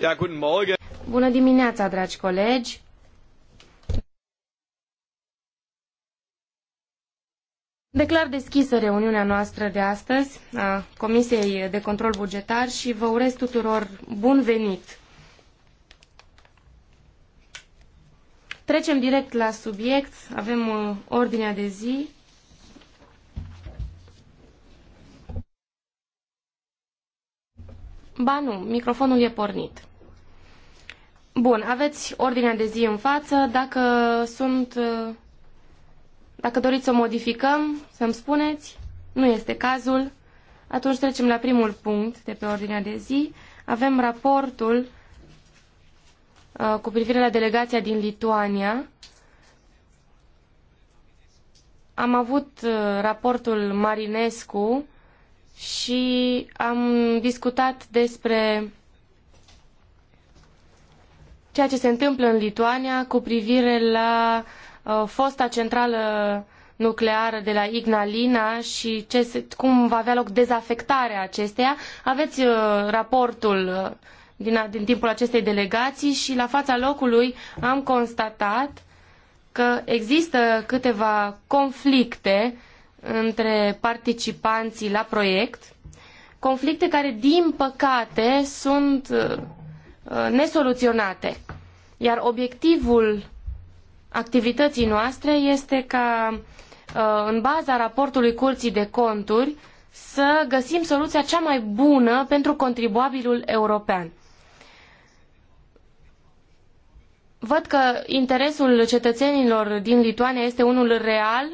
Ja, guten Morgen. Bună dimineața, dragi colegi. Declar deschisă reuniunea noastră de astăzi a Comisiei de Control Bugetar și vă urez tuturor bun venit. Trecem direct la subiect. Avem uh, ordinea de zi. Ba nu, microfonul e pornit. Bun, aveți ordinea de zi în față. Dacă sunt... Dacă doriți să o modificăm, să-mi spuneți. Nu este cazul. Atunci trecem la primul punct de pe ordinea de zi. Avem raportul uh, cu privire la delegația din Lituania. Am avut uh, raportul Marinescu și am discutat despre ceea ce se întâmplă în Lituania cu privire la uh, fosta centrală nucleară de la Ignalina și ce se, cum va avea loc dezafectarea acesteia. Aveți uh, raportul uh, din, din timpul acestei delegații și la fața locului am constatat că există câteva conflicte uh, între participanții la proiect, conflicte care, din păcate, sunt uh, uh, nesoluționate. Iar obiectivul activității noastre este ca, uh, în baza raportului Curții de Conturi, să găsim soluția cea mai bună pentru contribuabilul european. Văd că interesul cetățenilor din Lituania este unul real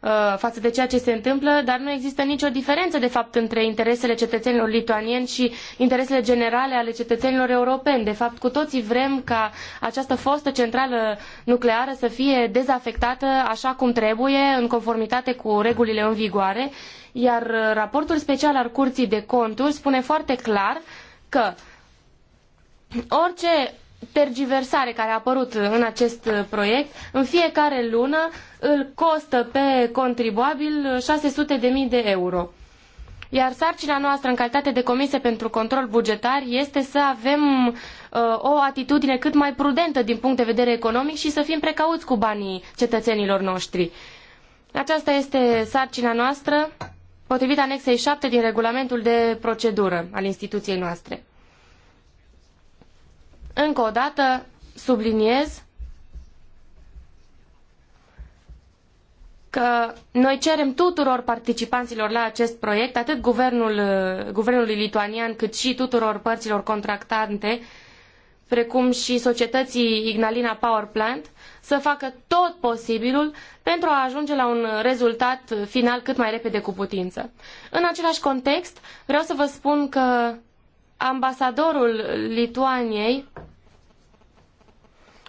uh, față de ceea ce se întâmplă, dar nu există nicio diferență, de fapt, între interesele cetățenilor lituanieni și interesele generale ale cetățenilor europeni. De fapt, cu toții vrem ca această fostă centrală nucleară să fie dezafectată așa cum trebuie, în conformitate cu regulile în vigoare, iar raportul special al Curții de Conturi spune foarte clar că orice tergiversare care a apărut în acest proiect, în fiecare lună îl costă pe contribuabil 600.000 de euro. Iar sarcina noastră în calitate de comisie pentru control bugetar este să avem uh, o atitudine cât mai prudentă din punct de vedere economic și să fim precauți cu banii cetățenilor noștri. Aceasta este sarcina noastră potrivit anexei 7 din regulamentul de procedură al instituției noastre. Încă o dată subliniez că noi cerem tuturor participanților la acest proiect, atât guvernul, uh, guvernului lituanian, cât și tuturor părților contractante, precum și societății Ignalina Power Plant, să facă tot posibilul pentru a ajunge la un rezultat final cât mai repede cu putință. În același context, vreau să vă spun că ambasadorul Lituaniei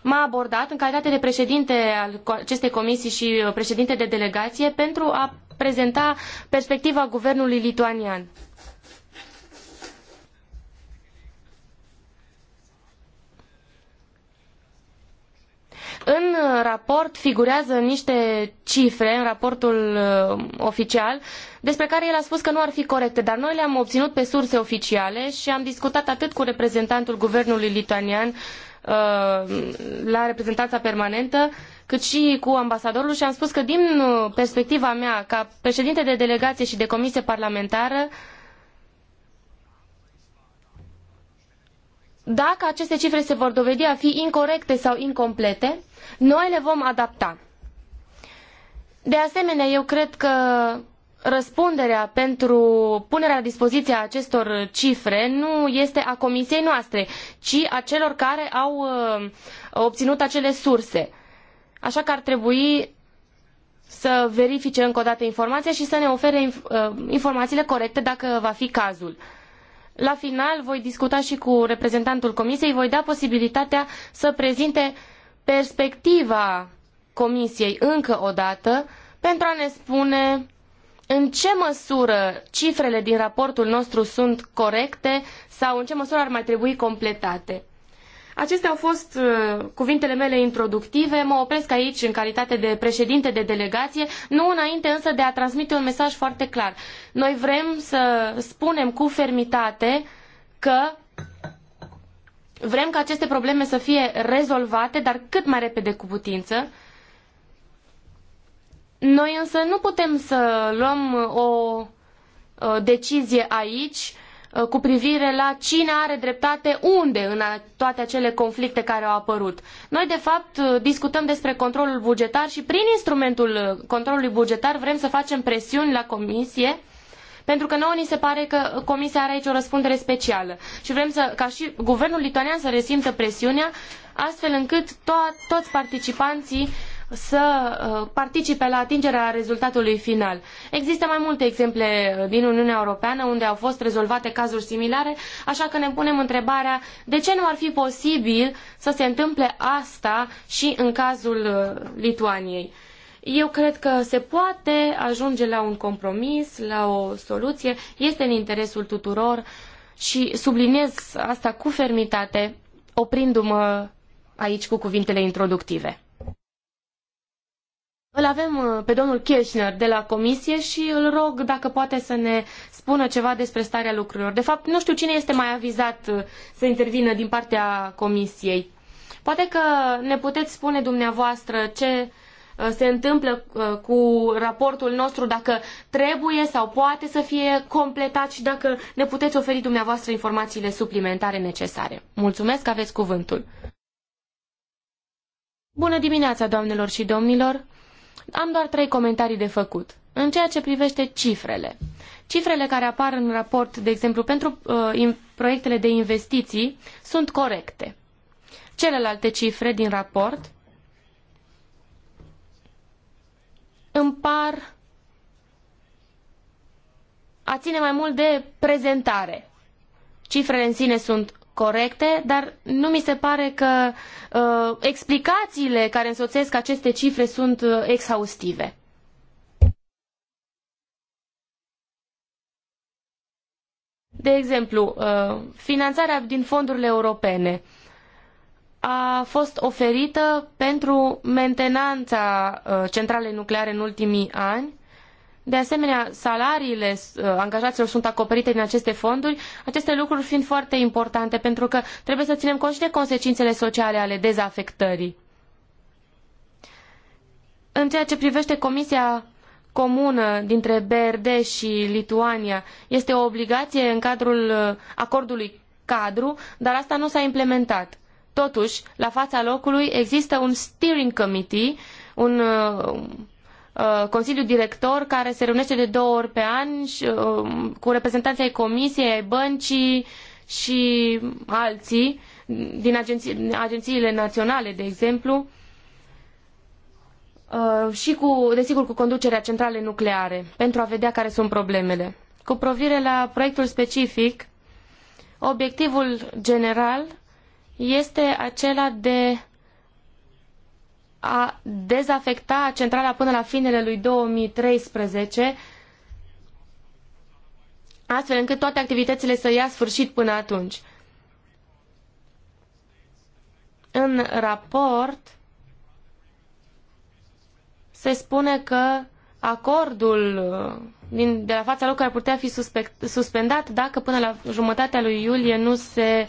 m-a abordat în calitate de președinte al acestei comisii și uh, președinte de delegație pentru a prezenta perspectiva guvernului lituanian. În raport figurează niște cifre, în raportul uh, oficial, despre care el a spus că nu ar fi corecte, dar noi le-am obținut pe surse oficiale și am discutat atât cu reprezentantul guvernului lituanian uh, la reprezentanța permanentă, cât și cu ambasadorul și am spus că din uh, perspectiva mea, ca președinte de delegație și de comisie parlamentară, uh, Dacă aceste cifre se vor dovedi a fi incorrecte sau incomplete, noi le vom adapta. De asemenea, eu cred că răspunderea pentru punerea la dispoziție a acestor cifre nu este a comisiei noastre, ci a celor care au uh, obținut acele surse. Așa că ar trebui să verifice încă o dată informația și să ne ofere uh, informațiile corecte dacă va fi cazul. La final voi discuta și cu reprezentantul comisiei, voi da posibilitatea să prezinte perspectiva comisiei încă o dată pentru a ne spune în ce măsură cifrele din raportul nostru sunt corecte sau în ce măsură ar mai trebui completate. Acestea au fost uh, cuvintele mele introductive. Mă opresc aici în calitate de președinte de delegație, nu înainte însă de a transmite un mesaj foarte clar. Noi vrem să spunem cu fermitate că vrem ca aceste probleme să fie rezolvate, dar cât mai repede cu putință. Noi însă nu putem să luăm uh, o, o uh, decizie aici Uh, cu privire la cine are dreptate unde în toate acele conflicte care au apărut. Noi, de fapt, uh, discutăm despre controlul bugetar și prin instrumentul uh, controlului bugetar vrem să facem presiuni la comisie pentru că nouă ni se pare că Comisia are aici o răspundere specială și vrem să, ca și guvernul lituanian să resimtă presiunea astfel încât to- toți participanții uh, să uh, participe la atingerea rezultatului final. Există mai multe exemple uh, din Uniunea Europeană unde au fost rezolvate cazuri similare, așa că ne punem întrebarea de ce nu ar fi posibil să se întâmple asta și în cazul uh, Lituaniei. Eu cred că se poate ajunge la un compromis, la o soluție, este în interesul tuturor și subliniez asta cu fermitate, oprindu-mă aici cu cuvintele introductive. Îl avem uh, pe domnul Kirchner de la comisie și îl rog dacă poate să ne spună ceva despre starea lucrurilor. De fapt, nu știu cine este mai avizat uh, să intervină din partea comisiei. Poate că ne puteți spune dumneavoastră ce uh, se întâmplă cu raportul nostru, dacă trebuie sau poate să fie completat și dacă ne puteți oferi dumneavoastră informațiile suplimentare necesare. Mulțumesc, aveți cuvântul. Bună dimineața, doamnelor și domnilor! Am doar trei comentarii de făcut. În ceea ce privește cifrele, cifrele care apar în raport, de exemplu, pentru uh, proiectele de investiții, sunt corecte. Celelalte cifre din raport îmi par a ține mai mult de prezentare. Cifrele în sine sunt corecte, dar nu mi se pare că uh, explicațiile care însoțesc aceste cifre sunt uh, exhaustive. De exemplu, uh, finanțarea din fondurile europene a fost oferită pentru mentenanța uh, centralei nucleare în ultimii ani de asemenea, salariile uh, angajaților sunt acoperite din aceste fonduri, aceste lucruri fiind foarte importante pentru că trebuie să ținem cont și de consecințele sociale ale dezafectării. În ceea ce privește Comisia comună dintre BRD și Lituania este o obligație în cadrul uh, acordului cadru, dar asta nu s-a implementat. Totuși, la fața locului există un steering committee, un uh, Uh, Consiliu Director care se reunește de două ori pe an uh, cu reprezentanții ai Comisiei, ai Băncii și alții din agenții, agențiile naționale, de exemplu, uh, și cu, desigur, cu conducerea centrale nucleare, pentru a vedea care sunt problemele. Cu privire la proiectul specific, obiectivul general este acela de a dezafecta centrala până la finele lui 2013, astfel încât toate activitățile să ia sfârșit până atunci. În raport se spune că acordul uh, din, de la fața locului ar putea fi suspect, suspendat dacă până la jumătatea lui iulie nu se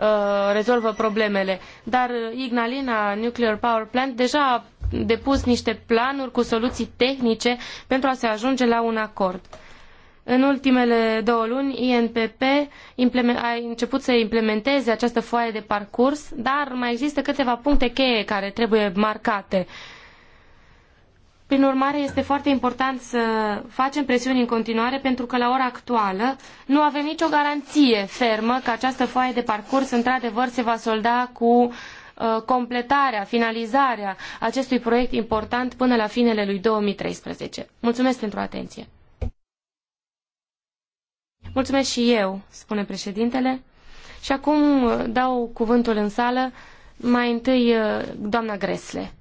Uh, rezolvă problemele. Dar uh, Ignalina Nuclear Power Plant deja a depus niște planuri cu soluții tehnice pentru a se ajunge la un acord. În ultimele două luni, INPP a început să implementeze această foaie de parcurs, dar mai există câteva puncte cheie care trebuie marcate. Uh, prin urmare, este foarte important să facem presiuni în continuare pentru că la ora actuală nu avem nicio garanție fermă că această foaie de parcurs într-adevăr se va solda cu uh, completarea, finalizarea acestui proiect important până la finele lui 2013. Mulțumesc pentru atenție. Mulțumesc și eu, spune președintele. Și acum uh, dau cuvântul în sală, mai întâi uh, doamna Gresle.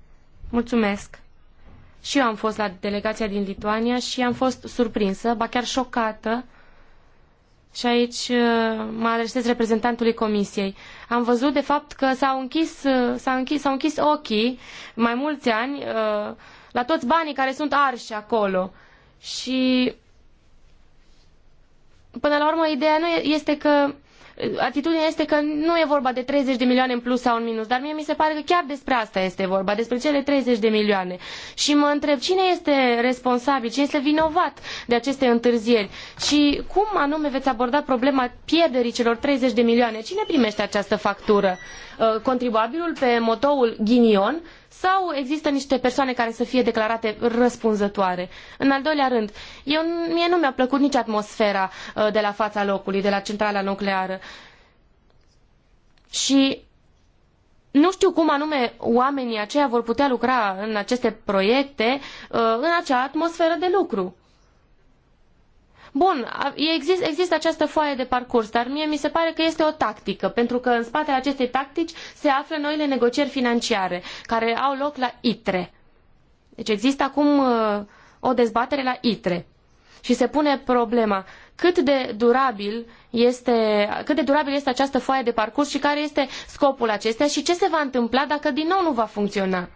Mulțumesc. Și eu am fost la delegația din Lituania și am fost surprinsă, ba chiar șocată. Și aici uh, mă adresez reprezentantului comisiei. Am văzut, de fapt, că s-au închis, uh, s-au închis, s-au închis ochii mai mulți ani uh, la toți banii care sunt arși acolo. Și până la urmă, ideea nu este că atitudinea este că nu e vorba de 30 de milioane în plus sau în minus, dar mie mi se pare că chiar despre asta este vorba, despre cele 30 de milioane. Și mă întreb cine este responsabil, cine este vinovat de aceste întârzieri și cum anume veți aborda problema pierderii celor 30 de milioane. Cine primește această factură? Uh, contribuabilul pe motoul ghinion sau există niște persoane care să fie declarate răspunzătoare. În al doilea rând, eu, mie nu mi-a plăcut nici atmosfera uh, de la fața locului, de la centrala nucleară. Și nu știu cum anume oamenii aceia vor putea lucra în aceste proiecte, uh, în acea atmosferă de lucru. Bun, exist, există această foaie de parcurs, dar mie mi se pare că este o tactică, pentru că în spatele acestei tactici se află noile negocieri financiare, care au loc la ITRE. Deci există acum uh, o dezbatere la ITRE și se pune problema cât de durabil este, cât de durabil este această foaie de parcurs și care este scopul acestea și ce se va întâmpla dacă din nou nu va funcționa.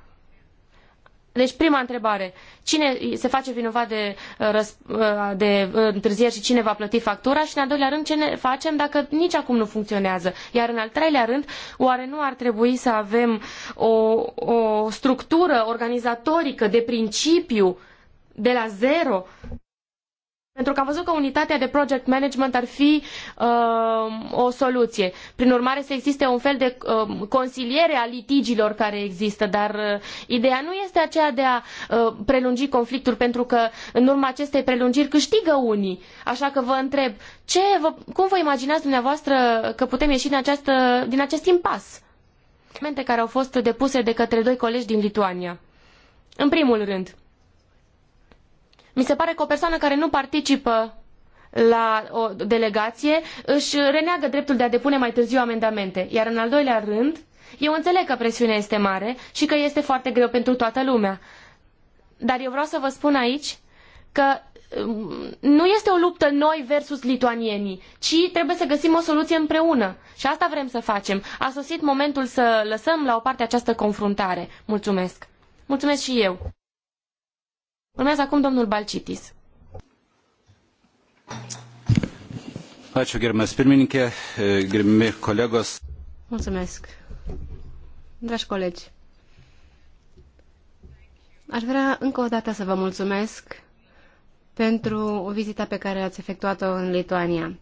Deci, prima întrebare, cine se face vinovat de, uh, uh, de uh, întârzieri și cine va plăti factura? Și, în al doilea rând, ce ne facem dacă nici acum nu funcționează? Iar, în al treilea rând, oare nu ar trebui să avem o, o structură organizatorică de principiu de la zero? Pentru că am văzut că unitatea de project management ar fi uh, o soluție. Prin urmare să existe un fel de uh, consiliere a litigilor care există, dar uh, ideea nu este aceea de a uh, prelungi conflictul, pentru că în urma acestei prelungiri câștigă unii. Așa că vă întreb, ce vă, cum vă imaginați dumneavoastră că putem ieși din, această, din acest impas? Mente care au fost depuse de către doi colegi din Lituania. În primul rând, mi se pare că o persoană care nu participă la o delegație își reneagă dreptul de a depune mai târziu amendamente. Iar în al doilea rând, eu înțeleg că presiunea este mare și că este foarte greu pentru toată lumea. Dar eu vreau să vă spun aici că um, nu este o luptă noi versus lituanienii, ci trebuie să găsim o soluție împreună. Și asta vrem să facem. A sosit momentul să lăsăm la o parte această confruntare. Mulțumesc. Mulțumesc și eu. Urmează acum domnul Balcitis. Ačiū, gerbiamas pirmininkė, gerbiami kolegos. Mulțumesc. Dragi colegi, aș vrea încă o dată să vă mulțumesc pentru vizita pe care ați efectuat-o în Lituania.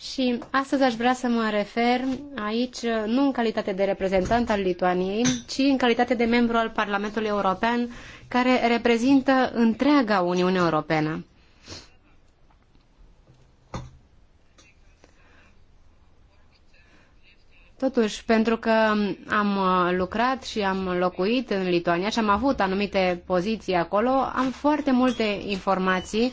Și astăzi aș vrea să mă refer aici nu în calitate de reprezentant al Lituaniei, ci în calitate de membru al Parlamentului European, care reprezintă întreaga Uniune Europeană. Totuși, pentru că am lucrat și am locuit în Lituania și am avut anumite poziții acolo, am foarte multe informații uh,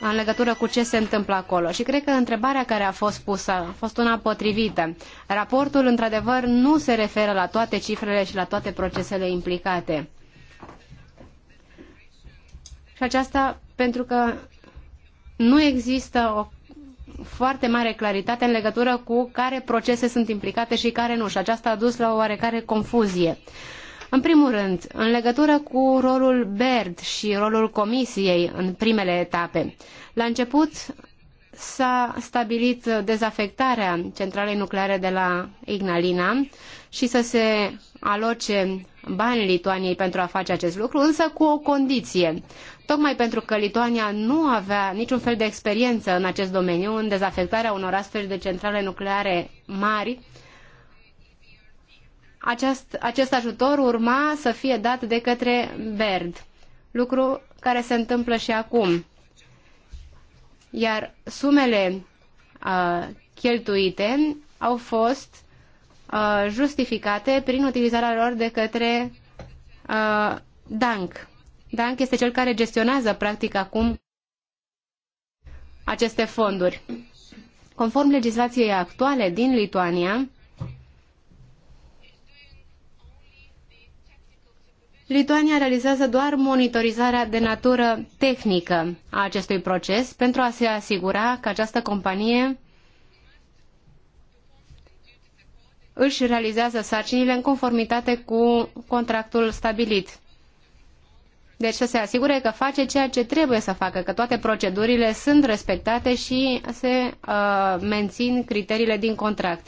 în legătură cu ce se întâmplă acolo. Și cred că întrebarea care a fost pusă a fost una potrivită. Raportul, într-adevăr, nu se referă la toate cifrele și la toate procesele implicate. Și aceasta pentru că nu există o foarte mare claritate în legătură cu care procese sunt implicate și care nu. Și aceasta a dus la o oarecare confuzie. În primul rând, în legătură cu rolul BERD și rolul Comisiei în primele etape. La început s-a stabilit dezafectarea centralei nucleare de la Ignalina și să se aloce bani Lituaniei pentru a face acest lucru, însă cu o condiție. Tocmai pentru că Lituania nu avea niciun fel de experiență în acest domeniu, în dezafectarea unor astfel de centrale nucleare mari, acest, acest ajutor urma să fie dat de către BERD, lucru care se întâmplă și acum. Iar sumele uh, cheltuite au fost uh, justificate prin utilizarea lor de către uh, DANC. DANC este cel care gestionează practic acum aceste fonduri. Conform legislației actuale din Lituania, Lituania realizează doar monitorizarea de natură tehnică a acestui proces pentru a se asigura că această companie își realizează sarcinile în conformitate cu contractul stabilit. Deci să se asigure că face ceea ce trebuie să facă, că toate procedurile sunt respectate și se uh, mențin criteriile din contract.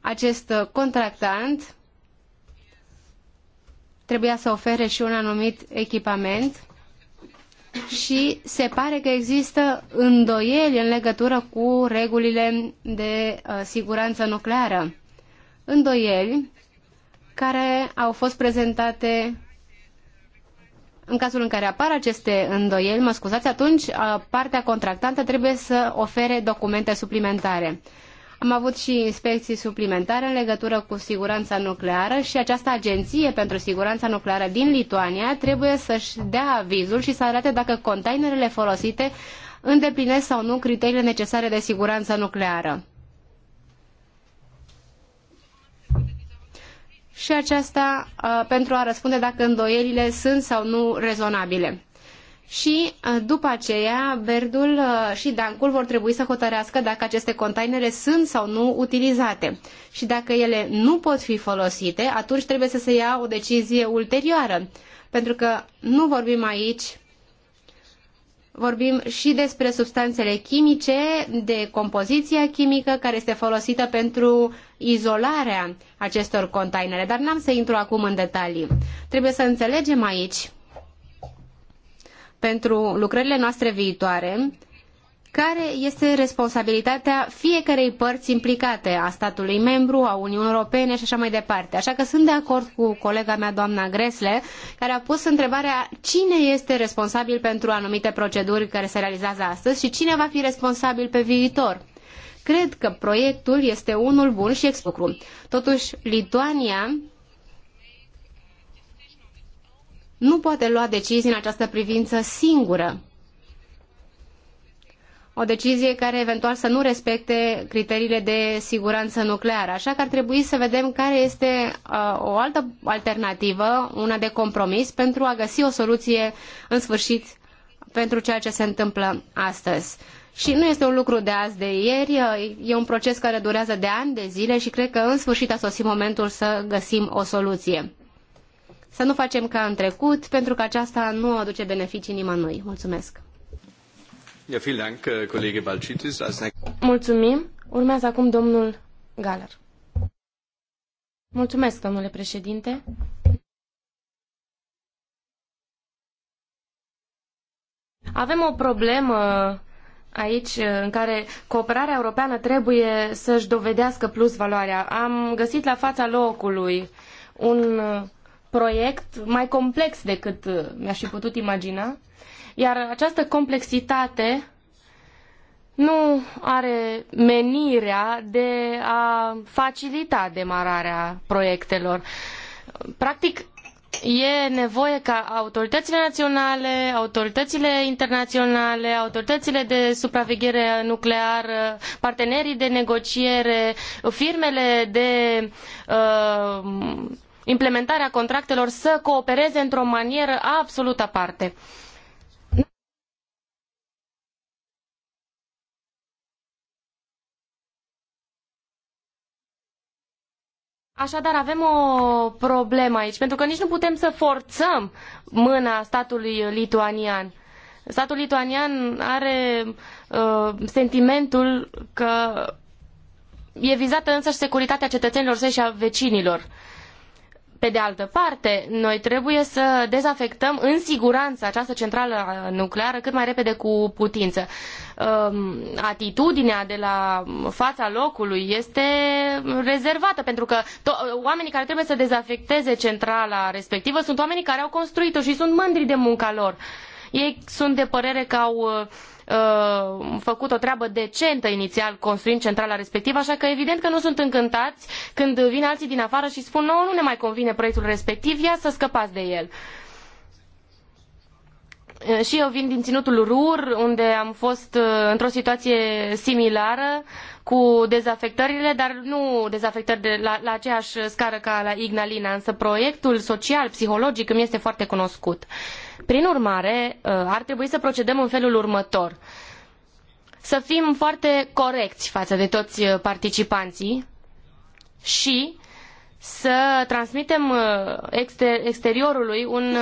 Acest contractant trebuia să ofere și un anumit echipament și se pare că există îndoieli în legătură cu regulile de uh, siguranță nucleară. Îndoieli care au fost prezentate în cazul în care apar aceste îndoieli, mă scuzați, atunci uh, partea contractantă trebuie să ofere documente suplimentare. Am avut și inspecții suplimentare în legătură cu siguranța nucleară și această agenție pentru siguranța nucleară din Lituania trebuie să-și dea avizul și să arate dacă containerele folosite îndeplinesc sau nu criteriile necesare de siguranță nucleară. Și aceasta uh, pentru a răspunde dacă îndoielile sunt sau nu rezonabile și uh, după aceea Berdul uh, și Dancul vor trebui să hotărească dacă aceste containere sunt sau nu utilizate. Și dacă ele nu pot fi folosite, atunci trebuie să se ia o decizie ulterioară. Pentru că nu vorbim aici Vorbim și despre substanțele chimice, de compoziția chimică care este folosită pentru izolarea acestor containere, dar n-am să intru acum în detalii. Trebuie să înțelegem aici pentru lucrările noastre viitoare, care este responsabilitatea fiecarei părți implicate, a statului membru, a Uniunii Europene și așa mai departe. Așa că sunt de acord cu colega mea, doamna Gresle, care a pus întrebarea cine este responsabil pentru anumite proceduri care se realizează astăzi și cine va fi responsabil pe viitor. Cred că proiectul este unul bun și ex lucru. Totuși, Lituania nu poate lua decizii în această privință singură. O decizie care eventual să nu respecte criteriile de siguranță nucleară. Așa că ar trebui să vedem care este uh, o altă alternativă, una de compromis, pentru a găsi o soluție în sfârșit pentru ceea ce se întâmplă astăzi. Și nu este un lucru de azi, de ieri, uh, e un proces care durează de ani, de zile și cred că în sfârșit a sosit momentul să găsim o soluție. Să nu facem ca în trecut, pentru că aceasta nu aduce beneficii nimănui. Mulțumesc! Äh, Mulțumim! Urmează acum domnul Galer. Mulțumesc, domnule președinte! Avem o problemă aici în care cooperarea europeană trebuie să-și dovedească plus valoarea. Am găsit la fața locului un proiect mai complex decât uh, mi-aș fi putut imagina, iar această complexitate nu are menirea de a facilita demararea proiectelor. Practic, e nevoie ca autoritățile naționale, autoritățile internaționale, autoritățile de supraveghere nucleară, partenerii de negociere, firmele de uh, implementarea contractelor să coopereze într-o manieră absolut aparte. Așadar, avem o problemă aici, pentru că nici nu putem să forțăm mâna statului lituanian. Statul lituanian are uh, sentimentul că e vizată însăși securitatea cetățenilor săi și a vecinilor. Pe de altă parte, noi trebuie să dezafectăm în siguranță această centrală nucleară cât mai repede cu putință. Um, atitudinea de la fața locului este rezervată pentru că oamenii care trebuie să dezafecteze centrala respectivă sunt oamenii care au construit-o și sunt mândri de munca lor. Ei sunt de părere că au uh, Uh, făcut o treabă decentă inițial construind centrala respectivă, așa că evident că nu sunt încântați când vin alții din afară și spun nouă nu ne mai convine proiectul respectiv, ia să scăpați de el. Uh, și eu vin din Ținutul Rur, unde am fost uh, într-o situație similară cu dezafectările, dar nu dezafectări de la, la aceeași scară ca la Ignalina, însă proiectul social, psihologic îmi este foarte cunoscut. Prin urmare, uh, ar trebui să procedăm în felul următor. Să fim foarte corecți față de toți uh, participanții și să transmitem uh, exteriorului un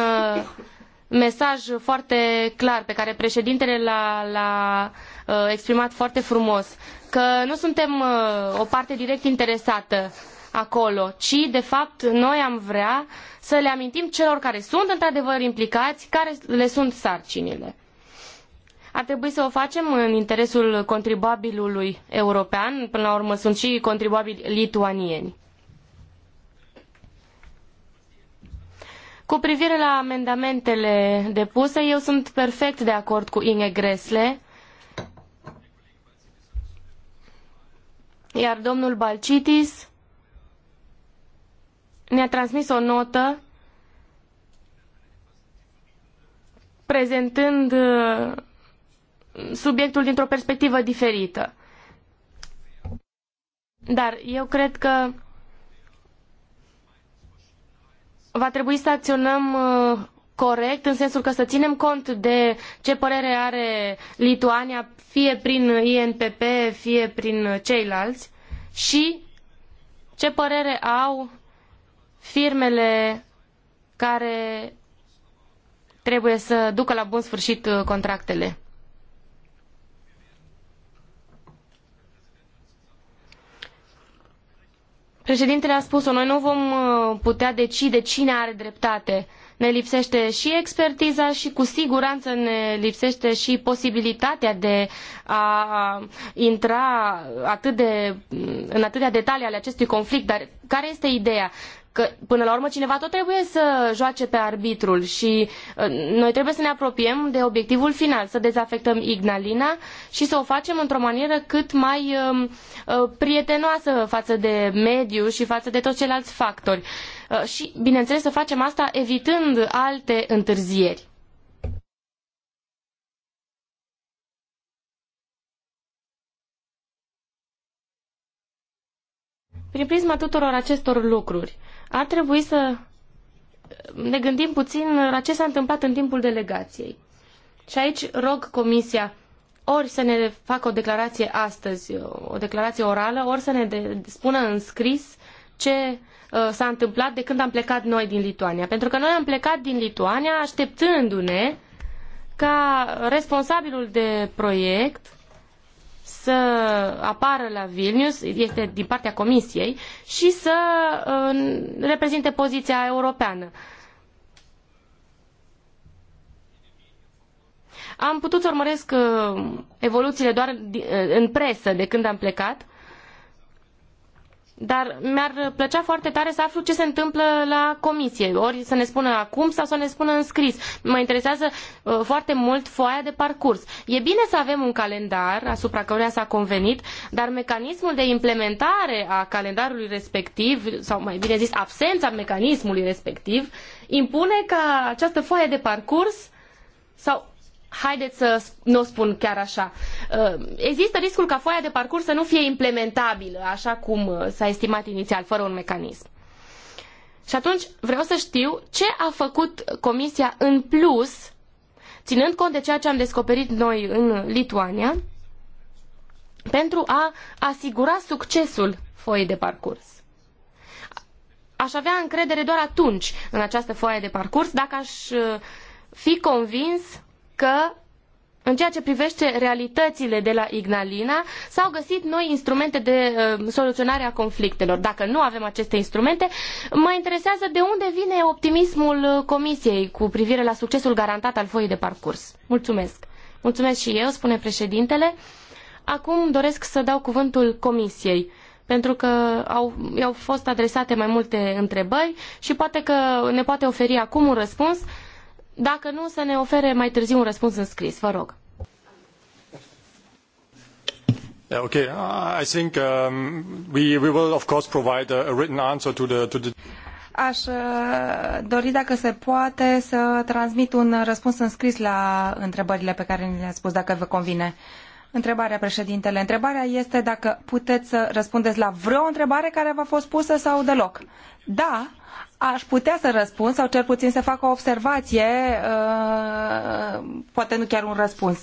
mesaj foarte clar pe care președintele l la Uh, exprimat foarte frumos că nu suntem uh, o parte direct interesată acolo, ci de fapt noi am vrea să le amintim celor care sunt într-adevăr implicați, care le sunt sarcinile. Ar trebui să o facem în interesul contribuabilului european, până la urmă sunt și contribuabili lituanieni. Cu privire la amendamentele depuse, eu sunt perfect de acord cu Inge Gresle iar domnul Balcitis ne-a transmis o notă prezentând uh, subiectul dintr-o perspectivă diferită. Dar eu cred că va trebui să acționăm uh, corect, în sensul că să ținem cont de ce părere are Lituania fie prin INPP, fie prin ceilalți și ce părere au firmele care trebuie să ducă la bun sfârșit uh, contractele. Președintele a spus-o, noi nu vom uh, putea decide cine are dreptate ne lipsește și expertiza și cu siguranță ne lipsește și posibilitatea de a intra atât de, în atâtea detalii ale acestui conflict. Dar care este ideea? că până la urmă cineva tot trebuie să joace pe arbitrul și ă, noi trebuie să ne apropiem de obiectivul final, să dezafectăm Ignalina și să o facem într-o manieră cât mai ă, ă, prietenoasă față de mediu și față de toți ceilalți factori. Uh, Uh, și, bineînțeles, să facem asta evitând alte întârzieri. Prin prisma tuturor acestor lucruri, ar trebui să ne gândim puțin la ce s-a întâmplat în timpul delegației. Și aici rog Comisia ori să ne facă o declarație astăzi, o declarație orală, ori să ne spună în scris ce Uh, s-a întâmplat de când am plecat noi din Lituania. Pentru că noi am plecat din Lituania așteptându-ne ca responsabilul de proiect să apară la Vilnius, este din partea Comisiei, și să uh, reprezinte poziția europeană. Am putut să urmăresc uh, evoluțiile doar în presă de când am plecat dar mi-ar plăcea foarte tare să aflu ce se întâmplă la comisie, ori să ne spună acum sau să ne spună în scris. Mă interesează uh, foarte mult foaia de parcurs. E bine să avem un calendar asupra căruia s-a convenit, dar mecanismul de implementare a calendarului respectiv, sau mai bine zis absența mecanismului respectiv, impune ca această foaie de parcurs sau haideți să nu o spun chiar așa. Uh, există riscul ca foaia de parcurs să nu fie implementabilă, așa cum uh, s-a estimat inițial, fără un mecanism. Și atunci vreau să știu ce a făcut Comisia în plus, ținând cont de ceea ce am descoperit noi în Lituania, pentru a asigura succesul foii de parcurs. Aș avea încredere doar atunci în această foaie de parcurs dacă aș uh, fi convins că în ceea ce privește realitățile de la Ignalina, s-au găsit noi instrumente de uh, soluționare a conflictelor. Dacă nu avem aceste instrumente, mă interesează de unde vine optimismul uh, Comisiei cu privire la succesul garantat al foii de parcurs. Mulțumesc. Mulțumesc și eu, spune președintele. Acum doresc să dau cuvântul Comisiei pentru că au, i-au fost adresate mai multe întrebări și poate că ne poate oferi acum un răspuns. Dacă nu, să ne ofere mai târziu un răspuns în scris, vă rog. Yeah, okay. I think um, we, we will of course provide a, a written answer to the, to the aș uh, dori, dacă se poate, să transmit un răspuns în scris la întrebările pe care ni le-ați spus, dacă vă convine. Întrebarea, președintele. Întrebarea este dacă puteți să răspundeți la vreo întrebare care v-a fost pusă sau deloc. Da, aș putea să răspund sau cel puțin să fac o observație, uh, poate nu chiar un răspuns.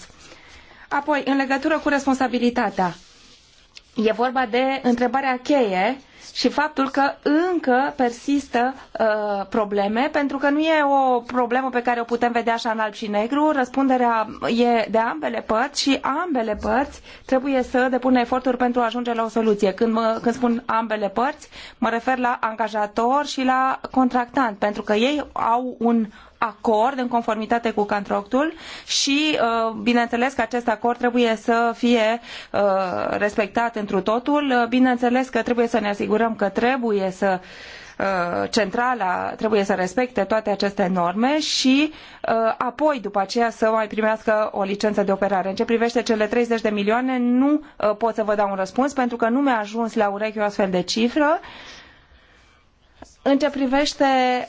Apoi, în legătură cu responsabilitatea, e vorba de întrebarea cheie și faptul că încă persistă uh, probleme, pentru că nu e o problemă pe care o putem vedea așa în alb și negru, răspunderea e de ambele părți și ambele părți trebuie să depună eforturi pentru a ajunge la o soluție. Când, mă, când spun ambele părți, mă refer la angajator și la contractant, pentru că ei au un acord în conformitate cu contractul și, uh, bineînțeles, că acest acord trebuie să fie uh, respectat întru totul. Uh, bineînțeles că trebuie să ne asigurăm că trebuie să centrala trebuie să respecte toate aceste norme și apoi după aceea să mai primească o licență de operare. În ce privește cele 30 de milioane, nu pot să vă dau un răspuns pentru că nu mi-a ajuns la urechi o astfel de cifră. Uh, în ce privește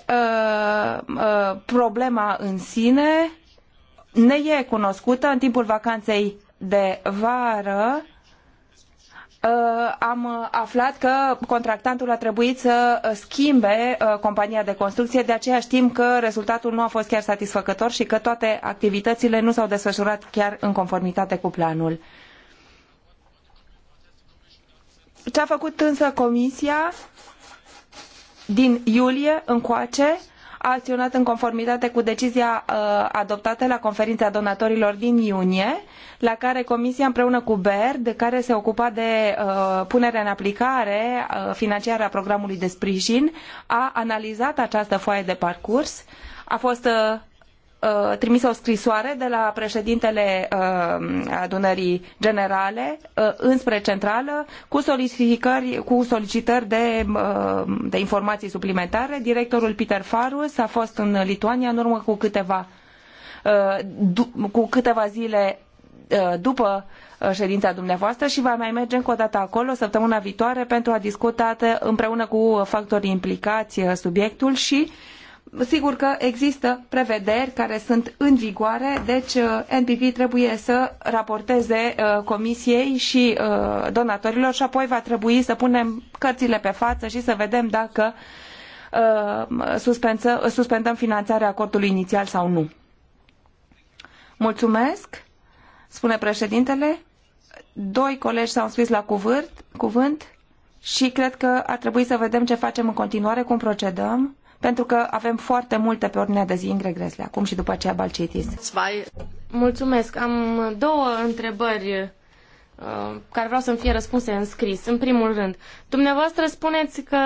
uh, uh, problema în sine, ne e cunoscută în timpul vacanței de vară. Uh, am aflat că contractantul a trebuit să schimbe uh, compania de construcție, de aceea știm că rezultatul nu a fost chiar satisfăcător și că toate activitățile nu s-au desfășurat chiar în conformitate cu planul. Ce a făcut însă comisia? din iulie încoace a acționat în conformitate cu decizia uh, adoptată la conferința donatorilor din iunie, la care Comisia împreună cu BERD, care se ocupa de uh, punerea în aplicare uh, financiară a programului de sprijin, a analizat această foaie de parcurs. A fost uh, Uh, trimis o scrisoare de la președintele uh, adunării generale uh, înspre centrală cu, solicitări, cu solicitări de, de informații suplimentare. Directorul Peter Farus a fost în Lituania în urmă cu câteva, cu câteva zile după ședința dumneavoastră și va mai merge încă o dată acolo săptămâna viitoare pentru a discuta împreună cu factorii implicați subiectul și uh, Sigur că există prevederi care sunt în vigoare, deci uh, NPV trebuie să raporteze uh, comisiei și uh, donatorilor și apoi va trebui să punem cărțile pe față și să vedem dacă suspendăm finanțarea acordului inițial sau nu. Mulțumesc, spune președintele. Doi colegi s-au scris la cuvânt, cuvânt și cred că ar trebui să vedem ce facem în continuare, cum procedăm pentru că avem foarte multe pe ordinea de zi în Gregresle, acum și după aceea Balcetis. Mulțumesc. Am două întrebări uh, care vreau să-mi fie răspunse în scris. În primul rând, dumneavoastră spuneți că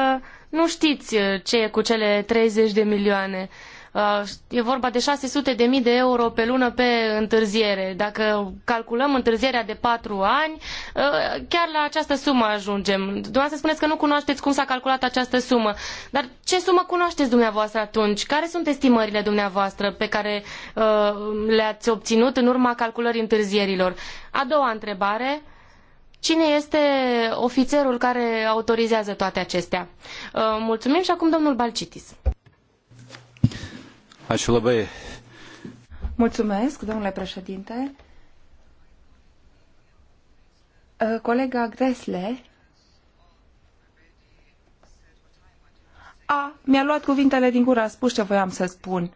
nu știți ce e cu cele 30 de milioane. Uh, e vorba de 600 de mii de euro pe lună pe întârziere. Dacă calculăm întârzierea de patru ani, uh, chiar la această sumă ajungem. Dumneavoastră spuneți că nu cunoașteți cum s-a calculat această sumă. Dar ce sumă cunoașteți dumneavoastră atunci? Care sunt estimările dumneavoastră pe care uh, le-ați obținut în urma calculării întârzierilor? A doua întrebare. Cine este ofițerul care autorizează toate acestea? Mulțumim și acum domnul Balcitis. Ačiū labai. Mulțumesc, domnule președinte. Colega Gresle a, mi-a luat cuvintele din gură, a spus ce voiam să spun.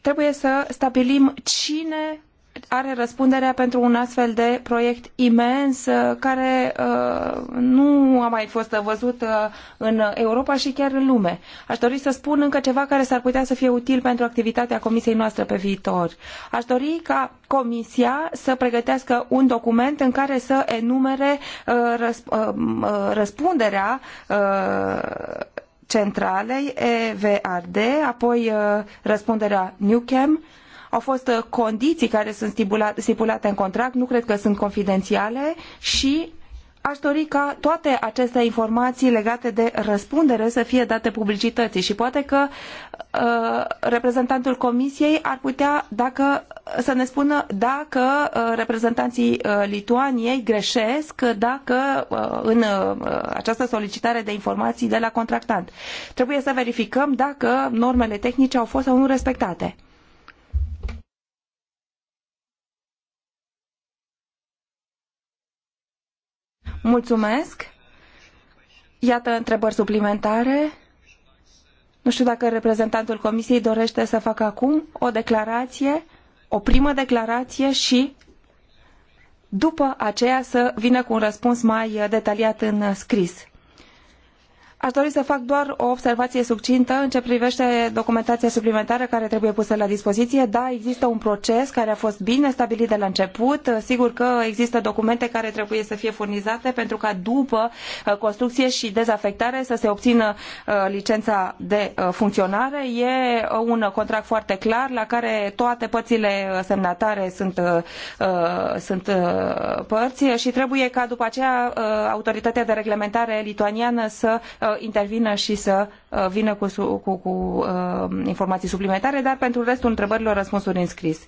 Trebuie să stabilim cine are răspunderea pentru un astfel de proiect imens uh, care uh, nu a mai fost văzut uh, în Europa și chiar în lume. Aș dori să spun încă ceva care s-ar putea să fie util pentru activitatea comisiei noastre pe viitor. Aș dori ca comisia să pregătească un document în care să enumere răspunderea centralei EVRD, apoi răspunderea NUCAM, au fost uh, condiții care sunt stipulate în contract, nu cred că sunt confidențiale și aș dori ca toate aceste informații legate de răspundere să fie date publicității și poate că uh, reprezentantul comisiei ar putea dacă, să ne spună dacă uh, reprezentanții uh, Lituaniei greșesc, dacă uh, în uh, această solicitare de informații de la contractant. Trebuie să verificăm dacă normele tehnice au fost sau nu respectate. Mulțumesc. Iată întrebări suplimentare. Nu știu dacă reprezentantul Comisiei dorește să facă acum o declarație, o primă declarație și după aceea să vină cu un răspuns mai detaliat în scris. Aș dori să fac doar o observație succintă în ce privește documentația suplimentară care trebuie pusă la dispoziție. Da, există un proces care a fost bine stabilit de la început. Sigur că există documente care trebuie să fie furnizate pentru ca după uh, construcție și dezafectare să se obțină uh, licența de uh, funcționare. E un contract foarte clar la care toate părțile semnatare sunt, sunt părți și trebuie ca după aceea autoritatea de reglementare lituaniană să intervină și să uh, vină cu, cu, cu uh, informații suplimentare, dar pentru restul întrebărilor răspunsuri în scris.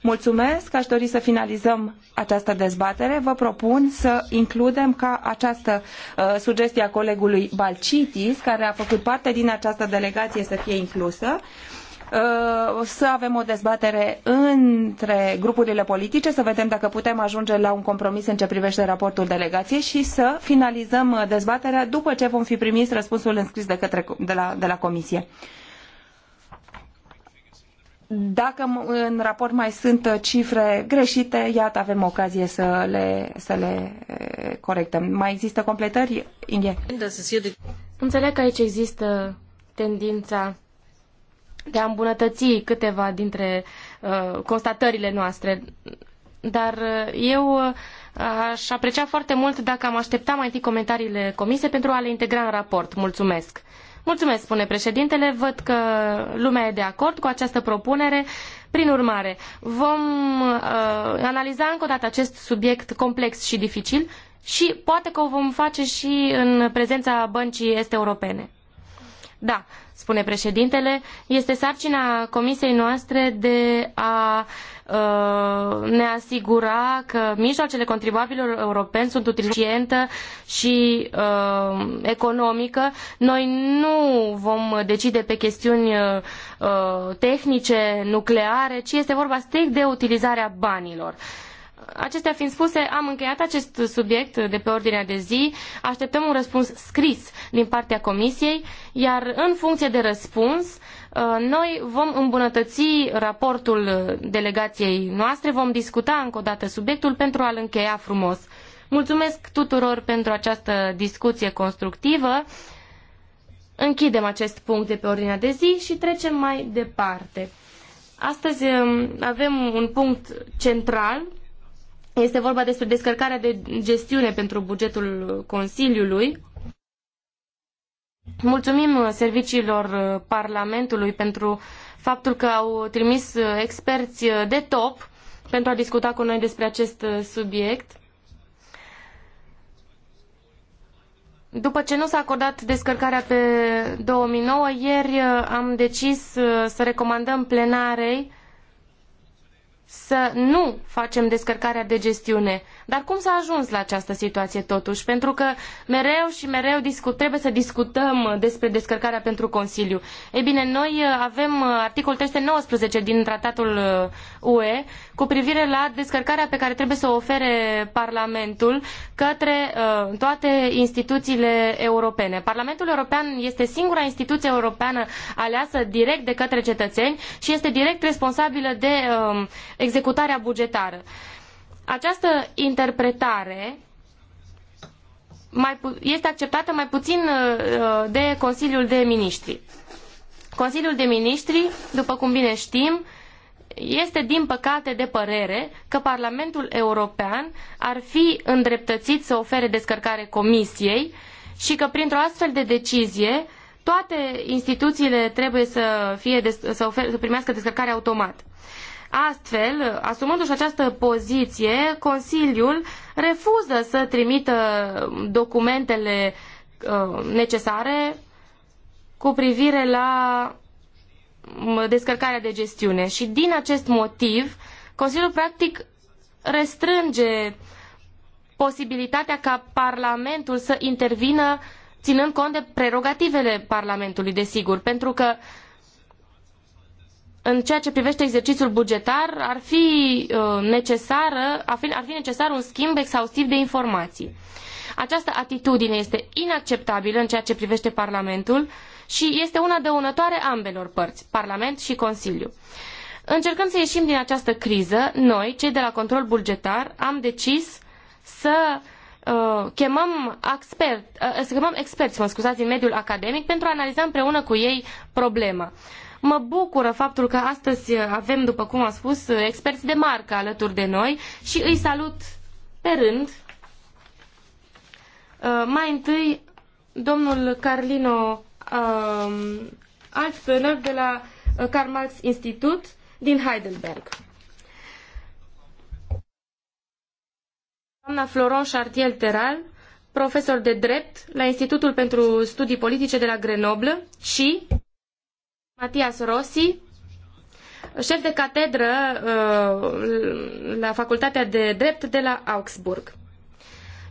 Mulțumesc, aș dori să finalizăm această dezbatere. Vă propun să includem ca această uh, sugestie a colegului Balcitis, care a făcut parte din această delegație, să fie inclusă. Uh, Uh, să avem o dezbatere între grupurile politice, să vedem dacă putem ajunge la un compromis în ce privește raportul delegației și să finalizăm uh, dezbaterea după ce vom fi primit răspunsul înscris de, către, de, la, de la Comisie. Dacă în raport mai sunt uh, cifre greșite, iată, avem ocazie să le, să le corectăm. Mai există completări? Inge? Înțeleg că aici există tendința de a îmbunătăți câteva dintre uh, constatările noastre. Dar uh, eu uh, aș aprecia foarte mult dacă am aștepta mai întâi comentariile comise pentru a le integra în raport. Mulțumesc! Mulțumesc, spune președintele. Văd că lumea e de acord cu această propunere. Prin urmare, vom uh, analiza încă o dată acest subiect complex și dificil și poate că o vom face și în prezența băncii este europene. Da, spune președintele, este sarcina comisiei noastre de a uh, ne asigura că mijloacele contribuabililor europeni sunt utilizate și uh, economică. Noi nu vom decide pe chestiuni uh, tehnice, nucleare, ci este vorba strict de utilizarea banilor. Uh, Acestea fiind spuse, am încheiat acest subiect de pe ordinea de zi. Așteptăm un răspuns scris din partea Comisiei, iar în funcție de răspuns, uh, noi vom îmbunătăți raportul delegației noastre, vom discuta încă o dată subiectul pentru a-l încheia frumos. Mulțumesc tuturor pentru această discuție constructivă. Închidem acest punct de pe ordinea de zi și trecem mai departe. Astăzi um, avem un punct central este vorba despre descărcarea de gestiune pentru bugetul Consiliului. Mulțumim uh, serviciilor uh, Parlamentului pentru faptul că au trimis uh, experți de top pentru a discuta cu noi despre acest subiect. După ce nu s-a acordat descărcarea pe 2009, ieri am decis să recomandăm plenarei să nu facem descărcarea de gestiune. Dar cum s-a ajuns la această situație totuși? Pentru că mereu și mereu discut, trebuie să discutăm despre descărcarea pentru Consiliu. Ei bine, noi uh, avem uh, articolul 319 din tratatul uh, UE cu privire la descărcarea pe care trebuie să o ofere Parlamentul către uh, toate instituțiile europene. Parlamentul European este singura instituție europeană aleasă direct de către cetățeni și este direct responsabilă de uh, executarea bugetară. Această interpretare mai, este acceptată mai puțin uh, de Consiliul de Miniștri. Consiliul de Miniștri, după cum bine știm, este din păcate de părere că Parlamentul European ar fi îndreptățit să ofere descărcare comisiei și că printr-o astfel de decizie toate instituțiile trebuie să, fie, să, ofer, să primească descărcare automat. Astfel, asumându-și această poziție, Consiliul refuză să trimită documentele uh, necesare cu privire la descărcarea de gestiune. Și din acest motiv, Consiliul practic restrânge posibilitatea ca Parlamentul să intervină ținând cont de prerogativele Parlamentului, desigur, pentru că în ceea ce privește exercițiul bugetar ar fi, uh, necesară, ar fi, ar fi necesar un schimb exhaustiv de informații. Această atitudine este inacceptabilă în ceea ce privește Parlamentul uh, și este una dăunătoare ambelor părți, Parlament și Consiliu. Încercând să ieșim din această criză, noi, cei de la control bugetar, am decis să uh, chemăm, expert, uh, să chemăm experți mă scuzați, din mediul academic pentru a analiza împreună cu ei problema. Mă bucură faptul că astăzi avem, după cum am spus, experți de marcă alături de noi și îi salut pe rând. Uh, mai întâi, domnul Carlino um, alt elev de la uh, Karl Marx Institut din Heidelberg. Doamna Floron Chartier Teral, profesor de drept la Institutul pentru Studii Politice de la Grenoble și Matias Rossi, șef de catedră uh, la Facultatea de Drept de la Augsburg.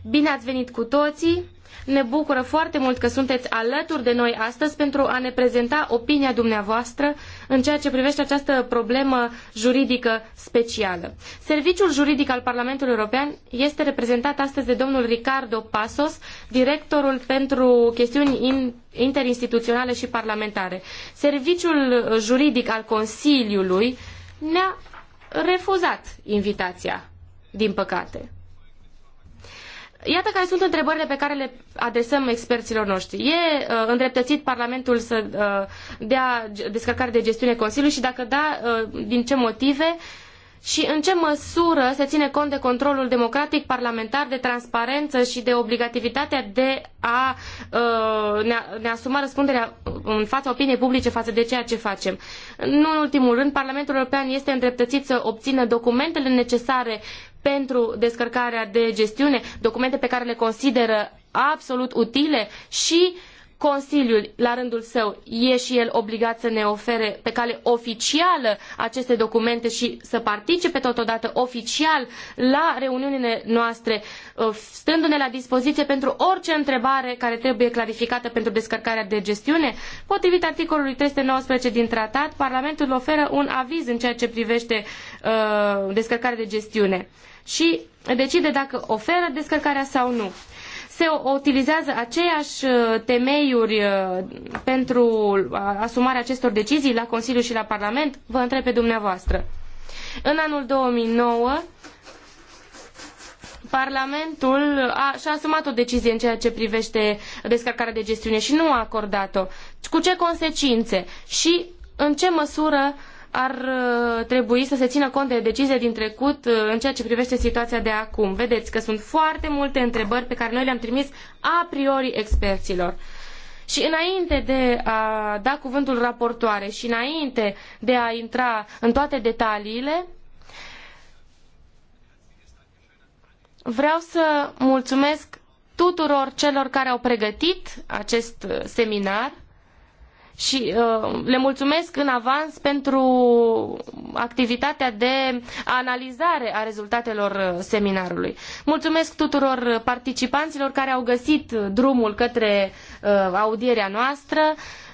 Bine ați venit cu toții! Ne bucură foarte mult că sunteți alături de noi astăzi pentru a ne prezenta opinia dumneavoastră în ceea ce privește această problemă juridică specială. Serviciul juridic al Parlamentului European este reprezentat astăzi de domnul Ricardo Passos, directorul pentru chestiuni in interinstituționale și parlamentare. Serviciul juridic al Consiliului ne-a refuzat invitația, din păcate. Iată care sunt întrebările pe care le adresăm experților noștri. E uh, îndreptățit Parlamentul să uh, dea descărcare de gestiune Consiliului și dacă da, uh, din ce motive și în ce măsură se ține cont de controlul democratic parlamentar, de transparență și de obligativitatea de a uh, ne, ne asuma răspunderea în fața opiniei publice față de ceea ce facem. Nu în ultimul rând, Parlamentul European este îndreptățit să obțină documentele necesare pentru descărcarea de gestiune, documente pe care le consideră absolut utile și Consiliul, la rândul său, e și el obligat să ne ofere pe cale oficială aceste documente și să participe totodată oficial la reuniunile noastre, ă, stându-ne la dispoziție pentru orice întrebare care trebuie clarificată pentru descărcarea de gestiune. Potrivit articolului 319 din tratat, Parlamentul oferă un aviz în ceea ce privește uh, descărcarea de gestiune. Uh, și decide dacă oferă descărcarea sau nu. Se utilizează aceeași uh, temeiuri uh, pentru uh, asumarea acestor decizii la Consiliu și la Parlament? Vă întreb pe dumneavoastră. În anul 2009, Parlamentul a, și-a asumat o decizie în ceea ce privește descărcarea de gestiune și nu a acordat-o. Cu ce consecințe și în ce măsură uh, ar uh, trebui să se țină cont de decizii din trecut uh, în ceea ce privește situația de acum. Vedeți că sunt foarte multe întrebări pe care noi le-am trimis a priori experților. Și înainte de a da cuvântul raportoare și înainte de a intra în toate detaliile, vreau să mulțumesc tuturor celor care au pregătit acest seminar, și uh, le mulțumesc în avans pentru activitatea de analizare a rezultatelor uh, seminarului. Mulțumesc tuturor participanților care au găsit drumul către uh, audierea noastră.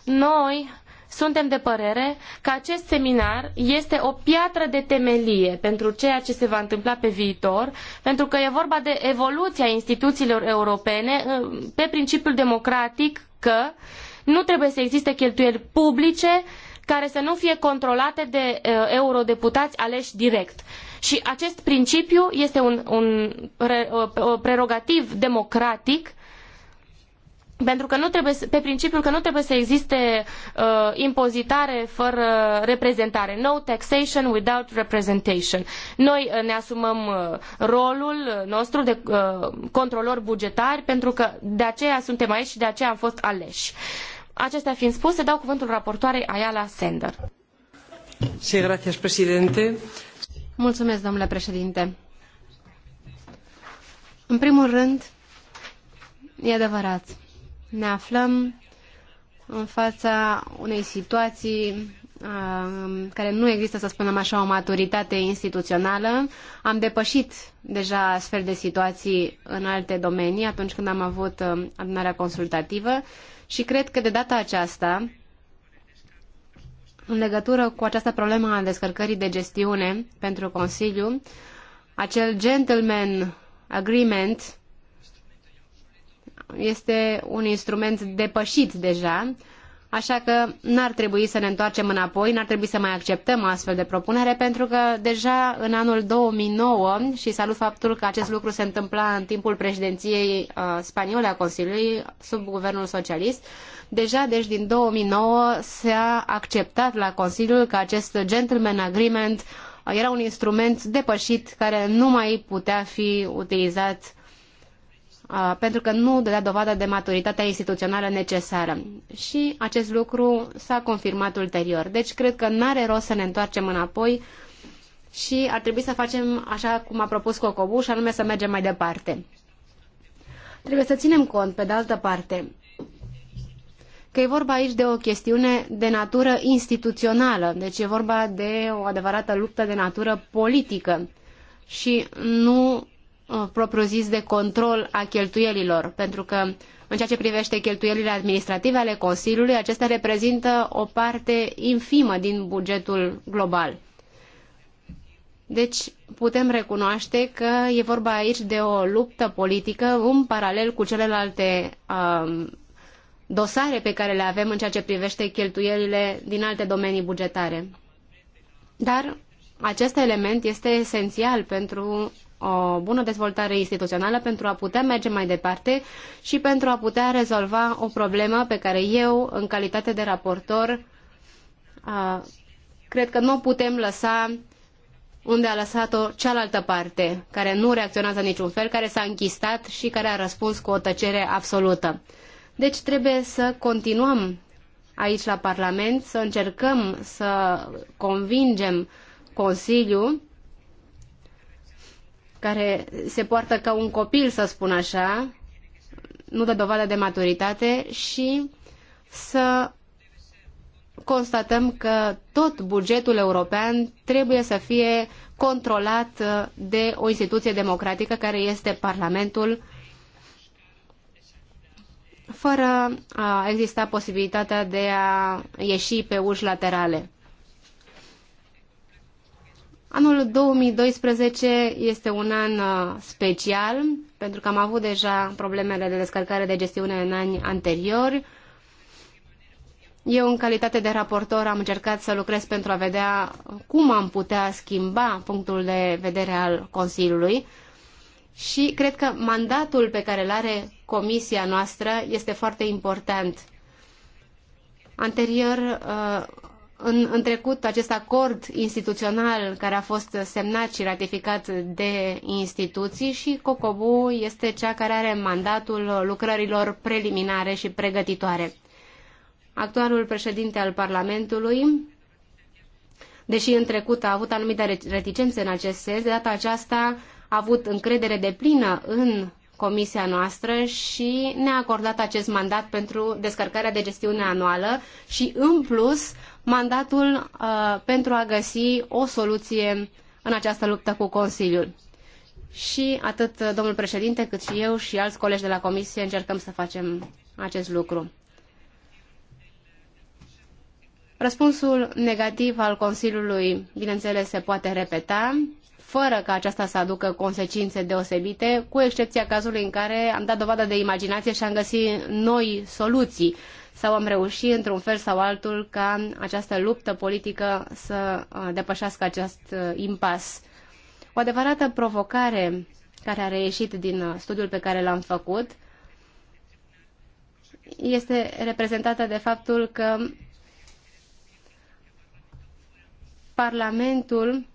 Noi suntem de părere că acest seminar este o piatră de temelie pentru ceea ce se va întâmpla pe viitor, pentru că e vorba de evoluția instituțiilor europene uh, pe principiul democratic că uh, nu trebuie să existe cheltuieli publice care să nu fie controlate de uh, eurodeputați aleși direct. Și acest principiu este un, un uh, o prerogativ democratic pentru că nu trebuie, pe principiul că nu trebuie să existe uh, impozitare fără reprezentare. No taxation without representation. Noi uh, ne asumăm uh, rolul uh, nostru de uh, controlori bugetari pentru că de aceea suntem aici și de aceea am fost aleși. Uh, Acestea fiind spuse, dau cuvântul raportoarei Ayala Sender. Sí, gracias, presidente. Mulțumesc, domnule președinte. În primul rând, e adevărat, ne aflăm în fața unei situații Um, care nu există, să spunem așa, o maturitate instituțională. Am depășit deja astfel de situații în alte domenii atunci când am avut um, adunarea consultativă și cred că de data aceasta, în legătură cu această problemă a descărcării de gestiune pentru Consiliu, acel gentleman agreement este un instrument depășit deja Așa că n-ar trebui să ne întoarcem înapoi, n-ar trebui să mai acceptăm o astfel de propunere, pentru că deja în anul 2009, și salut faptul că acest lucru se întâmpla în timpul președinției uh, spaniole a Consiliului, sub guvernul socialist, deja deci din 2009 s-a acceptat la Consiliu că acest gentleman agreement uh, era un instrument depășit care nu mai putea fi utilizat pentru că nu dădea dovadă de maturitatea instituțională necesară. Și acest lucru s-a confirmat ulterior. Deci cred că nu are rost să ne întoarcem înapoi și ar trebui să facem așa cum a propus Cocobu și anume să mergem mai departe. Trebuie să ținem cont, pe de altă parte, că e vorba aici de o chestiune de natură instituțională, deci e vorba de o adevărată luptă de natură politică și nu Uh, propriu-zis de control a cheltuielilor, pentru că în ceea ce privește cheltuielile administrative ale Consiliului, acestea reprezintă o parte infimă din bugetul global. Deci putem recunoaște că e vorba aici de o luptă politică în paralel cu celelalte um, dosare pe care le avem în ceea ce privește cheltuielile din alte domenii bugetare. Dar acest element este esențial pentru o bună dezvoltare instituțională pentru a putea merge mai departe și pentru a putea rezolva o problemă pe care eu, în calitate de raportor, cred că nu putem lăsa unde a lăsat-o cealaltă parte, care nu reacționează în niciun fel, care s-a închistat și care a răspuns cu o tăcere absolută. Deci trebuie să continuăm aici la Parlament, să încercăm să convingem Consiliul care se poartă ca un copil, să spun așa, nu dă dovadă de maturitate și să constatăm că tot bugetul european trebuie să fie controlat uh, de o instituție democratică care este Parlamentul, fără a exista posibilitatea de a ieși pe uși laterale. Anul 2012 este un an uh, special, pentru că am avut deja problemele de descărcare de gestiune în anii anteriori. Eu, în calitate de raportor, am încercat să lucrez pentru a vedea cum am putea schimba punctul de vedere al Consiliului și cred că mandatul pe care îl are comisia noastră este foarte important. Anterior, uh, în, în trecut acest acord instituțional care a fost semnat și ratificat de instituții și COCOBU este cea care are mandatul lucrărilor preliminare și pregătitoare. Actualul președinte al Parlamentului, deși în trecut a avut anumite reticențe în acest sens, de data aceasta a avut încredere deplină în comisia noastră și ne-a acordat acest mandat pentru descărcarea de gestiune anuală și, în plus, mandatul uh, pentru a găsi o soluție în această luptă cu Consiliul. Și atât uh, domnul președinte, cât și eu și alți colegi de la comisie încercăm să facem acest lucru. Răspunsul negativ al Consiliului, bineînțeles, se poate repeta fără ca aceasta să aducă consecințe deosebite, cu excepția cazului în care am dat dovadă de imaginație și am găsit noi soluții sau am reușit într-un fel sau altul ca această luptă politică să uh, depășească acest uh, impas. O adevărată provocare care a reieșit din uh, studiul pe care l-am făcut este reprezentată de faptul că Parlamentul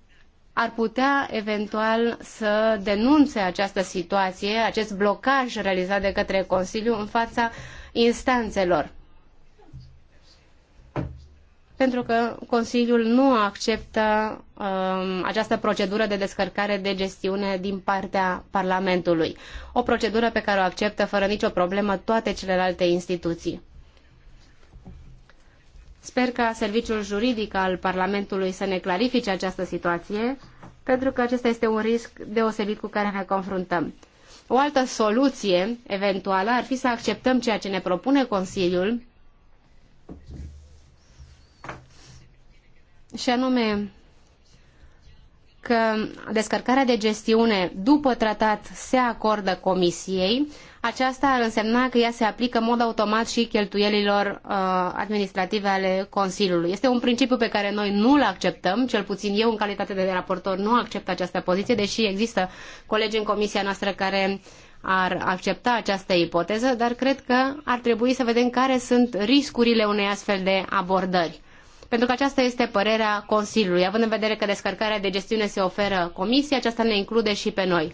ar putea eventual să denunțe această situație, acest blocaj realizat de către Consiliu în fața instanțelor. Pentru că Consiliul nu acceptă um, această procedură de descărcare de gestiune din partea Parlamentului. O procedură pe care o acceptă fără nicio problemă toate celelalte instituții. Sper ca serviciul juridic al Parlamentului să ne clarifice această situație, pentru că acesta este un risc deosebit cu care ne confruntăm. O altă soluție eventuală ar fi să acceptăm ceea ce ne propune Consiliul și anume că descărcarea de gestiune după tratat se acordă Comisiei, aceasta ar însemna că ea se aplică în mod automat și cheltuielilor uh, administrative ale Consiliului. Este un principiu pe care noi nu-l acceptăm, cel puțin eu în calitate de raportor nu accept această poziție, deși există colegi în comisia noastră care ar accepta această ipoteză, dar cred că ar trebui să vedem care sunt riscurile unei astfel de abordări. Pentru că aceasta este părerea Consiliului, având în vedere că descărcarea de gestiune se oferă Comisiei, aceasta ne include și pe noi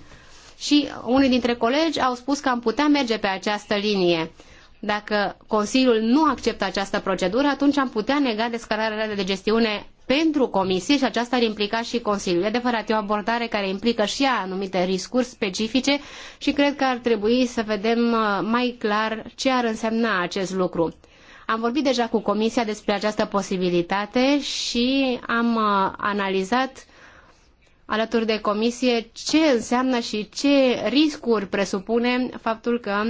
și unii dintre colegi au spus că am putea merge pe această linie. Dacă Consiliul nu acceptă această procedură, atunci am putea nega descărcarea de gestiune pentru comisie și aceasta ar implica și Consiliul. E adevărat, e o abordare care implică și ea anumite riscuri specifice și cred că ar trebui să vedem uh, mai clar ce ar însemna acest lucru. Am vorbit deja cu Comisia despre această posibilitate și am uh, analizat alături de comisie ce înseamnă și ce riscuri presupune faptul că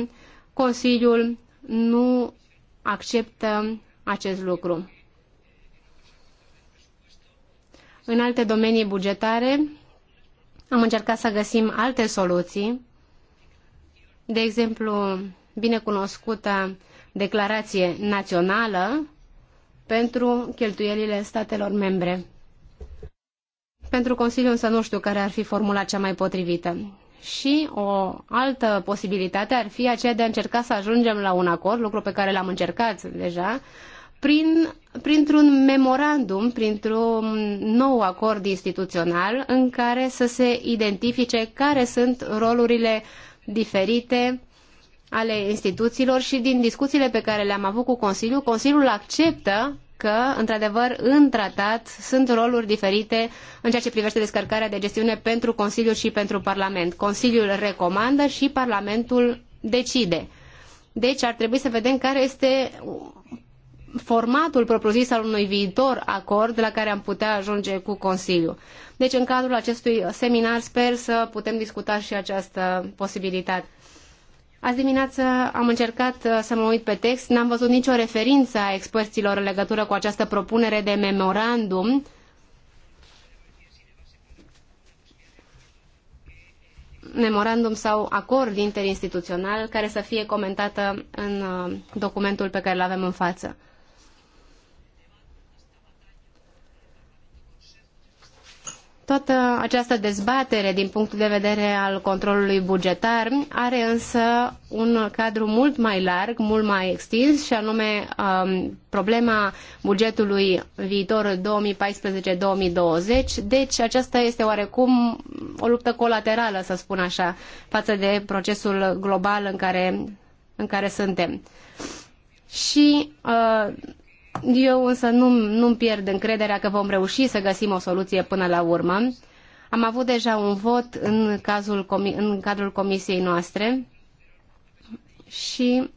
Consiliul nu acceptă acest lucru. În alte domenii bugetare am încercat să găsim alte soluții, de exemplu, binecunoscuta declarație națională pentru cheltuielile statelor membre. Pentru Consiliu însă nu știu care ar fi formula cea mai potrivită. Și o altă posibilitate ar fi aceea de a încerca să ajungem la un acord, lucru pe care l-am încercat deja, prin, printr-un memorandum, printr-un nou acord instituțional în care să se identifice care sunt rolurile diferite ale instituțiilor și din discuțiile pe care le-am avut cu Consiliul, Consiliul acceptă că, într-adevăr, în tratat sunt roluri diferite în ceea ce privește descărcarea de gestiune pentru Consiliu și pentru Parlament. Consiliul recomandă și Parlamentul decide. Deci ar trebui să vedem care este formatul propriu-zis al unui viitor acord la care am putea ajunge cu Consiliu. Deci, în cadrul acestui seminar, sper să putem discuta și această posibilitate. Azi dimineață am încercat uh, să mă uit pe text, n-am văzut nicio referință a experților în legătură cu această propunere de memorandum. memorandum sau acord interinstituțional care să fie comentată în uh, documentul pe care îl avem în față. Toată această dezbatere din punctul de vedere al controlului bugetar are însă un cadru mult mai larg, mult mai extins și anume um, problema bugetului viitor 2014-2020. Deci aceasta este oarecum o luptă colaterală, să spun așa, față de procesul global în care, în care suntem. Și uh, eu însă nu, nu-mi pierd încrederea că vom reuși să găsim o soluție până la urmă. Am avut deja un vot în, cazul, în cadrul comisiei noastre și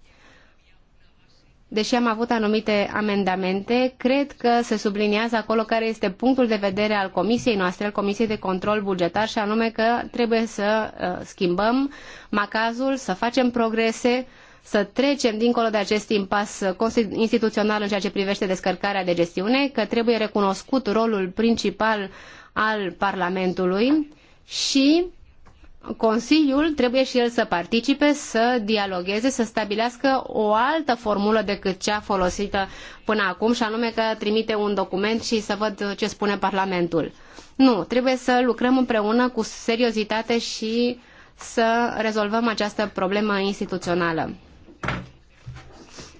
deși am avut anumite amendamente, cred că se subliniază acolo care este punctul de vedere al comisiei noastre, al Comisiei de Control Bugetar, și anume că trebuie să uh, schimbăm macazul, să facem progrese, să trecem dincolo de acest impas instituțional în ceea ce privește descărcarea de gestiune, că trebuie recunoscut rolul principal al Parlamentului și Consiliul trebuie și el să participe, să dialogueze, să stabilească o altă formulă decât cea folosită până acum, și anume că trimite un document și să văd ce spune Parlamentul. Nu, trebuie să lucrăm împreună cu seriozitate și să rezolvăm această problemă instituțională.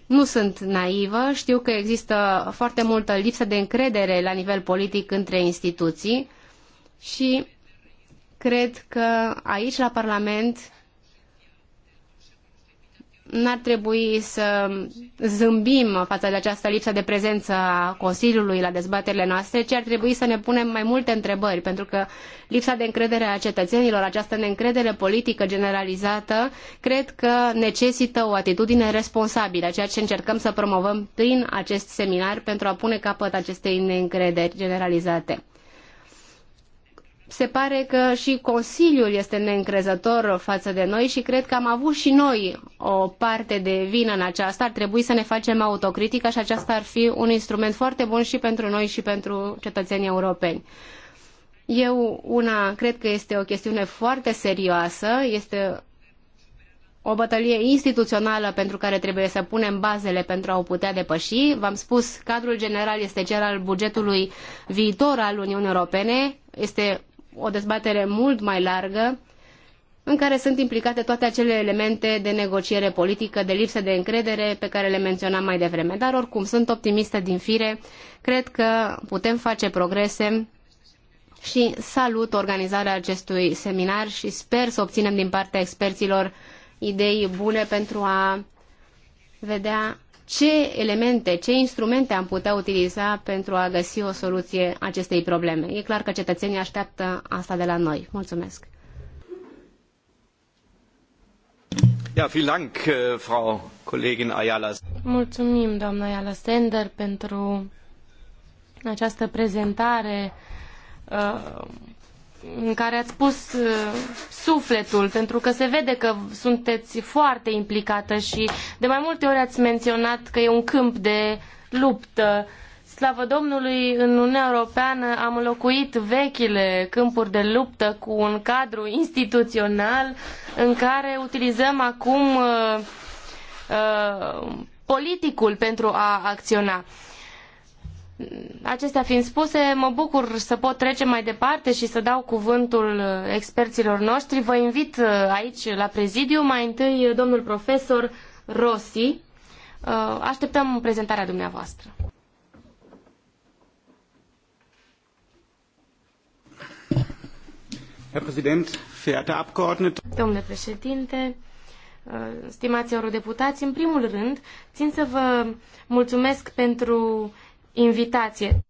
Nu sunt naivă, știu că există foarte multă lipsă de încredere la nivel politic între instituții și cred că aici la Parlament n-ar trebui să zâmbim față de această lipsă de prezență a Consiliului la dezbaterile noastre, ci ar trebui să ne punem mai multe întrebări, pentru că lipsa de încredere a cetățenilor, această neîncredere politică generalizată, cred că necesită o atitudine responsabilă, ceea ce încercăm să promovăm prin acest seminar pentru a pune capăt acestei neîncrederi generalizate se pare că și Consiliul este neîncrezător față de noi și cred că am avut și noi o parte de vină în aceasta. Ar trebui să ne facem autocritică și aceasta ar fi un instrument foarte bun și pentru noi și pentru cetățenii europeni. Eu, una, cred că este o chestiune foarte serioasă, este o bătălie instituțională pentru care trebuie să punem bazele pentru a o putea depăși. V-am spus, cadrul general este cel al bugetului viitor al Uniunii Europene, este o dezbatere mult mai largă în care sunt implicate toate acele elemente de negociere politică, de lipsă de încredere pe care le menționam mai devreme. Dar oricum sunt optimistă din fire, cred că putem face progrese și salut organizarea acestui seminar și sper să obținem din partea experților idei bune pentru a vedea ce elemente, ce instrumente am putea utiliza pentru a găsi o soluție acestei probleme. E clar că cetățenii așteaptă asta de la noi. Mulțumesc! Ja, vielen Dank, äh, Frau Kollegin Ayala. Mulțumim, doamna Ayala Sender, pentru această prezentare uh, în care ați pus uh, sufletul, pentru că se vede că sunteți foarte implicată și de mai multe ori ați menționat că e un câmp de luptă. Slavă Domnului, în Uniunea Europeană am înlocuit vechile câmpuri de luptă cu un cadru instituțional în care utilizăm acum uh, uh, politicul pentru a acționa. Uh, Acestea fiind spuse, mă bucur să pot trece mai departe și să dau cuvântul experților noștri. Vă invit uh, aici la prezidiu, mai întâi uh, domnul profesor Rossi. Uh, așteptăm prezentarea dumneavoastră. Domnule președinte, stimați eurodeputați, în primul rând, țin să vă mulțumesc pentru invitație.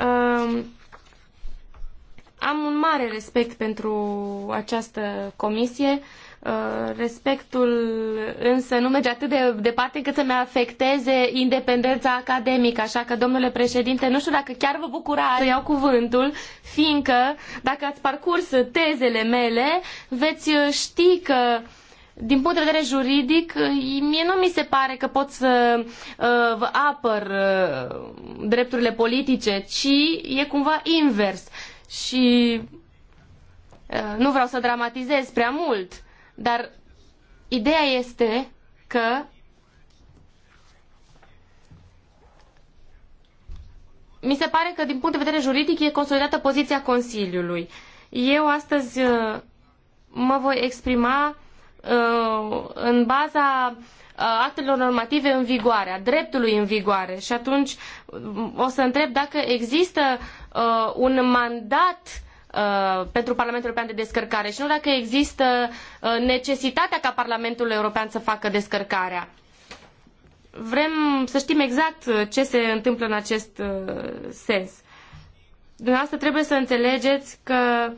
Um, am un mare respect pentru această comisie. Uh, respectul însă nu merge atât de departe cât să-mi afecteze independența academică, așa că, domnule președinte, nu știu dacă chiar vă bucura să iau cuvântul, fiindcă dacă ați parcurs tezele mele, veți ști că din punct de vedere juridic, mie nu mi se pare că pot să uh, vă apăr uh, drepturile politice, ci e cumva invers. Și uh, nu vreau să dramatizez prea mult, dar ideea este că mi se pare că din punct de vedere juridic e consolidată poziția Consiliului. Eu astăzi mă voi exprima Uh, în baza uh, actelor normative în vigoare, a dreptului în vigoare. Și atunci mm, o să întreb dacă există uh, un mandat pentru Parlamentul European de descărcare și nu dacă există necesitatea ca Parlamentul European să facă descărcarea. Vrem să știm exact ce se întâmplă în acest sens. Dumneavoastră trebuie să înțelegeți că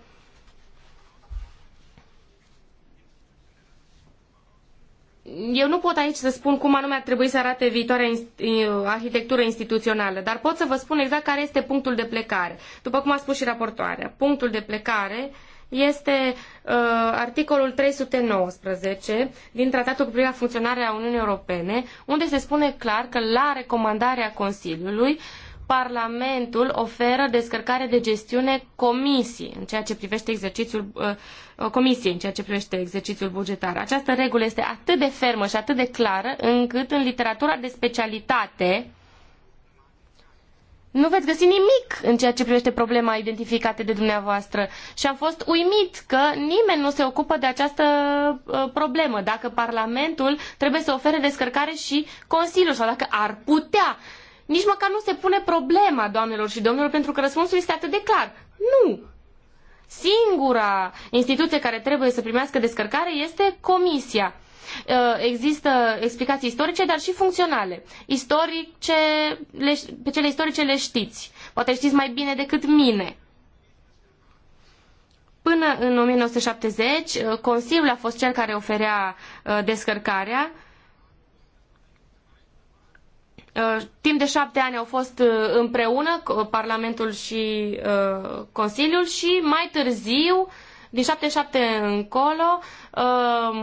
eu nu pot aici să spun cum anume ar trebui să arate viitoarea arhitectură instituțională, dar pot să vă spun exact care este punctul de plecare. După cum a spus și raportoarea, punctul de plecare este uh, articolul 319 din Tratatul cu privire la funcționarea Uniunii Europene, unde se spune clar că la recomandarea Consiliului Parlamentul oferă descărcare de gestiune comisii în ceea ce privește exercițiul uh, uh, comisiei în ceea ce privește exercițiul bugetar. Această regulă este atât de fermă și atât de clară încât în literatura de specialitate nu veți găsi nimic în ceea ce privește problema identificată de dumneavoastră. Și am fost uimit că nimeni nu se ocupă de această uh, problemă. Dacă Parlamentul trebuie să ofere descărcare și Consiliul sau dacă ar putea nici măcar nu se pune problema, doamnelor și domnilor, pentru că răspunsul este atât de clar. Nu! Singura instituție care trebuie să primească descărcare este Comisia. Uh, există explicații istorice, dar și funcționale. Istorice, le, pe cele istorice le știți. Poate știți mai bine decât mine. Până în 1970, uh, Consiliul a fost cel care oferea uh, descărcarea Uh, timp de șapte ani au fost uh, împreună Parlamentul și uh, Consiliul și mai târziu, din șapte-șapte încolo,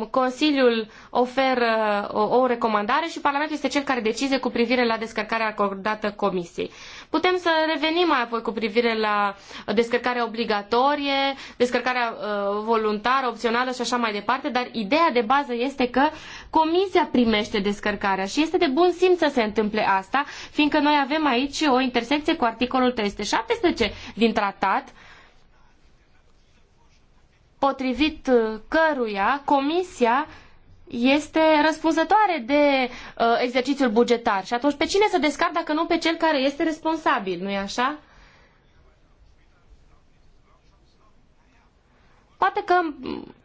Consiliul oferă o, o recomandare și Parlamentul este cel care decide cu privire la descărcarea acordată Comisiei. Putem să revenim mai apoi cu privire la descărcarea obligatorie, descărcarea uh, voluntară, opțională și așa mai departe, dar ideea de bază este că comisia primește descărcarea și este de bun simț să se întâmple asta, fiindcă noi avem aici o intersecție cu articolul 317 din tratat, potrivit uh, căruia comisia este răspunzătoare de uh, exercițiul bugetar. Și atunci pe cine să descar dacă nu pe cel care este responsabil, nu-i așa? Poate că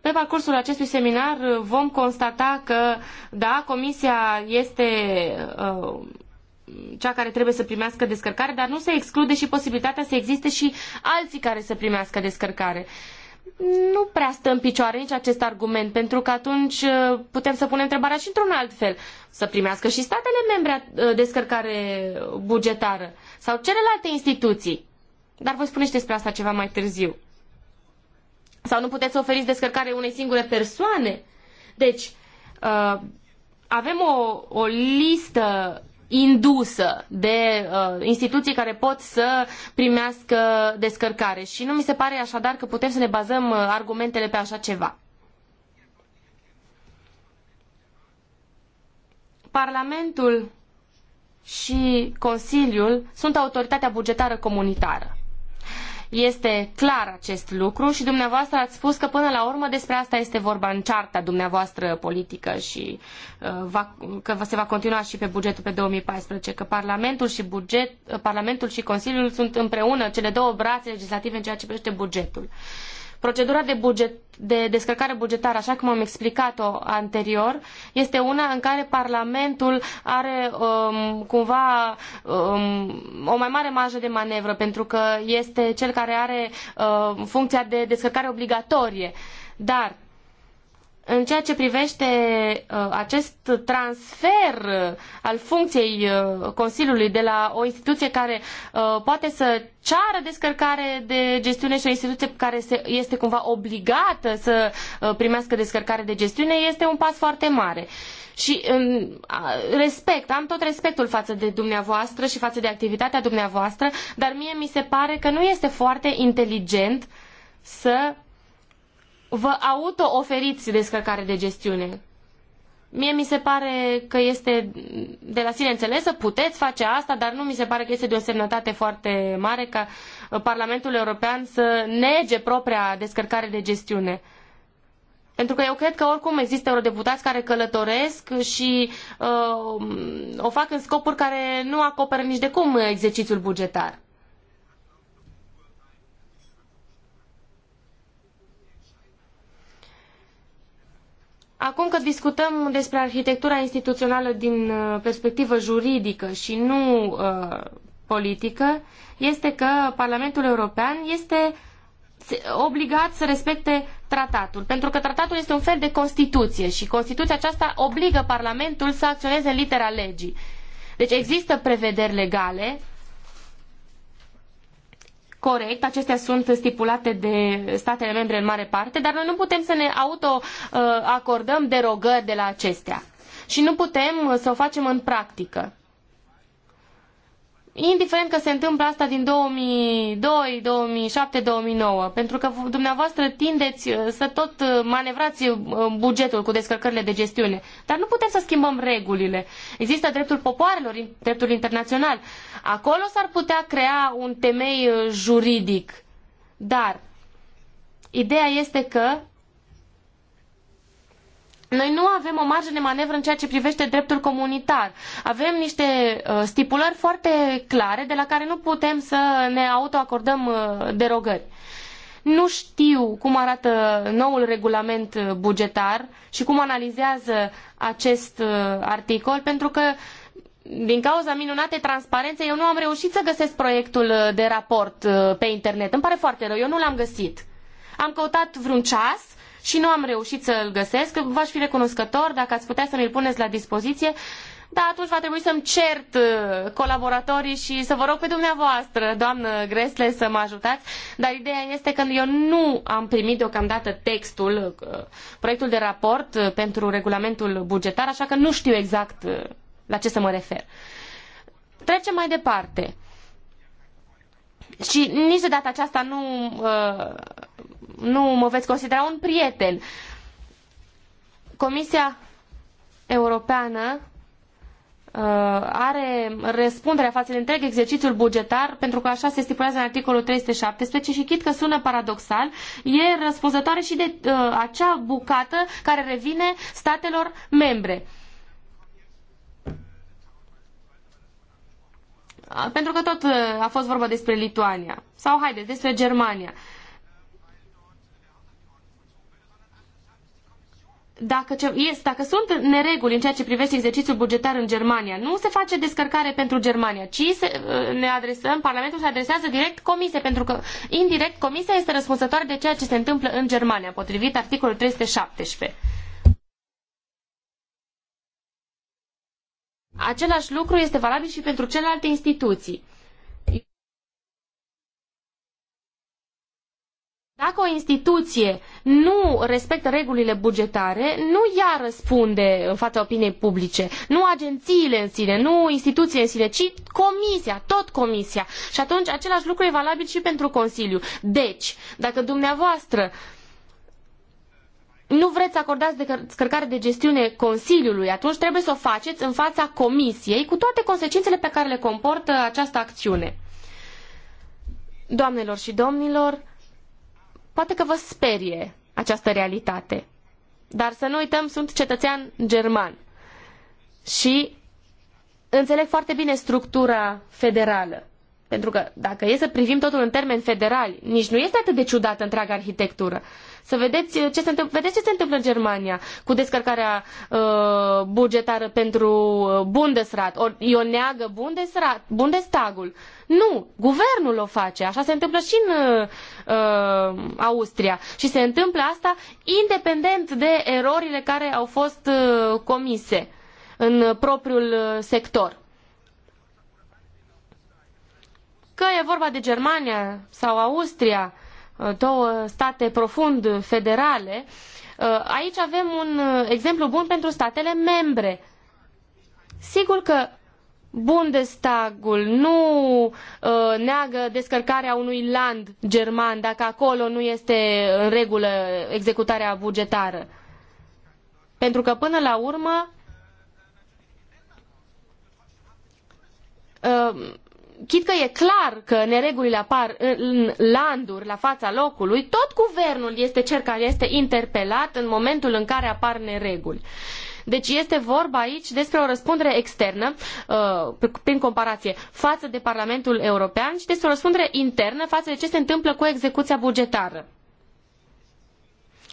pe parcursul acestui seminar vom constata că, da, comisia este uh, cea care trebuie să primească descărcare, dar nu se exclude și posibilitatea să existe și alții care să primească descărcare. Uh, nu prea stă în picioare nici acest argument, pentru că atunci uh, putem să punem întrebarea și într-un alt fel. Să primească și statele membre uh, descărcare bugetară sau celelalte instituții. Dar voi spuneți despre asta ceva mai târziu. Sau nu puteți să oferiți descărcare unei singure persoane. Deci, uh, avem o, o listă indusă de uh, instituții care pot să primească descărcare. Și nu mi se pare așadar că putem să ne bazăm uh, argumentele pe așa ceva. Parlamentul și Consiliul sunt autoritatea bugetară comunitară. Este clar acest lucru și dumneavoastră ați spus că până la urmă despre asta este vorba în cearta dumneavoastră politică și uh, că se va continua și pe bugetul pe 2014, că Parlamentul și, buget, uh, Parlamentul și Consiliul sunt împreună cele două brațe legislative în ceea ce privește bugetul. Procedura de, buget, de descărcare bugetară, așa cum am explicat-o anterior, este una în care Parlamentul are um, cumva um, o mai mare marjă de manevră, pentru că este cel care are um, funcția de descărcare obligatorie. Dar în ceea ce privește uh, acest transfer uh, al funcției uh, Consiliului de la o instituție care poate să ceară descărcare de gestiune și o instituție care este cumva obligată să primească descărcare de gestiune, este un pas foarte mare. Și um, respect, am tot respectul față de dumneavoastră și față de activitatea dumneavoastră, dar mie mi se pare că nu este foarte inteligent să vă auto-oferiți descărcare de gestiune. Mie mi se pare că este de la sine înțelesă, puteți face asta, dar nu mi se pare că este de o semnătate foarte mare ca Parlamentul European să nege propria descărcare de gestiune. Pentru că eu cred că oricum există eurodeputați care călătoresc și uh, o fac în scopuri care nu acoperă nici de cum exercițiul bugetar. Acum că discutăm despre arhitectura instituțională din uh, perspectivă juridică și nu uh, politică, este că Parlamentul European este obligat să respecte tratatul, pentru că tratatul este un fel de Constituție și Constituția aceasta obligă Parlamentul să acționeze litera legii. Deci există prevederi legale corect, acestea sunt stipulate de statele membre în mare parte, dar noi nu putem să ne auto-acordăm derogări de la acestea. Și nu putem să o facem în practică. Indiferent că se întâmplă asta din 2002, 2007, 2009, pentru că dumneavoastră tindeți uh, să tot uh, manevrați uh, bugetul cu descărcările de gestiune, dar nu putem să schimbăm regulile. Există dreptul popoarelor, dreptul internațional. Uh, Acolo s-ar putea crea un temei uh, juridic, dar ideea este că noi nu avem o marjă de manevră în ceea ce privește dreptul comunitar. Avem niște uh, stipulări foarte clare de la care nu putem să ne autoacordăm uh, derogări. Nu știu cum arată noul regulament uh, bugetar și cum analizează acest uh, articol, pentru că uh, din cauza minunatei transparențe, eu nu am reușit să găsesc proiectul uh, de raport uh, pe internet. Îmi pare foarte rău, eu nu l-am găsit. Am căutat vreun ceas și nu am reușit să-l găsesc. V-aș fi recunoscător dacă ați putea să mi-l puneți la dispoziție. Da, atunci va trebui să-mi cert uh, colaboratorii și să vă rog pe dumneavoastră, doamnă Gresle, să mă ajutați. Dar ideea este că eu nu am primit deocamdată textul, proiectul de raport pentru regulamentul bugetar, așa că nu știu exact la ce să mă refer. Trecem mai departe. Și nici de data aceasta nu, uh, nu mă veți considera un prieten. Comisia Europeană uh, are răspunderea față de întreg exercițiul bugetar, pentru că așa se stipulează în articolul 317 și chit că sună paradoxal, e răspunzătoare și de uh, acea bucată care revine statelor membre. pentru că tot uh, a fost vorba despre Lituania, sau haide, despre Germania. Dacă, ce, yes, dacă sunt nereguli în ceea ce privește exercițiul bugetar în Germania, nu se face descărcare pentru Germania, ci se, uh, ne adresăm, Parlamentul se adresează direct Comisie, pentru că indirect Comisia este răspunsătoare de ceea ce se întâmplă în Germania, potrivit articolul 317. Același lucru este valabil și pentru celelalte instituții. Dacă o instituție nu respectă regulile bugetare, nu ea răspunde în fața opiniei publice, nu agențiile în sine, nu instituțiile în sine, ci comisia, tot comisia. Și atunci același lucru e valabil și pentru Consiliu. Deci, dacă dumneavoastră uh, nu vreți să acordați descărcare de gestiune Consiliului, atunci trebuie să o faceți în fața Comisiei cu toate consecințele pe care le comportă această acțiune. Doamnelor și domnilor, poate că vă sperie această realitate. Dar să nu uităm, sunt cetățean german și înțeleg foarte bine structura federală. Pentru că dacă e să privim totul în termeni federali, nici nu este atât de ciudată întreaga arhitectură. Să vedeți uh, ce se întâmplă, vedeți ce se întâmplă în Germania cu descărcarea uh, bugetară pentru uh, Bundesrat. Or, o neagă Bundesrat, Bundestagul. Nu, guvernul o face. Așa se întâmplă și în uh, uh, Austria. Și se întâmplă asta independent de erorile care au fost uh, comise în propriul sector. Că e vorba de Germania sau Austria, uh, două state profund federale, uh, aici avem un uh, exemplu bun pentru statele membre. Sigur că Bundestagul nu neagă descărcarea unui land german dacă acolo nu este în regulă executarea bugetară. Pentru că până la urmă chit că e clar că neregulile apar în landuri, la fața locului, tot guvernul este cel care este interpelat în momentul în care apar nereguli. Deci este vorba aici despre o răspundere externă, uh, prin comparație, față de Parlamentul European și despre o răspundere internă față de ce se întâmplă cu execuția bugetară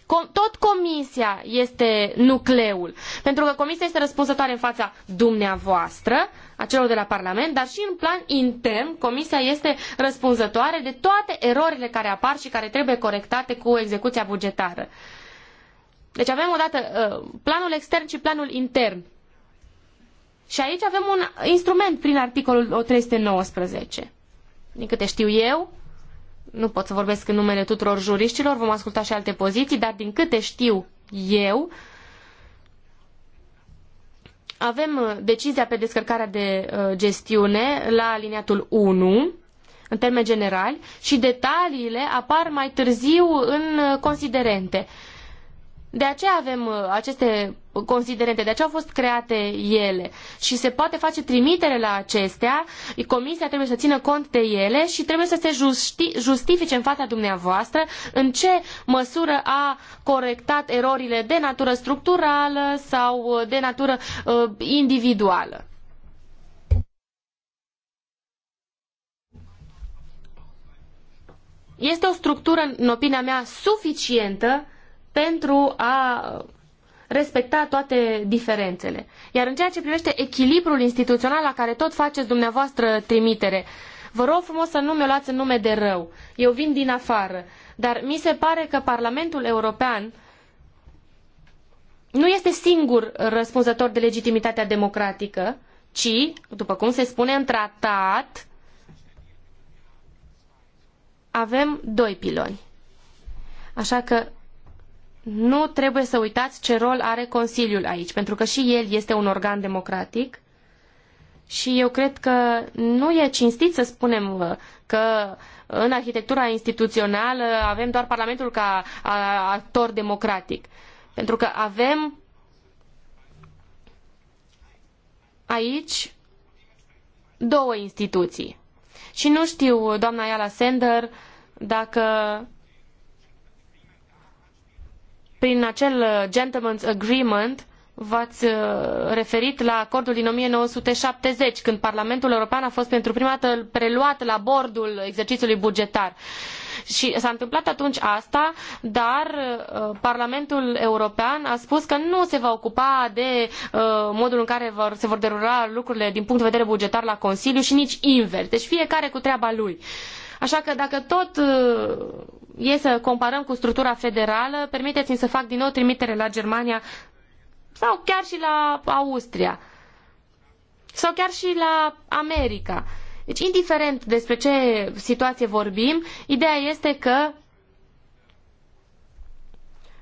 tot comisia este nucleul, pentru că comisia este răspunzătoare în fața dumneavoastră, uh, a celor de la Parlament, dar și în plan intern, Comisia este răspunzătoare de toate erorile care apar și care trebuie corectate cu execuția bugetară. Deci avem odată uh, planul extern și planul intern. Și aici avem un instrument prin articolul 319. Din câte știu eu, nu pot să vorbesc în numele tuturor juriștilor, vom asculta și alte poziții, dar din câte știu eu, uh, avem uh, decizia pe descărcarea de uh, gestiune la aliniatul 1 în termeni generali și detaliile apar mai târziu în uh, considerente. De aceea avem uh, aceste considerente, de aceea au fost create ele și se poate face trimitere la acestea, comisia trebuie să țină cont de ele și trebuie să se justi justifice în fața dumneavoastră în ce măsură a corectat erorile de natură structurală sau uh, de natură uh, individuală. Este o structură, în opinia mea, suficientă pentru a respecta toate diferențele. Iar în ceea ce privește echilibrul instituțional la care tot faceți dumneavoastră trimitere, vă rog frumos să nu mi-o luați în nume de rău. Eu vin din afară, dar mi se pare că Parlamentul European nu este singur răspunzător de legitimitatea democratică, ci, după cum se spune în tratat, avem doi piloni. Așa că nu trebuie să uitați ce rol are Consiliul aici, pentru că și el este un organ democratic și eu cred că nu e cinstit să spunem uh, că în arhitectura instituțională avem doar Parlamentul ca actor democratic. Pentru că avem aici două instituții. Și nu știu, doamna Iala Sender, dacă prin acel uh, gentleman's agreement v-ați uh, referit la acordul din 1970, când Parlamentul European a fost pentru prima dată preluat la bordul exercițiului bugetar. Și s-a întâmplat atunci asta, dar uh, Parlamentul European a spus că nu se va ocupa de modul în care vor, se vor derula lucrurile din punct de vedere bugetar la Consiliu și nici invers. Deci fiecare cu treaba lui. Uh, Așa că dacă tot uh, e să comparăm cu structura federală, permiteți-mi să fac din nou trimitere la Germania sau chiar și la Austria sau chiar și la America. Deci, indiferent despre ce situație vorbim, ideea este că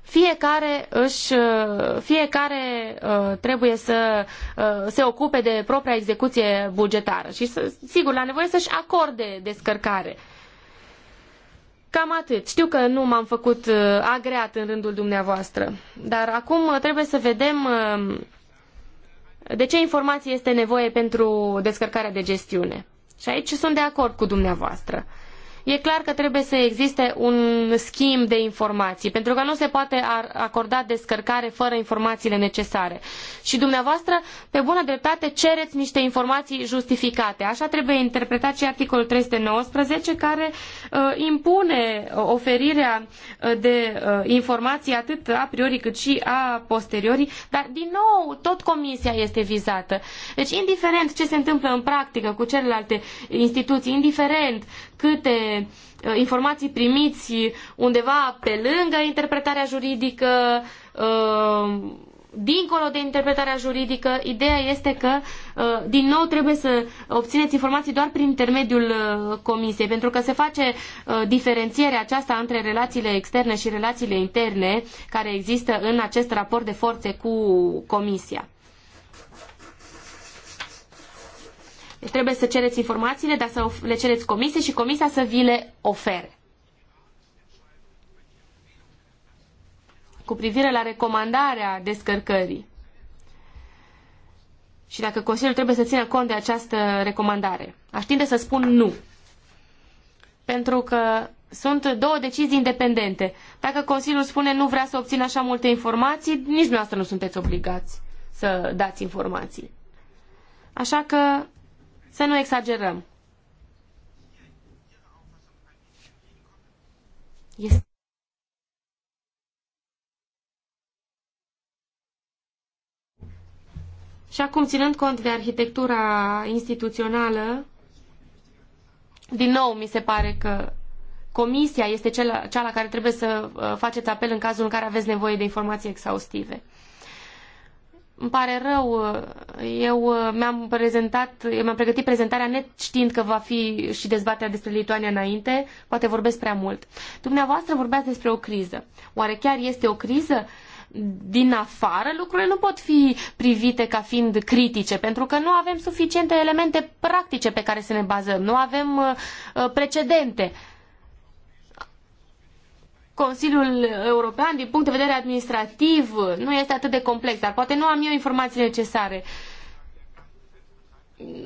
fiecare, își, uh, fiecare uh, trebuie să uh, se ocupe de propria execuție bugetară și, sigur, la nevoie să-și acorde descărcare. Cam atât. Știu că nu m-am făcut agreat în rândul dumneavoastră, dar acum trebuie să vedem de ce informație este nevoie pentru descărcarea de gestiune. Și aici sunt de acord cu dumneavoastră. E clar că trebuie să existe un schimb de informații, pentru că nu se poate acorda descărcare fără informațiile necesare. Și dumneavoastră, pe bună dreptate, cereți niște informații justificate. Așa trebuie interpretat și articolul 319, care uh, impune uh, oferirea uh, de informații atât a priori cât și a posteriori, dar din nou tot comisia este vizată. Deci, indiferent ce se întâmplă în practică cu celelalte instituții, indiferent câte uh, informații primiți undeva pe lângă interpretarea juridică, uh, dincolo de interpretarea juridică, ideea este că uh, din nou trebuie să obțineți informații doar prin intermediul comisiei, pentru că se face diferențierea aceasta între relațiile externe și relațiile interne care există în acest raport de forțe cu comisia. trebuie să cereți informațiile, dar să le cereți comisiei și comisia să vi le ofere. Cu privire la recomandarea descărcării și dacă Consiliul trebuie să țină cont de această recomandare, aș tinde să spun nu. Pentru că sunt două decizii independente. Dacă Consiliul spune nu vrea să obțină așa multe informații, nici dumneavoastră nu sunteți obligați să dați informații. Așa că să nu exagerăm. Este Și acum, ținând cont de arhitectura instituțională, din nou mi se pare că comisia este cea la care trebuie să uh, faceți apel în cazul în care aveți nevoie de informații exhaustive. Îmi pare rău, eu mi-am prezentat, mi-am pregătit prezentarea net știind că va fi și dezbaterea despre Lituania înainte, poate vorbesc prea mult. Dumneavoastră vorbeați despre o criză. Oare chiar este o criză? Din afară lucrurile nu pot fi privite ca fiind critice, pentru că nu avem suficiente elemente practice pe care să ne bazăm, nu avem uh, precedente. Consiliul European, din punct de vedere administrativ, nu este atât de complex, dar poate nu am eu informații necesare.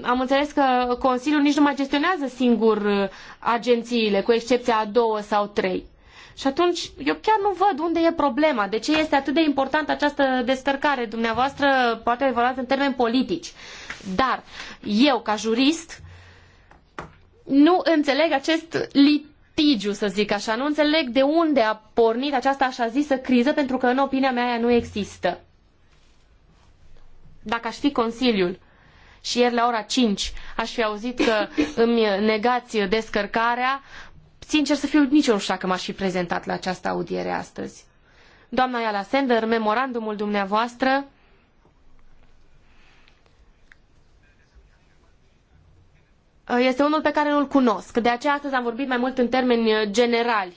Am înțeles că Consiliul nici nu mai gestionează singur uh, agențiile, cu excepția a două sau trei. Și atunci, eu chiar nu văd unde e problema, de ce este atât de importantă această descărcare. Dumneavoastră poate evaluați în termeni politici, dar eu, ca jurist, nu înțeleg acest lit prestigiu, să zic așa. Nu înțeleg de unde a pornit această așa zisă criză, pentru că în opinia mea aia nu există. Dacă aș fi Consiliul și ieri la ora 5 aș fi auzit că îmi negați descărcarea, sincer să fiu, nici eu nu știu m-aș fi prezentat la această audiere astăzi. Doamna Iala Sender, memorandumul dumneavoastră Uh, este unul pe care nu-l cunosc. De aceea astăzi am vorbit mai mult în termeni uh, generali.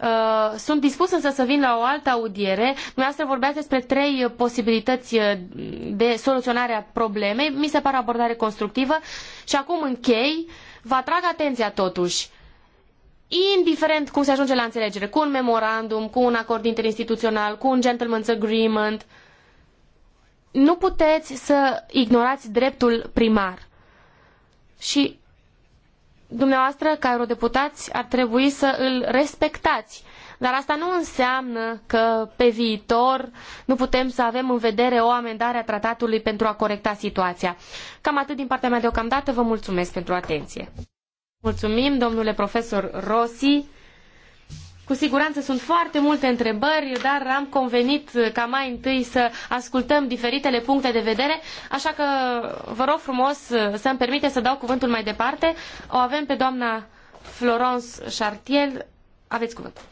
Uh, sunt dispus însă să vin la o altă audiere. Dumneavoastră vorbeați despre trei posibilități de soluționare a problemei. Mi se pare o abordare constructivă și acum închei. Vă atrag atenția totuși indiferent cum se ajunge la înțelegere, cu un memorandum, cu un acord interinstituțional, cu un gentleman's agreement, nu puteți să ignorați dreptul primar și dumneavoastră, ca eurodeputați, ar trebui să îl respectați. Dar asta nu înseamnă că pe viitor nu putem să avem în vedere o amendare a tratatului pentru a corecta situația. Cam atât din partea mea deocamdată. Vă mulțumesc pentru atenție. Mulțumim, domnule profesor Rossi. Cu siguranță sunt foarte multe întrebări, dar am convenit ca mai întâi să ascultăm diferitele puncte de vedere, așa că vă rog frumos uh, să-mi permite să dau cuvântul mai departe. O avem pe doamna Florence Chartier. Aveți cuvântul.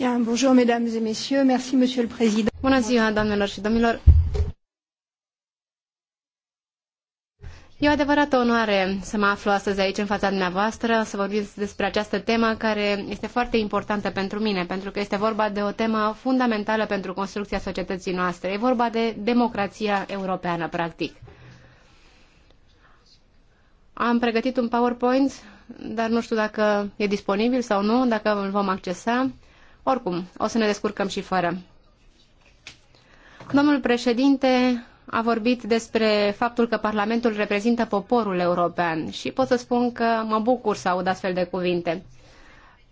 bonjour mesdames et messieurs. Merci monsieur le président. Bună ziua, doamnelor și domnilor. E o adevărată onoare să mă aflu astăzi aici în fața dumneavoastră, să vorbim despre această temă care este foarte importantă pentru mine, pentru că este vorba de o temă fundamentală pentru construcția societății noastre. E vorba de democrația europeană, practic. Am pregătit un PowerPoint, dar nu știu dacă e disponibil sau nu, dacă îl vom accesa. Oricum, o să ne descurcăm și fără. Domnul președinte a vorbit despre faptul că Parlamentul reprezintă poporul european și pot să spun că mă bucur să aud astfel de cuvinte.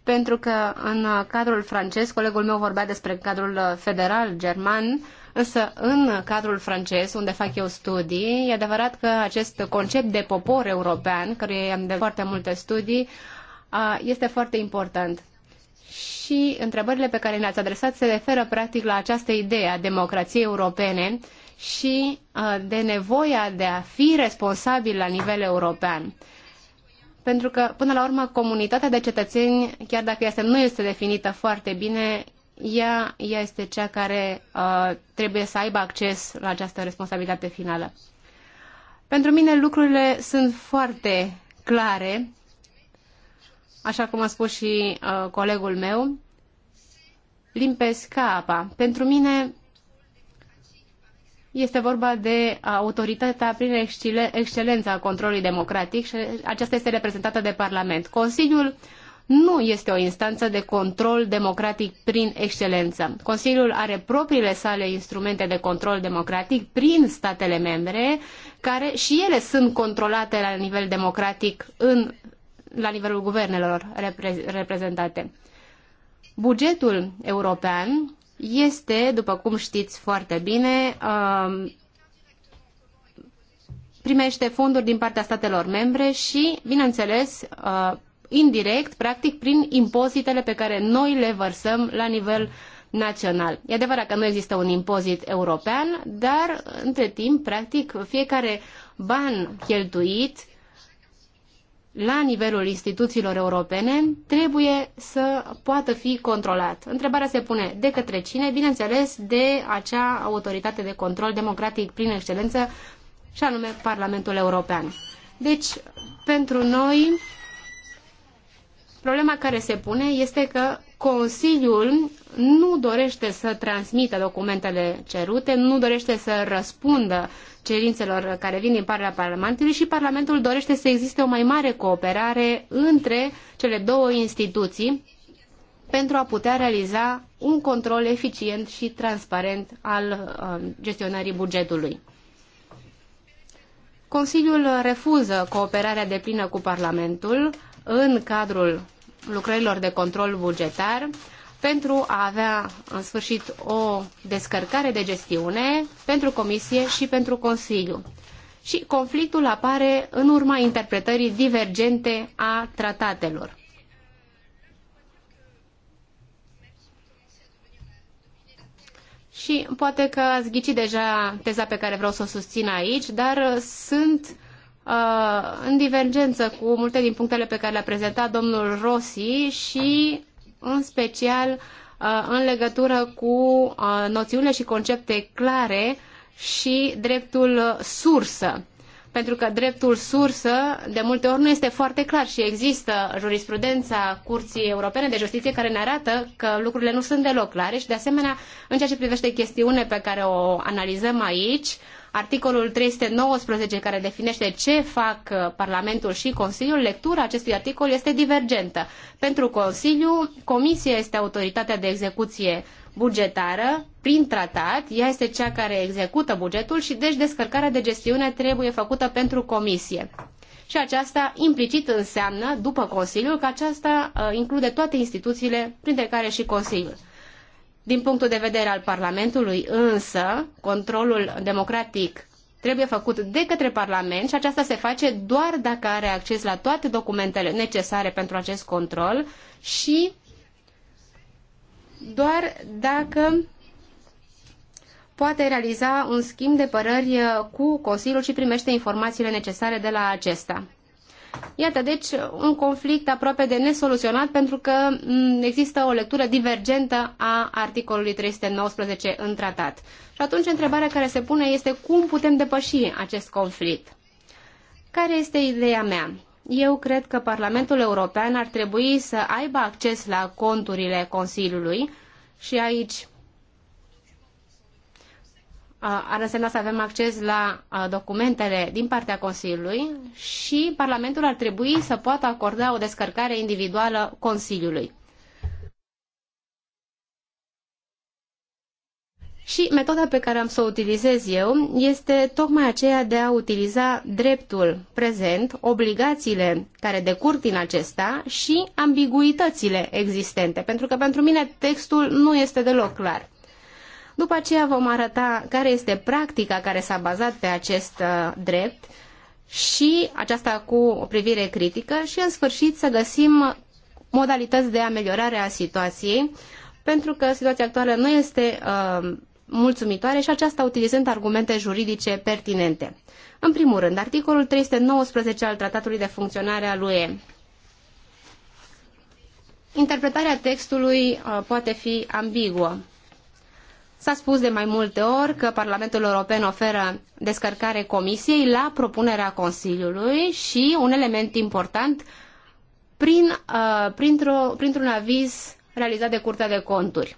Pentru că în cadrul francez, colegul meu vorbea despre cadrul federal german, însă în cadrul francez, unde fac eu studii, e adevărat că acest concept de popor european, care am de foarte multe studii, este foarte important și întrebările pe care le-ați adresat se referă practic la această idee a democrației europene și uh, de nevoia de a fi responsabil la nivel european. Pentru că, până la urmă, comunitatea de cetățeni, chiar dacă este, nu este definită foarte bine, ea, ea este cea care uh, trebuie să aibă acces la această responsabilitate finală. Pentru mine lucrurile sunt foarte clare așa cum a spus și uh, colegul meu, limpezi ca apa. Pentru mine este vorba de autoritatea prin excelența a controlului democratic și aceasta este reprezentată de Parlament. Consiliul nu este o instanță de control democratic prin excelență. Consiliul are propriile sale instrumente de control democratic prin statele membre, care și ele sunt controlate la nivel democratic în la nivelul guvernelor repre reprezentate. Bugetul european este, după cum știți foarte bine, um, primește fonduri din partea statelor membre și, bineînțeles, uh, indirect, practic, prin impozitele pe care noi le vărsăm la nivel național. E adevărat că nu există un impozit european, dar, între timp, practic, fiecare ban cheltuit la nivelul instituțiilor europene trebuie să poată fi controlat. Întrebarea se pune de către cine? Bineînțeles, de acea autoritate de control democratic prin excelență, și anume Parlamentul European. Deci, pentru noi, Problema care se pune este că Consiliul nu dorește să transmită documentele cerute, nu dorește să răspundă cerințelor care vin din partea Parlamentului și Parlamentul dorește să existe o mai mare cooperare între cele două instituții pentru a putea realiza un control eficient și transparent al uh, gestionării bugetului. Consiliul refuză cooperarea deplină cu Parlamentul în cadrul lucrărilor de control bugetar pentru a avea în sfârșit o descărcare de gestiune pentru Comisie și pentru Consiliu. Și conflictul apare în urma interpretării divergente a tratatelor. Și poate că ați ghicit deja teza pe care vreau să o susțin aici, dar sunt Uh, în divergență cu multe din punctele pe care le-a prezentat domnul Rossi și în special uh, în legătură cu uh, noțiunile și concepte clare și dreptul sursă. Pentru că dreptul sursă de multe ori nu este foarte clar și există jurisprudența Curții Europene de Justiție care ne arată că lucrurile nu sunt deloc clare și de asemenea în ceea ce privește chestiune pe care o analizăm aici, uh, articolul 319 care definește ce fac uh, Parlamentul și Consiliul, lectura acestui articol este divergentă. Pentru Consiliu, Comisia este autoritatea de execuție bugetară prin tratat, ea este cea care execută bugetul și deci descărcarea de gestiune trebuie făcută pentru comisie. Și aceasta implicit înseamnă, după Consiliul, că aceasta uh, include toate instituțiile, printre care și Consiliul. Din punctul de vedere al Parlamentului, însă, controlul democratic trebuie făcut de către Parlament și aceasta se face doar dacă are acces la toate documentele necesare pentru acest control și doar dacă poate realiza un schimb de păreri cu Consiliul și primește informațiile necesare de la acesta. Iată, deci, un conflict aproape de nesoluționat pentru că mm, există o lectură divergentă a articolului 319 în tratat. Și atunci întrebarea care se pune este cum putem depăși acest conflict. Care este ideea mea? Eu cred că Parlamentul European ar trebui să aibă acces la conturile Consiliului și aici ar însemna să avem acces la documentele din partea Consiliului și Parlamentul ar trebui să poată acorda o descărcare individuală Consiliului. Și metoda pe care am să o utilizez eu este tocmai aceea de a utiliza dreptul prezent, obligațiile care decurg din acesta și ambiguitățile existente, pentru că pentru mine textul nu este deloc clar. După aceea vom arăta care este practica care s-a bazat pe acest uh, drept și aceasta cu o privire critică și în sfârșit să găsim modalități de ameliorare a situației, pentru că situația actuală nu este uh, mulțumitoare și aceasta utilizând argumente juridice pertinente. În primul rând, articolul 319 al Tratatului de Funcționare al UE. Interpretarea textului uh, poate fi ambiguă. S-a spus de mai multe ori că Parlamentul European oferă descărcare Comisiei la propunerea Consiliului și un element important prin, uh, printr-o, printr-un aviz realizat de Curtea de Conturi.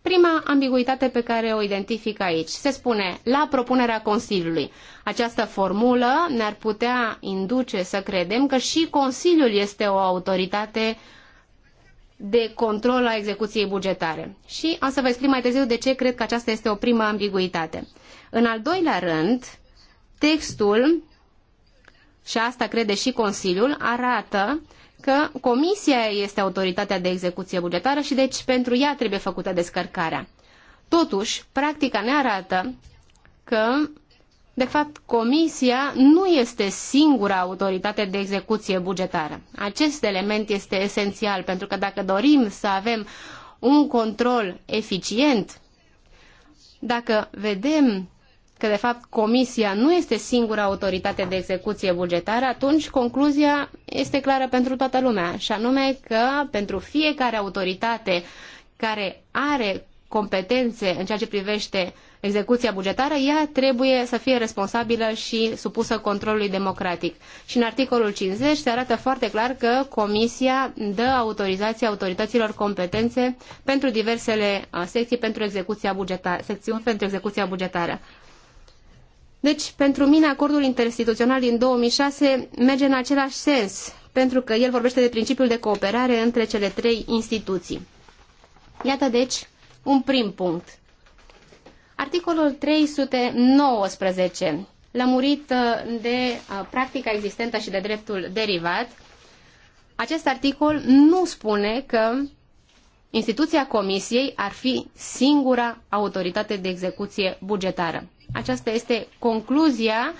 Prima ambiguitate pe care o identific aici se spune la propunerea Consiliului. Această formulă ne-ar putea induce să credem că și Consiliul este o autoritate uh, de control a execuției bugetare. Și o să vă explic mai târziu de ce cred că aceasta este o primă ambiguitate. În al doilea rând, textul, și asta crede și Consiliul, arată că Comisia este autoritatea de execuție bugetară și deci pentru ea trebuie făcută descărcarea. Totuși, practica ne arată că de fapt, Comisia nu este singura autoritate de execuție bugetară. Acest element este esențial, pentru că dacă dorim să avem un control eficient, dacă vedem că de fapt Comisia nu este singura autoritate de execuție bugetară, atunci concluzia este clară pentru toată lumea, și anume că pentru fiecare autoritate care are competențe în ceea ce privește execuția bugetară, ea trebuie să fie responsabilă și supusă controlului democratic. Și în articolul 50 se arată foarte clar că Comisia dă autorizația autorităților competențe pentru diversele uh, secții pentru execuția bugetară, secțiuni pentru execuția bugetară. Deci, pentru mine, acordul interinstituțional din 2006 merge în același sens, pentru că el vorbește de principiul de cooperare între cele trei instituții. Iată, deci, un prim punct. Articolul 319, lămurit uh, de uh, practica existentă și de dreptul derivat, acest articol nu spune că instituția Comisiei ar fi singura autoritate de execuție bugetară. Aceasta este concluzia,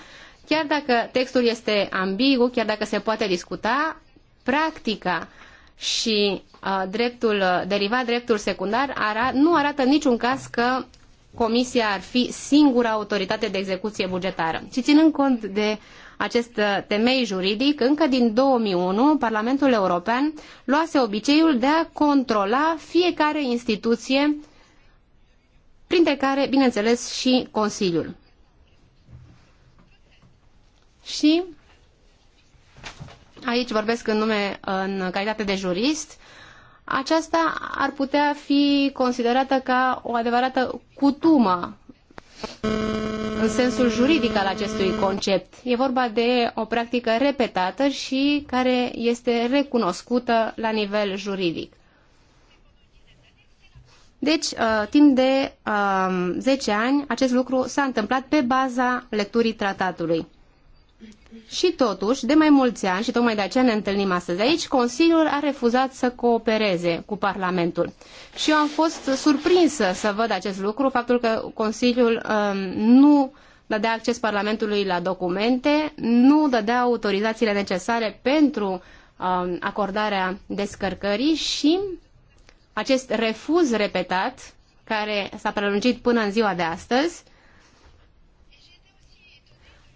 chiar dacă textul este ambigu, chiar dacă se poate discuta, practica și uh, dreptul uh, derivat, dreptul secundar, ara, nu arată în niciun caz că Comisia ar fi singura autoritate de execuție bugetară. Și ținând cont de acest uh, temei juridic, încă din 2001, Parlamentul European luase obiceiul de a controla fiecare instituție, printre care, bineînțeles, și Consiliul. Și aici vorbesc în nume, în calitate de jurist, aceasta ar putea fi considerată ca o adevărată cutumă în sensul juridic al acestui concept. E vorba de o practică repetată și care este recunoscută la nivel juridic. Deci, uh, timp de uh, zece 10 ani, acest lucru s-a întâmplat pe baza lecturii tratatului. Și totuși, de mai mulți ani, și tocmai de aceea ne întâlnim astăzi aici, Consiliul a refuzat să coopereze cu Parlamentul. Și eu am fost surprinsă să văd acest lucru, faptul că Consiliul um, nu dădea acces Parlamentului la documente, nu dădea autorizațiile necesare pentru um, acordarea descărcării și acest refuz repetat, care s-a prelungit până în ziua de astăzi,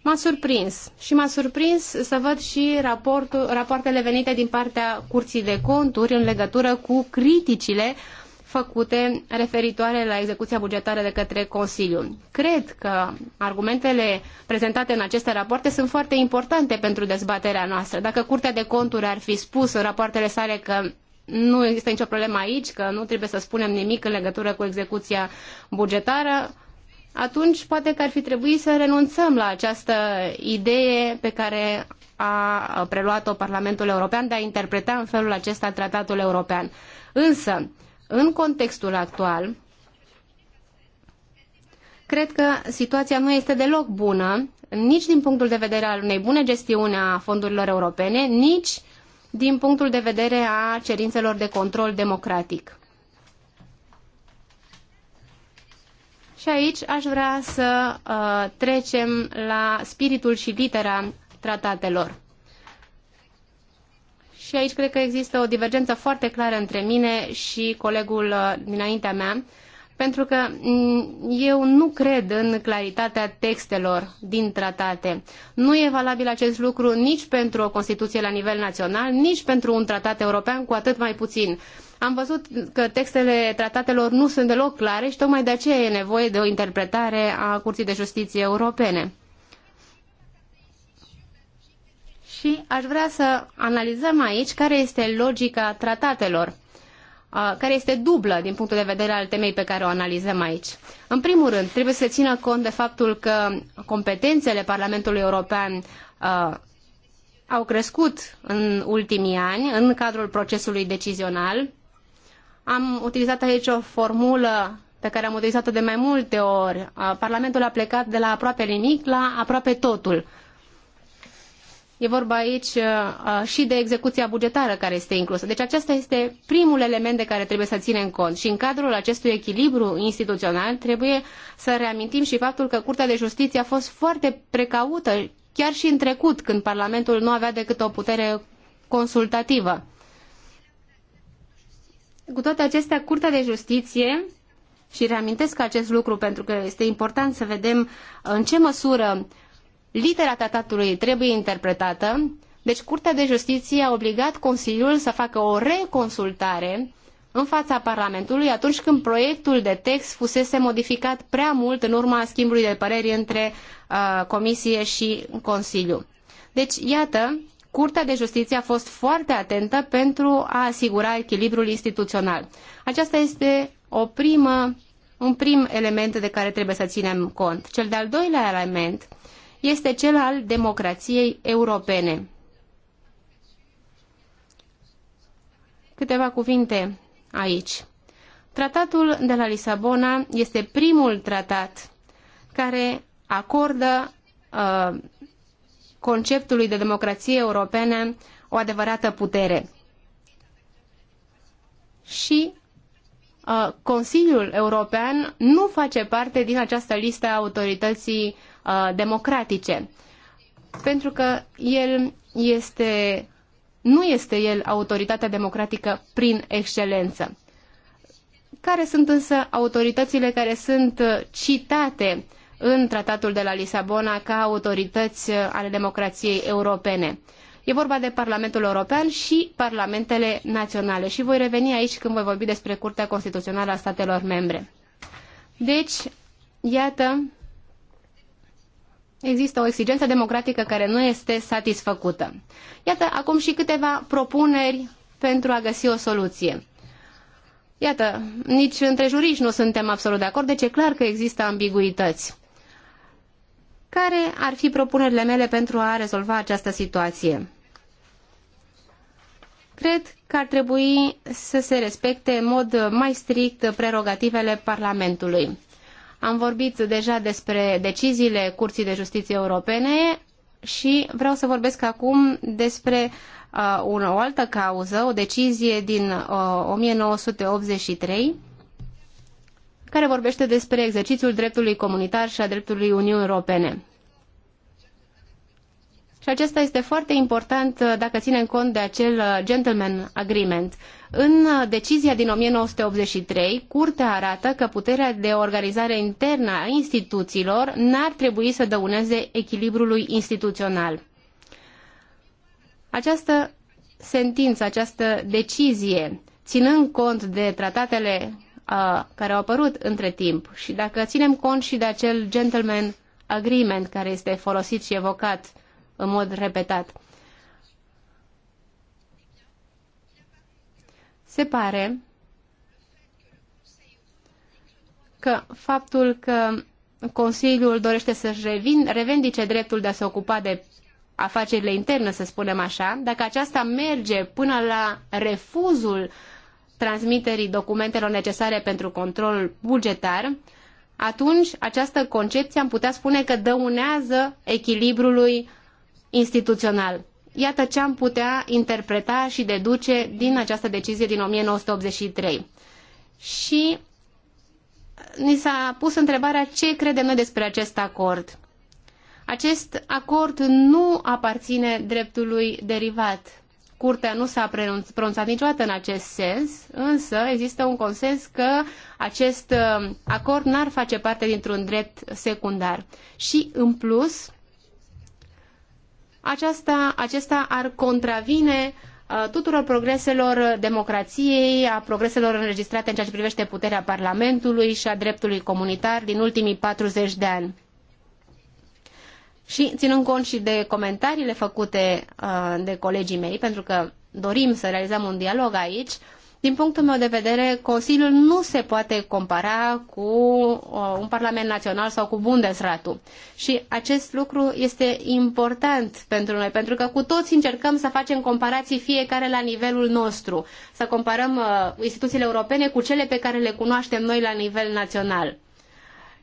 M-a surprins și m-a surprins să văd și raportul, rapoartele venite din partea Curții de Conturi în legătură cu criticile făcute referitoare la execuția bugetară de către Consiliu. Cred că argumentele prezentate în aceste rapoarte sunt foarte importante pentru dezbaterea noastră. Dacă Curtea de Conturi ar fi spus în rapoartele sale că nu există nicio problemă aici, că nu trebuie să spunem nimic în legătură cu execuția bugetară, atunci poate că ar fi trebuit să renunțăm la această idee pe care a preluat-o Parlamentul European de a interpreta în felul acesta tratatul european. Însă, în contextul actual, cred că situația nu este deloc bună, nici din punctul de vedere al unei bune gestiuni a fondurilor europene, nici din punctul de vedere a cerințelor de control democratic. Și aici aș vrea să uh, trecem la spiritul și litera tratatelor. Și aici cred că există o divergență foarte clară între mine și colegul uh, dinaintea mea, pentru că mm, eu nu cred în claritatea textelor din tratate. Nu e valabil acest lucru nici pentru o Constituție la nivel național, nici pentru un tratat european, cu atât mai puțin. Uh, am văzut că textele tratatelor nu sunt deloc clare și tocmai de aceea e nevoie de o interpretare a Curții de Justiție Europene. Și aș vrea să analizăm aici care este logica tratatelor, care este dublă din punctul de vedere al temei pe care o analizăm aici. În primul rând, trebuie să țină cont de faptul că competențele Parlamentului European au crescut în ultimii ani în cadrul procesului decizional am utilizat aici o formulă pe care am utilizat-o de mai multe ori. Parlamentul a plecat de la aproape nimic la aproape totul. E vorba aici și de execuția bugetară care este inclusă. Deci acesta este primul element de care trebuie să ținem cont. Și în cadrul acestui echilibru instituțional trebuie să reamintim și faptul că Curtea de Justiție a fost foarte precaută chiar și în trecut, când Parlamentul nu avea decât o putere consultativă. Cu toate acestea, Curtea de Justiție și reamintesc acest lucru pentru că este important să vedem în ce măsură litera tratatului trebuie interpretată. Deci Curtea de Justiție a obligat Consiliul să facă o reconsultare în fața Parlamentului atunci când proiectul de text fusese modificat prea mult în urma schimbului de păreri între uh, Comisie și Consiliu. Deci, iată, Curtea de Justiție a fost foarte atentă pentru a asigura echilibrul instituțional. Aceasta este o primă, un prim element de care trebuie să ținem cont. Cel de-al doilea element este cel al democrației europene. Câteva cuvinte aici. Tratatul de la Lisabona este primul tratat care acordă uh, conceptului de democrație europene o adevărată putere. Și uh, Consiliul European nu face parte din această listă a autorității uh, democratice, pentru că el este, nu este el autoritatea democratică prin excelență. Care sunt însă autoritățile care sunt uh, citate în tratatul de la Lisabona ca autorități ale democrației europene. E vorba de Parlamentul European și Parlamentele Naționale și voi reveni aici când voi vorbi despre Curtea Constituțională a statelor membre. Deci, iată, există o exigență democratică care nu este satisfăcută. Iată acum și câteva propuneri pentru a găsi o soluție. Iată, nici între juriști nu suntem absolut de acord, deci e clar că există ambiguități. Care ar fi propunerile mele pentru a rezolva această situație? Cred că ar trebui să se respecte în mod mai strict prerogativele Parlamentului. Am vorbit deja despre deciziile Curții de Justiție Europene și vreau să vorbesc acum despre uh, o altă cauză, o decizie din uh, 1983 care vorbește despre exercițiul dreptului comunitar și a dreptului Uniunii Europene. Și acesta este foarte important uh, dacă ținem cont de acel uh, gentleman agreement. În uh, decizia din 1983, Curtea arată că puterea de organizare internă a instituțiilor n-ar trebui să dăuneze echilibrului instituțional. Această sentință, această decizie, ținând cont de tratatele uh, care au apărut între timp și dacă ținem cont și de acel gentleman agreement care este folosit și evocat în mod repetat, se pare că faptul că Consiliul dorește să-și revendice dreptul de a se ocupa de afacerile interne, să spunem așa, dacă aceasta merge până la refuzul transmiterii documentelor necesare pentru control bugetar, atunci această concepție am putea spune că dăunează echilibrului instituțional. Iată ce am putea interpreta și deduce din această decizie din 1983. Și ni s-a pus întrebarea ce credem noi despre acest acord. Acest acord nu aparține dreptului derivat. Curtea nu s-a pronunțat niciodată în acest sens, însă există un consens că acest uh, acord n-ar face parte dintr-un drept secundar. Și, în plus, aceasta, acesta ar contravine uh, tuturor progreselor democrației, a progreselor înregistrate în ceea ce privește puterea Parlamentului și a dreptului comunitar din ultimii 40 de ani. Și ținând cont și de comentariile făcute uh, de colegii mei, pentru că dorim să realizăm un dialog aici, din punctul meu de vedere, Consiliul nu se poate compara cu uh, un Parlament Național sau cu Bundesratul. Și acest lucru este important pentru noi, pentru că cu toți încercăm să facem comparații fiecare la nivelul nostru, să comparăm uh, instituțiile europene cu cele pe care le cunoaștem noi la nivel național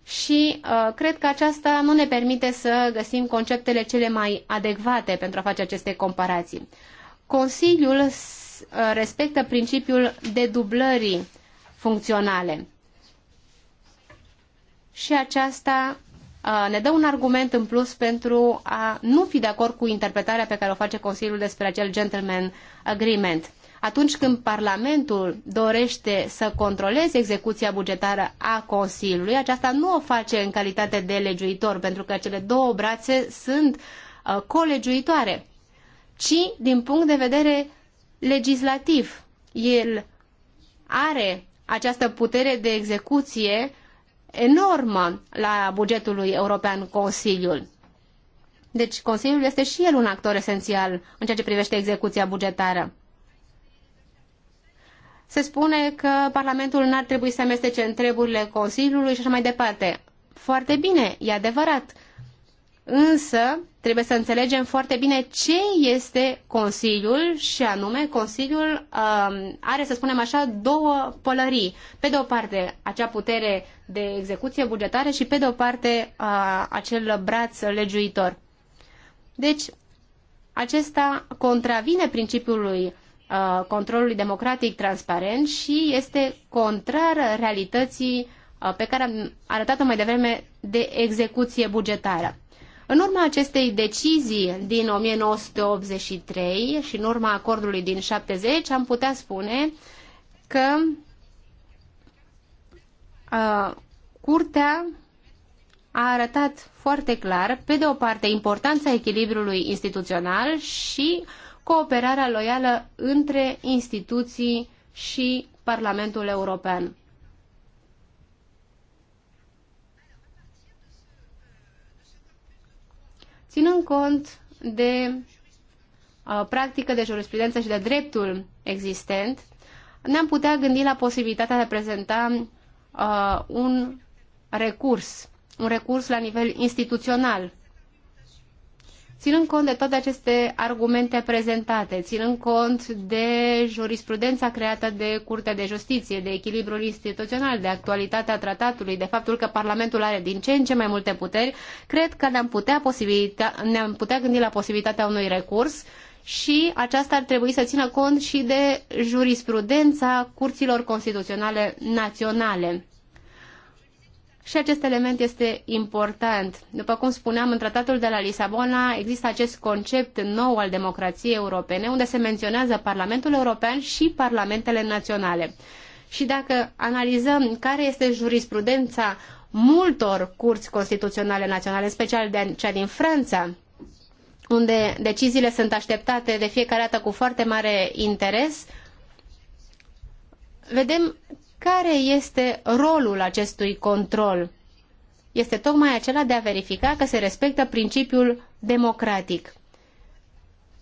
și uh, cred că aceasta nu ne permite să găsim conceptele cele mai adecvate pentru a face aceste comparații. Consiliul uh, respectă principiul dedublării funcționale și aceasta uh, ne dă un argument în plus pentru a nu fi de acord cu interpretarea pe care o face Consiliul despre acel gentleman agreement atunci când Parlamentul dorește să controleze execuția bugetară a Consiliului, aceasta nu o face în calitate de legiuitor, pentru că cele două brațe sunt uh, colegiuitoare, ci din punct de vedere legislativ. El are această putere de execuție enormă la bugetul european Consiliul. Deci Consiliul este și el un actor esențial în ceea ce privește execuția bugetară se spune că Parlamentul n-ar trebui să amestece în treburile Consiliului și așa mai departe. Foarte bine, e adevărat. Însă trebuie să înțelegem foarte bine ce este Consiliul și anume Consiliul um, are, să spunem așa, două pălării. Pe de o parte, acea putere de execuție bugetară și pe de o parte, uh, acel braț legiuitor. Deci, acesta contravine principiului Uh, controlului democratic transparent și este contrar realității uh, pe care am arătat-o mai devreme de execuție bugetară. În urma acestei decizii din 1983 și în urma acordului din 70 am putea spune că uh, curtea a arătat foarte clar, pe de o parte, importanța echilibrului instituțional și uh, cooperarea loială între instituții și Parlamentul European. Ținând cont de uh, practică de jurisprudență și de dreptul existent, ne-am putea gândi la posibilitatea de a prezenta uh, un recurs, un recurs la nivel instituțional Ținând cont de toate aceste argumente prezentate, ținând cont de jurisprudența creată de Curtea de Justiție, de echilibrul instituțional, de actualitatea tratatului, de faptul că Parlamentul are din ce în ce mai multe puteri, cred că ne-am putea, ne-am putea gândi la posibilitatea unui recurs și aceasta ar trebui să țină cont și de jurisprudența curților constituționale naționale. Și acest element este important. După cum spuneam, în tratatul de la Lisabona există acest concept nou al democrației europene, unde se menționează Parlamentul European și parlamentele naționale. Și dacă analizăm care este jurisprudența multor curți constituționale naționale, în special de cea din Franța, unde deciziile sunt așteptate de fiecare dată cu foarte mare interes, vedem care este rolul acestui control? Este tocmai acela de a verifica că se respectă principiul democratic.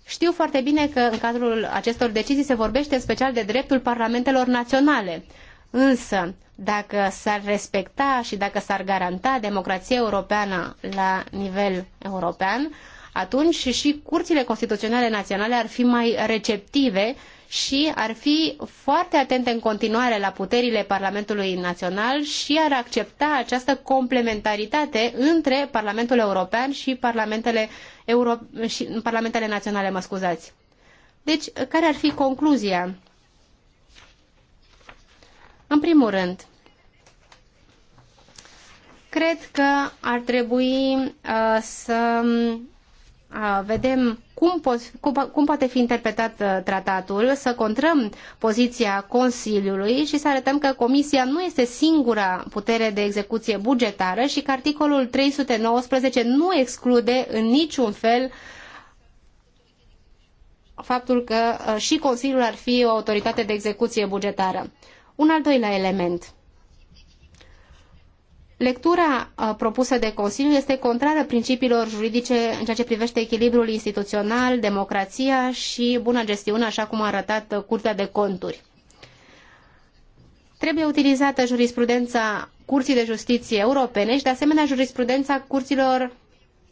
Știu foarte bine că în cadrul acestor decizii se vorbește în special de dreptul parlamentelor naționale. Însă, dacă s-ar respecta și dacă s-ar garanta democrația europeană la nivel european, atunci și curțile constituționale naționale ar fi mai receptive și ar fi foarte atentă în continuare la puterile Parlamentului Național și ar accepta această complementaritate între Parlamentul European și Parlamentele, Euro... și Parlamentele Naționale, mă scuzați. Deci, care ar fi concluzia? În primul rând, cred că ar trebui uh, să vedem cum, po- cum, cum poate fi interpretat uh, tratatul, să contrăm poziția Consiliului și să arătăm că Comisia nu este singura putere de execuție bugetară și că articolul 319 nu exclude în niciun fel faptul că uh, și Consiliul ar fi o autoritate de execuție bugetară. Un al doilea element. Lectura uh, propusă de Consiliu este contrară principiilor juridice în ceea ce privește echilibrul instituțional, democrația și buna gestiune, așa cum a arătat Curtea de Conturi. Trebuie utilizată jurisprudența Curții de Justiție Europene și, de asemenea, jurisprudența curților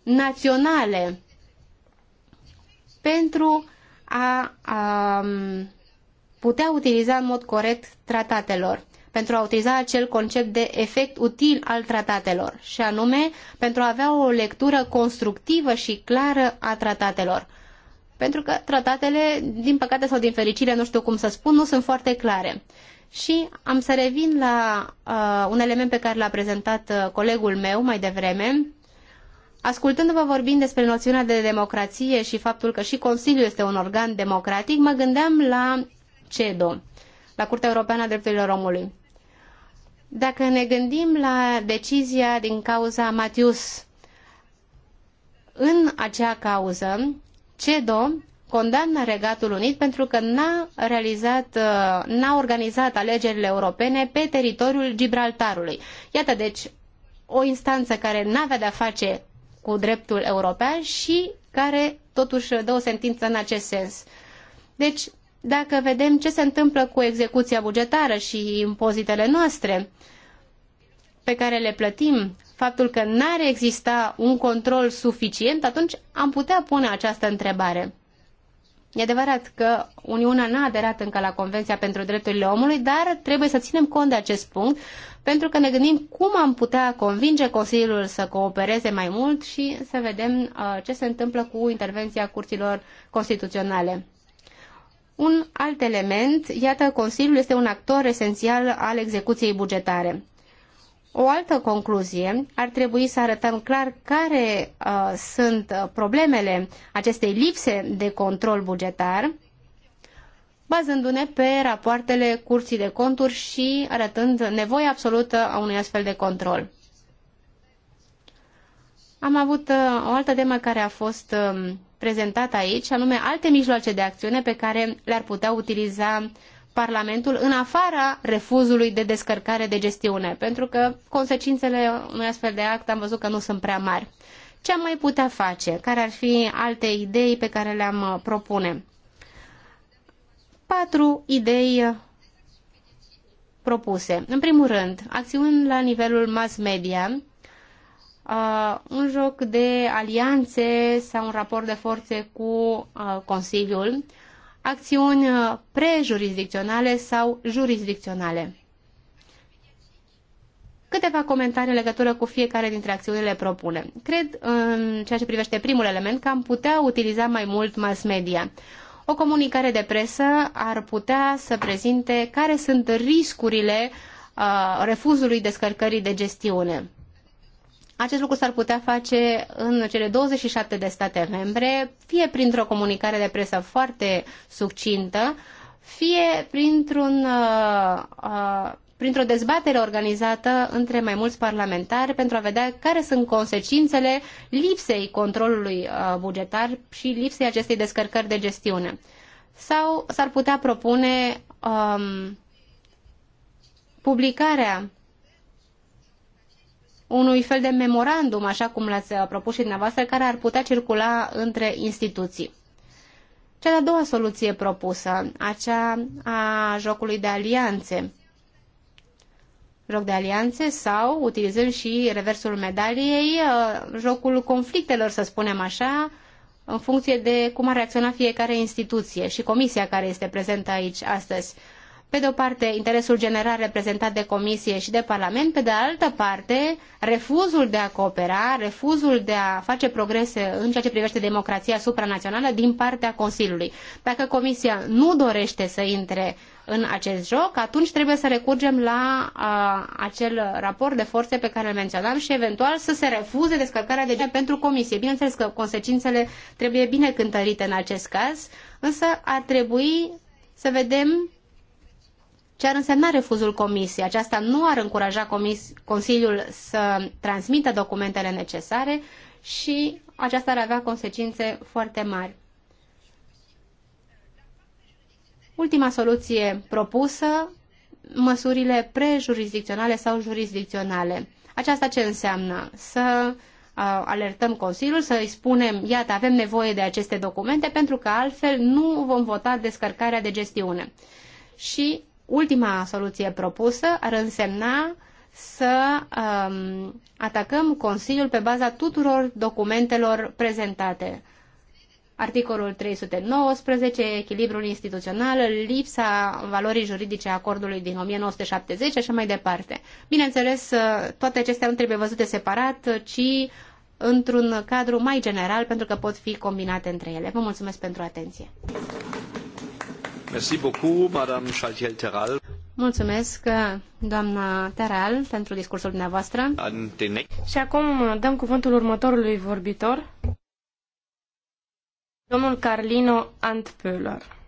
naționale pentru a, a putea utiliza în mod corect tratatelor pentru a utiliza acel concept de efect util al tratatelor, și anume pentru a avea o lectură constructivă și clară a tratatelor. Pentru că tratatele, din păcate sau din fericire, nu știu cum să spun, nu sunt foarte clare. Și am să revin la uh, un element pe care l-a prezentat uh, colegul meu mai devreme, Ascultându-vă vorbind despre noțiunea de democrație și faptul că și Consiliul este un organ democratic, mă gândeam la CEDO, la Curtea Europeană a Drepturilor Omului. Dacă ne gândim la decizia din cauza Matius, în acea cauză, CEDO condamnă Regatul Unit pentru că n-a realizat, uh, n-a organizat alegerile europene pe teritoriul Gibraltarului. Iată, deci, o instanță care n-avea de-a face cu dreptul european și care totuși dă o sentință în acest sens. Deci, dacă vedem ce se întâmplă cu execuția bugetară și impozitele noastre pe care le plătim, faptul că n-ar exista un control suficient, atunci am putea pune această întrebare. E adevărat că Uniunea n-a aderat încă la Convenția pentru Drepturile Omului, dar trebuie să ținem cont de acest punct, pentru că ne gândim cum am putea convinge Consiliul să coopereze mai mult și să vedem uh, ce se întâmplă cu intervenția curților constituționale. Un alt element, iată, Consiliul este un actor esențial al execuției bugetare. O altă concluzie, ar trebui să arătăm clar care uh, sunt problemele acestei lipse de control bugetar, bazându-ne pe rapoartele curții de conturi și arătând nevoia absolută a unui astfel de control. Am avut uh, o altă temă care a fost uh, prezentat aici, anume alte mijloace de acțiune pe care le-ar putea utiliza Parlamentul în afara refuzului de descărcare de gestiune, pentru că consecințele unui astfel de act am văzut că nu sunt prea mari. Ce am mai putea face? Care ar fi alte idei pe care le-am uh, propune? Patru idei uh, propuse. În primul rând, acțiuni la nivelul mass media, uh, un joc de alianțe sau un raport de forțe cu uh, Consiliul, acțiuni uh, prejurisdicționale sau jurisdicționale. Câteva comentarii în legătură cu fiecare dintre acțiunile propune. Cred, în ceea ce privește primul element, că am putea utiliza mai mult mass media. O comunicare de presă ar putea să prezinte care sunt riscurile uh, refuzului descărcării de gestiune. Acest lucru s-ar putea face în cele 27 de state membre, fie printr-o comunicare de presă foarte succintă, fie printr-un, uh, uh, printr-o dezbatere organizată între mai mulți parlamentari pentru a vedea care sunt consecințele lipsei controlului uh, bugetar și lipsei acestei descărcări de gestiune. Sau s-ar putea propune um, publicarea unui fel de memorandum, așa cum l-ați uh, propus și dumneavoastră, care ar putea circula între instituții. Cea de-a doua soluție propusă, acea a jocului de alianțe, joc de alianțe sau, utilizăm și reversul medaliei, uh, jocul conflictelor, să spunem așa, în funcție de cum ar reacționat fiecare instituție și comisia care este prezentă aici astăzi pe de o parte, interesul general reprezentat de Comisie și de Parlament, pe de altă parte, refuzul de a coopera, refuzul de a face progrese în ceea ce privește democrația supranațională din partea Consiliului. Dacă Comisia nu dorește să intre în acest joc, atunci trebuie să recurgem la a, acel raport de forțe pe care îl menționam și eventual să se refuze descărcarea de gen pentru comisie. Bineînțeles că consecințele trebuie bine cântărite în acest caz, însă ar trebui să vedem ce ar însemna refuzul comisiei. Aceasta nu ar încuraja comis, Consiliul să transmită documentele necesare și aceasta ar avea consecințe foarte mari. Ultima soluție propusă, măsurile prejurisdicționale sau jurisdicționale. Aceasta ce înseamnă? Să uh, alertăm Consiliul, să îi spunem, iată, avem nevoie de aceste documente, pentru că altfel nu vom vota descărcarea de gestiune. Și ultima soluție propusă ar însemna să um, atacăm Consiliul pe baza tuturor documentelor prezentate. Articolul 319, echilibrul instituțional, lipsa valorii juridice a acordului din 1970 și așa mai departe. Bineînțeles, toate acestea nu trebuie văzute separat, ci într-un cadru mai general, pentru că pot fi combinate între ele. Vă mulțumesc pentru atenție. Mulțumesc, doamna Teral, pentru discursul dumneavoastră. Și acum dăm cuvântul următorului vorbitor, domnul Carlino Antpöller.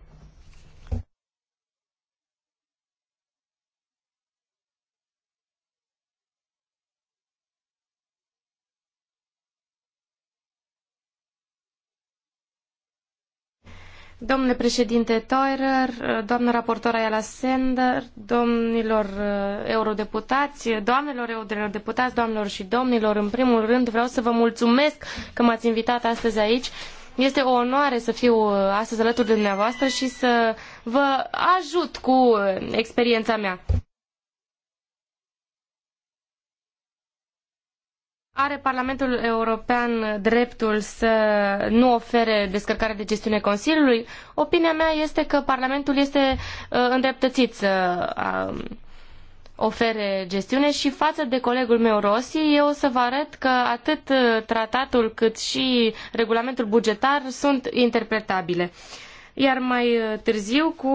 Domnule președinte Teurer, doamnă raportor Ayala Sender, domnilor uh, eurodeputați, doamnelor eurodeputați, doamnelor și domnilor, în primul rând vreau să vă mulțumesc că m-ați invitat astăzi aici. Este o onoare să fiu uh, astăzi alături de dumneavoastră și să vă ajut cu uh, experiența mea. Are Parlamentul European dreptul să nu ofere descărcare de gestiune Consiliului? Opinia mea este că Parlamentul este uh, îndreptățit să um, ofere gestiune și față de colegul meu Rossi, eu o să vă arăt că atât uh, tratatul cât și regulamentul bugetar sunt interpretabile. Uh, iar mai uh, târziu cu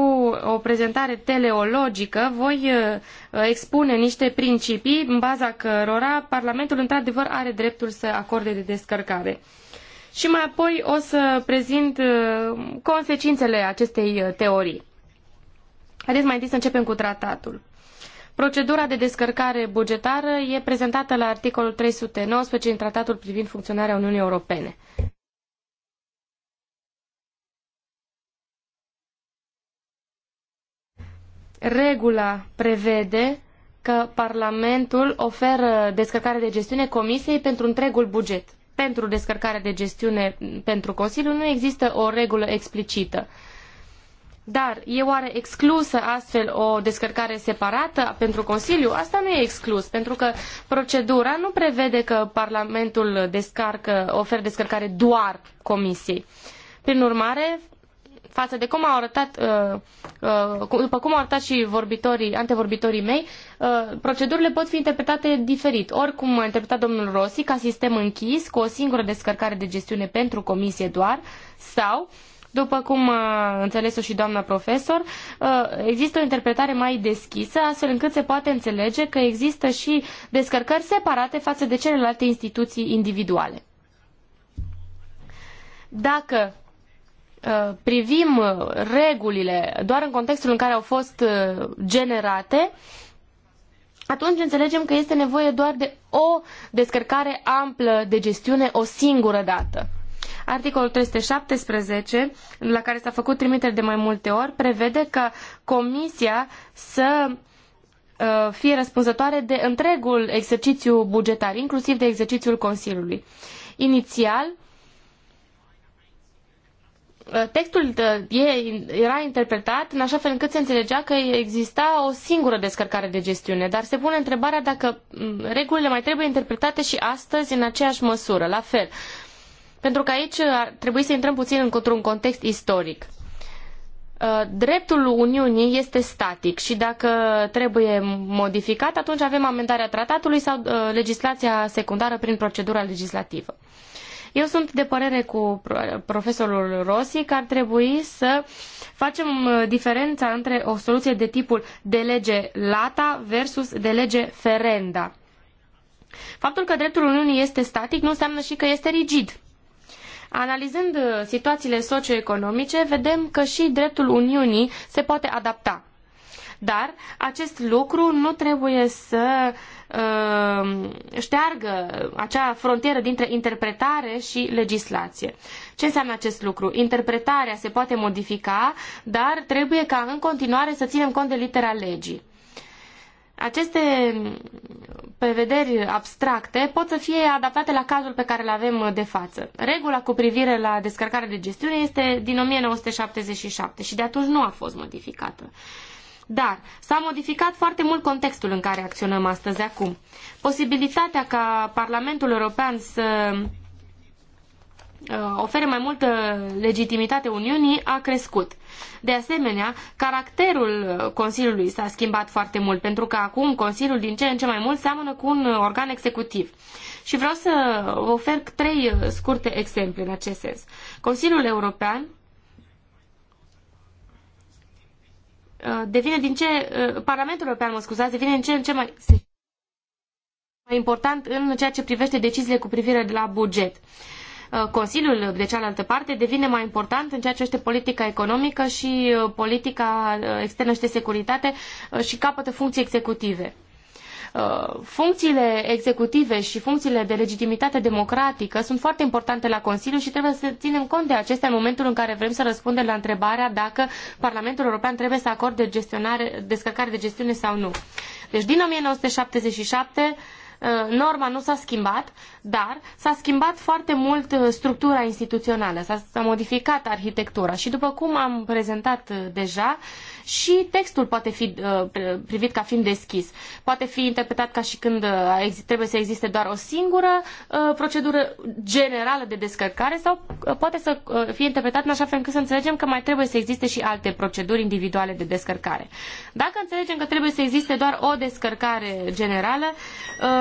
o prezentare teleologică voi uh, uh, expune niște principii în baza cărora Parlamentul într-adevăr are dreptul să acorde de descărcare. Și mai apoi o să prezint consecințele acestei teorii. Haideți mai întâi să începem cu tratatul. Procedura de descărcare bugetară e prezentată la articolul 319 din tratatul privind funcționarea Uniunii Europene. regula prevede că Parlamentul oferă descărcare de gestiune Comisiei pentru întregul buget. Pentru descărcarea de gestiune pentru Consiliu nu există o regulă explicită. Dar e oare exclusă astfel o descărcare separată pentru Consiliu? Asta nu e exclus, pentru că procedura nu prevede că Parlamentul descarcă, oferă descărcare doar Comisiei. Prin urmare, față de cum au arătat, uh, uh, după cum au arătat și vorbitorii, antevorbitorii mei, uh, procedurile pot fi interpretate diferit. Oricum a interpretat domnul Rossi, ca sistem închis, cu o singură descărcare de gestiune pentru comisie doar, sau după cum a înțeles-o și doamna profesor, există o interpretare mai deschisă, astfel încât se poate înțelege că există și descărcări separate față de celelalte instituții individuale. Dacă Uh, privim uh, regulile doar în contextul în care au fost uh, generate, atunci înțelegem că este nevoie doar de o descărcare amplă de gestiune o singură dată. Articolul 317, la care s-a făcut trimitere de mai multe ori, prevede că comisia să fie răspunzătoare de întregul exercițiu bugetar, inclusiv de exercițiul Consiliului. Inițial, Uh, textul uh, era interpretat în așa fel încât se înțelegea că exista o singură descărcare de gestiune, dar se pune întrebarea dacă mm, regulile mai trebuie interpretate și astăzi în aceeași măsură, la fel. Pentru că aici ar trebui să intrăm puțin într-un context istoric. Uh, dreptul Uniunii este static și dacă trebuie modificat, atunci avem amendarea tratatului sau legislația secundară prin procedura legislativă. Eu sunt de părere cu profesorul Rossi că ar trebui să facem uh, diferența între o soluție de tipul de lege lata versus de lege ferenda. Faptul că dreptul Uniunii este static nu înseamnă și că este rigid. Analizând uh, situațiile socioeconomice, vedem că și dreptul Uniunii se poate adapta. Dar acest lucru nu trebuie să uh, șteargă acea frontieră dintre interpretare și legislație. Ce înseamnă acest lucru? Interpretarea se poate modifica, dar trebuie ca în continuare să ținem cont de litera legii aceste prevederi abstracte pot să fie adaptate la cazul pe care îl avem de față. Regula cu privire la descărcarea de gestiune este din 1977 și de atunci nu a fost modificată. Dar s-a modificat foarte mult contextul în care acționăm astăzi acum. Posibilitatea ca Parlamentul European să uh, ofere mai multă legitimitate Uniunii a crescut. De asemenea, caracterul Consiliului s-a schimbat foarte mult, pentru că acum Consiliul din ce în ce mai mult seamănă cu un organ executiv. Și vreau să ofer trei scurte exemple în acest sens. Consiliul European Uh, devine din ce, uh, Parlamentul European, mă scuzați, devine din ce în ce mai, mai important în ceea ce privește deciziile cu privire la buget. Uh, Consiliul, de cealaltă parte, devine mai important în ceea ce este politica economică și politica externă și de securitate și capătă funcții executive. Uh, funcțiile executive și funcțiile de legitimitate democratică sunt foarte importante la Consiliu și trebuie să ținem cont de acestea în momentul în care vrem să răspundem la întrebarea dacă Parlamentul European trebuie să acorde gestionare, descărcare de gestiune sau nu. Deci din 1977 Uh, norma nu s-a schimbat, dar s-a schimbat foarte mult uh, structura instituțională, s-a, modificat arhitectura și după cum am prezentat uh, deja, și textul poate fi privit ca fiind deschis. Poate fi interpretat ca și când trebuie să existe doar o singură procedură generală de descărcare sau poate să fie interpretat în așa fel încât să înțelegem că mai trebuie să existe și alte proceduri individuale de descărcare. Dacă înțelegem că trebuie să existe doar o descărcare generală,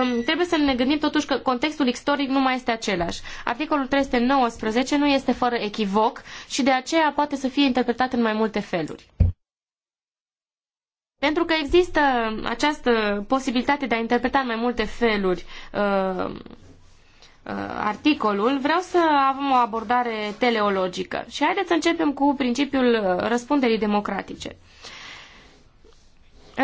um, trebuie să ne gândim totuși că contextul istoric nu mai este același. Articolul 319 nu este fără echivoc și de aceea poate să fie interpretat în mai multe feluri. Pentru că există această posibilitate de a interpreta în mai multe feluri uh, uh, articolul, vreau să avem o abordare teleologică. Și haideți să începem cu principiul uh, răspunderii democratice. Uh,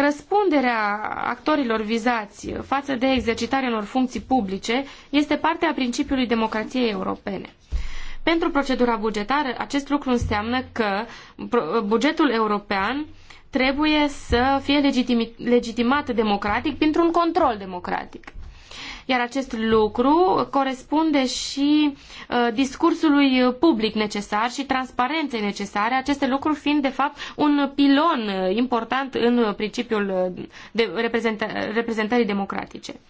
Răspunderea actorilor vizați față de exercitarea lor funcții publice este parte a principiului democrației europene. Pentru procedura bugetară, acest lucru înseamnă că bugetul european trebuie să fie legitimat democratic printr-un control democratic. Iar acest lucru corespunde și uh, discursului public necesar și transparenței necesare, aceste lucruri fiind de fapt un pilon uh, important în principiul uh, de reprezentării democratice.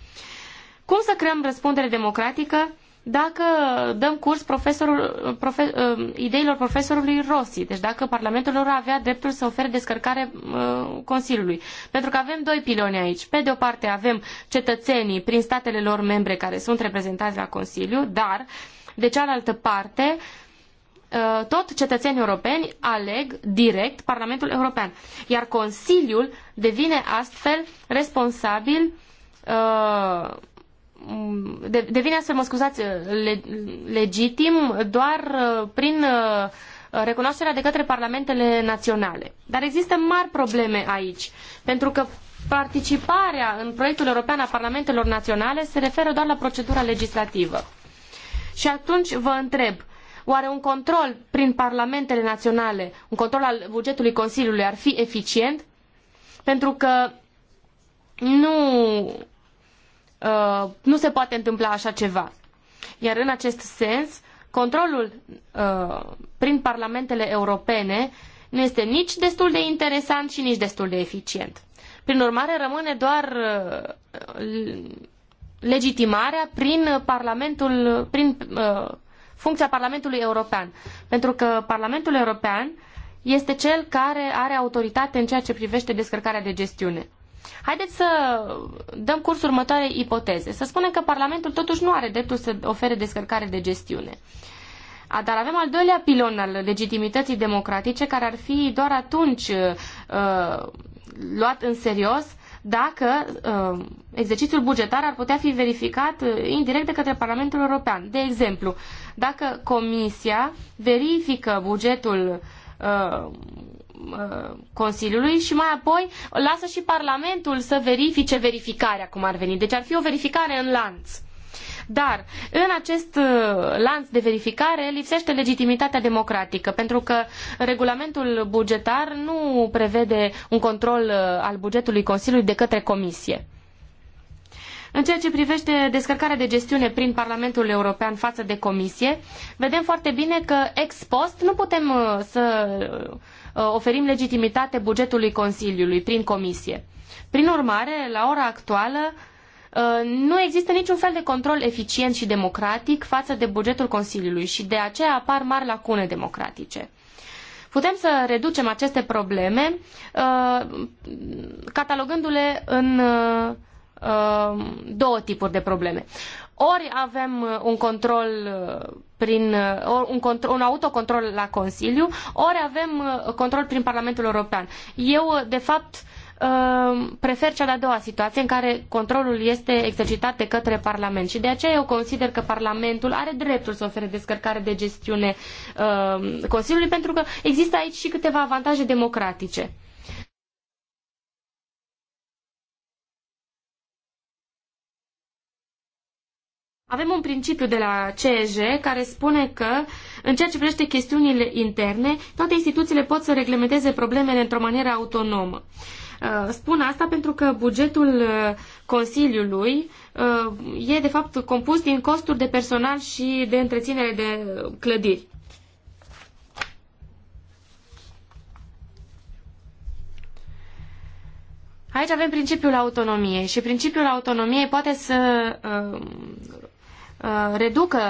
Cum să creăm răspundere democratică? dacă dăm curs profesorul, profe, uh, ideilor profesorului Rossi, deci dacă Parlamentul lor avea dreptul să ofere descărcare uh, Consiliului. Pentru că avem doi piloni aici. Pe de o parte avem cetățenii prin statele lor membre care sunt reprezentați la Consiliu, dar de cealaltă parte uh, tot cetățenii europeni aleg direct Parlamentul European. Iar Consiliul devine astfel responsabil uh, Mm, devine astfel, mă scuzați, uh, legitim doar uh, prin uh, recunoașterea de către parlamentele naționale. Dar există mari probleme aici, pentru că participarea în proiectul european a parlamentelor naționale se referă doar la procedura legislativă. Și atunci vă întreb, oare un control prin parlamentele naționale, un control al bugetului Consiliului ar fi eficient? Pentru că nu uh, nu se poate întâmpla așa ceva. Iar în acest sens, controlul uh, prin parlamentele europene nu este nici destul de interesant și nici destul de eficient. Prin urmare, rămâne doar uh, legitimarea prin parlamentul, prin uh, funcția Parlamentului European. Pentru că Parlamentul European este cel care are autoritate în ceea ce privește descărcarea de gestiune. Haideți să dăm curs următoarei ipoteze. Să spunem că Parlamentul totuși nu are dreptul să ofere descărcare de gestiune. Dar avem al doilea pilon al legitimității democratice, care ar fi doar atunci uh, luat în serios dacă uh, exercițiul bugetar ar putea fi verificat uh, indirect de către Parlamentul European. De exemplu, dacă Comisia verifică bugetul uh, Uh, Consiliului și mai apoi lasă și Parlamentul să verifice verificarea cum ar veni. Deci ar fi o verificare în lanț. Dar în acest uh, lanț de verificare lipsește legitimitatea democratică, pentru că regulamentul bugetar nu prevede un control uh, al bugetului Consiliului de către Comisie. În ceea ce privește descărcarea de gestiune prin Parlamentul European față de Comisie, vedem foarte bine că ex post nu putem să Uh, oferim legitimitate bugetului Consiliului prin comisie. Prin urmare, la ora actuală, uh, nu există niciun fel de control eficient și democratic față de bugetul Consiliului și de aceea apar mari lacune democratice. Putem să reducem aceste probleme uh, catalogându-le în două tipuri de probleme. Ori avem un control prin uh, un, control, un autocontrol la Consiliu, ori avem uh, control prin Parlamentul European. Eu, uh, de fapt, prefer cea de-a doua situație în care controlul este exercitat de către Parlament și de aceea eu consider că Parlamentul are dreptul să ofere descărcare de gestiune Consiliului pentru că există aici și câteva avantaje democratice. Avem un principiu de la CEJ care spune că, în ceea ce privește chestiunile interne, toate instituțiile pot să reglementeze problemele într-o manieră autonomă. Uh, spun asta pentru că bugetul uh, Consiliului uh, e, de fapt, compus din costuri de personal și de întreținere de clădiri. Aici avem principiul autonomiei și principiul autonomiei poate să uh, Uh, reducă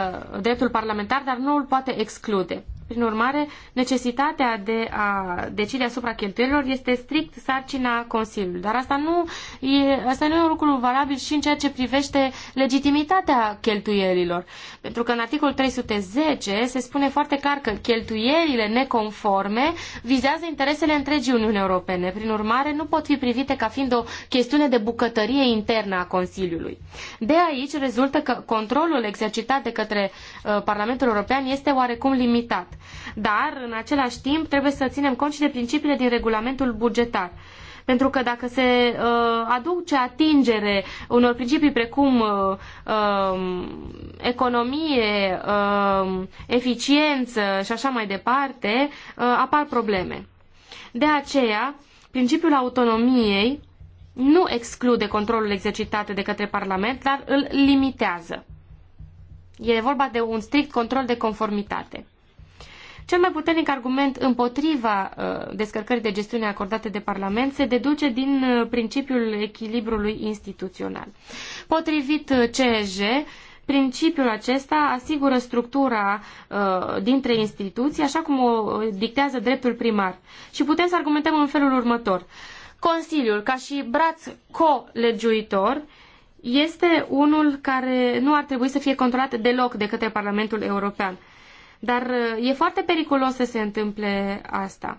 dreptul parlamentar, dar nu îl poate exclude. Prin urmare, necesitatea de a decide asupra cheltuielilor este strict sarcina Consiliului. Dar asta nu, e, asta nu e un lucru valabil și în ceea ce privește legitimitatea cheltuielilor. Pentru că în articolul 310 se spune foarte clar că cheltuielile neconforme vizează interesele întregii Uniuni Europene. Prin urmare, nu pot fi privite ca fiind o chestiune de bucătărie internă a Consiliului. De aici rezultă că controlul exercitat de către uh, Parlamentul European este oarecum limitat. Dar, în același timp, trebuie să ținem cont și de principiile din regulamentul bugetar. Pentru că dacă se uh, aduce atingere unor principii precum uh, uh, economie, uh, eficiență și așa mai departe, uh, apar probleme. De aceea, principiul autonomiei nu exclude controlul exercitat de către Parlament, dar îl limitează. E vorba de un strict control de conformitate. Cel mai puternic argument împotriva uh, descărcării de gestiune acordate de Parlament se deduce din uh, principiul echilibrului instituțional. Potrivit uh, CEJ, Principiul acesta asigură structura uh, dintre instituții așa cum o dictează dreptul primar. Și putem să argumentăm în felul următor. Consiliul, ca și braț colegiuitor, este unul care nu ar trebui să fie controlat deloc de către Parlamentul European. Dar uh, e foarte periculos să se întâmple asta.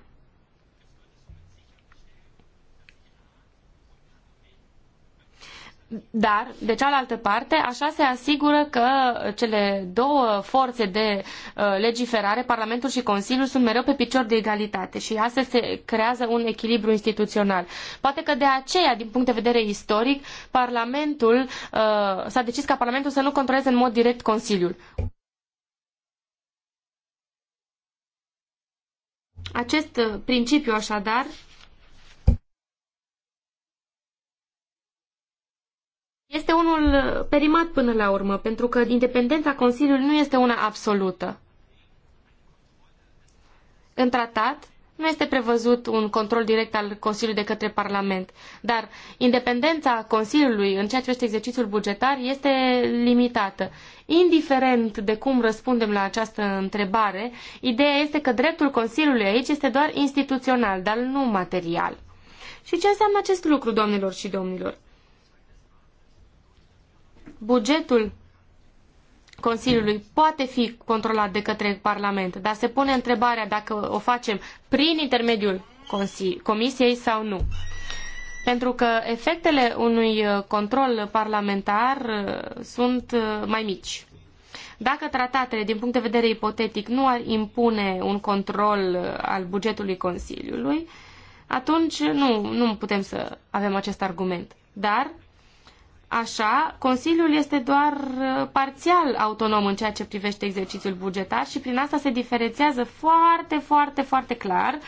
Dar, de cealaltă parte, așa se asigură că cele două forțe de uh, legiferare, Parlamentul și Consiliul, sunt mereu pe picior de egalitate și astfel se creează un echilibru instituțional. Poate că de aceea, din punct de vedere istoric, Parlamentul uh, s-a decis ca Parlamentul să nu controleze în mod direct Consiliul. Acest uh, principiu, așadar, este unul uh, perimat până la urmă, pentru că independența Consiliului nu este una absolută. În tratat nu este prevăzut un control direct al Consiliului de către Parlament, dar independența Consiliului în ceea ce este exercițiul bugetar este limitată. Indiferent de cum răspundem la această întrebare, ideea este că dreptul Consiliului aici este doar instituțional, dar nu material. Și ce înseamnă acest lucru, doamnelor și domnilor? Bugetul Consiliului poate fi controlat de către Parlament, dar se pune întrebarea dacă o facem prin intermediul Comisiei sau nu. Pentru că efectele unui uh, control parlamentar uh, sunt uh, mai mici. Dacă tratatele, din punct de vedere ipotetic, nu ar impune un control al bugetului Consiliului, atunci nu, nu putem să avem acest argument. Dar așa, Consiliul este doar uh, parțial autonom în ceea ce privește exercițiul bugetar și prin asta se diferențiază foarte, foarte, foarte clar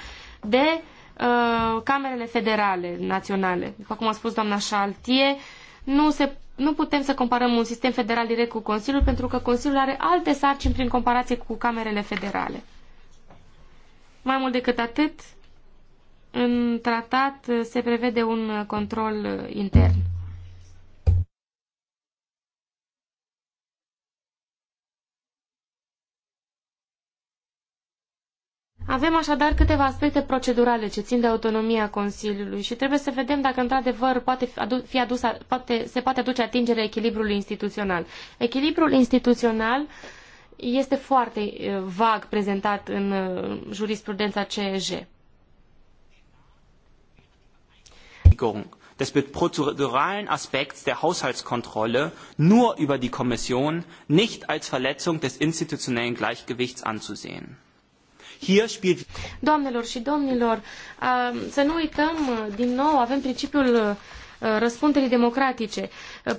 de uh, camerele federale naționale. După cum a spus doamna Șaltie, nu, se, nu putem să comparăm un sistem federal direct cu Consiliul pentru că Consiliul are alte sarcini prin comparație cu camerele federale. Mai mult decât atât, în tratat uh, se prevede un uh, control intern. Avem așadar câteva aspecte procedurale ce țin de autonomia Consiliului și trebuie să vedem dacă într-adevăr poate fi adus, poate, se poate aduce atingere echilibrului instituțional. Echilibrul instituțional este foarte vag prezentat în jurisprudența CEJ. des prozeduralen Aspekts der Haushaltskontrolle nur über die Kommission nicht als Verletzung des institutionellen Gleichgewichts anzusehen. Hier spielt Doamnelor și domnilor, să nu uităm, din nou avem principiul răspunderii democratice.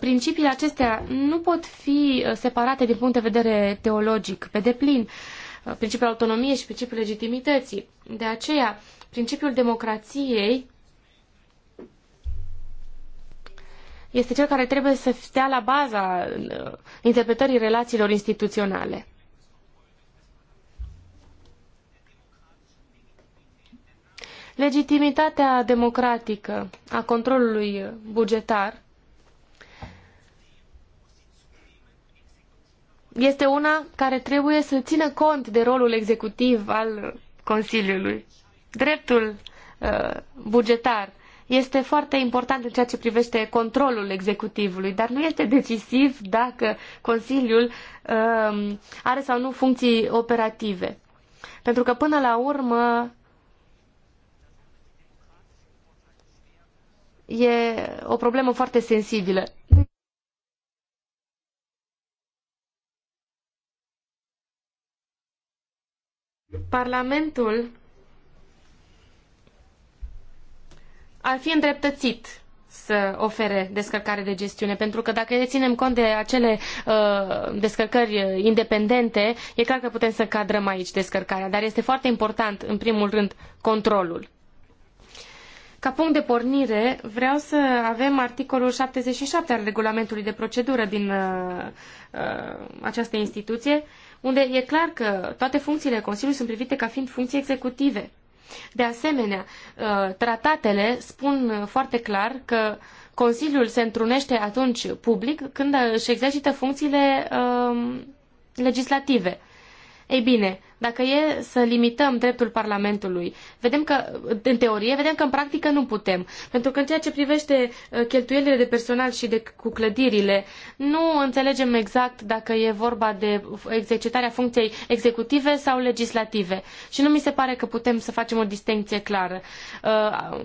Principiile acestea nu pot fi separate din punct de vedere teologic pe deplin. Principiul autonomiei și principiul legitimității. De aceea, principiul democrației este cel care trebuie să stea la baza interpretării relațiilor instituționale. Legitimitatea democratică a controlului bugetar este una care trebuie să țină cont de rolul executiv al Consiliului. Dreptul uh, bugetar este foarte important în ceea ce privește controlul executivului, dar nu este decisiv dacă Consiliul um, are sau nu funcții operative. Pentru că până la urmă e o problemă foarte sensibilă. Parlamentul ar fi îndreptățit să ofere descărcare de gestiune, pentru că dacă ne ținem cont de acele uh, descărcări independente, e clar că putem să cadrăm aici descărcarea, dar este foarte important, în primul rând, controlul. Ca punct de pornire, vreau să avem articolul 77 al regulamentului de procedură din uh, uh, această instituție, unde e clar că toate funcțiile Consiliului sunt privite ca fiind funcții executive. De asemenea, uh, tratatele spun foarte clar că Consiliul se întrunește atunci public când își exercită funcțiile uh, legislative. Ei bine, dacă e să limităm dreptul Parlamentului, vedem că, în teorie, vedem că în practică nu putem. Pentru că în ceea ce privește uh, cheltuielile de personal și de, cu clădirile, nu înțelegem exact dacă e vorba de exercitarea funcției executive sau legislative. Și nu mi se pare că putem să facem o distinție clară. Uh,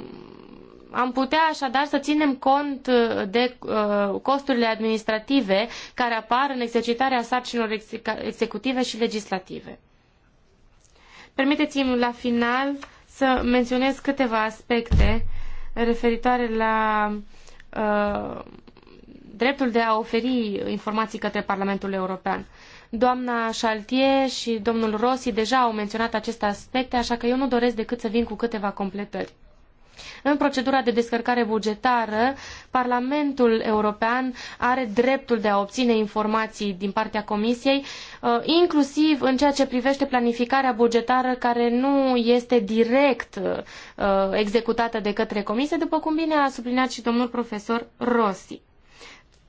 am putea așadar să ținem cont uh, de uh, costurile administrative care apar în exercitarea sarcinilor executive și legislative. Permiteți-mi la final să menționez câteva aspecte referitoare la uh, dreptul de a oferi informații către Parlamentul European. Doamna Chaltier și domnul Rossi deja au menționat aceste aspecte, așa că eu nu doresc decât să vin cu câteva completări. În procedura de descărcare bugetară, Parlamentul European are dreptul de a obține informații din partea Comisiei, uh, inclusiv în ceea ce privește planificarea bugetară care nu este direct uh, uh, executată de către Comisie, după cum bine a subliniat și domnul profesor Rossi.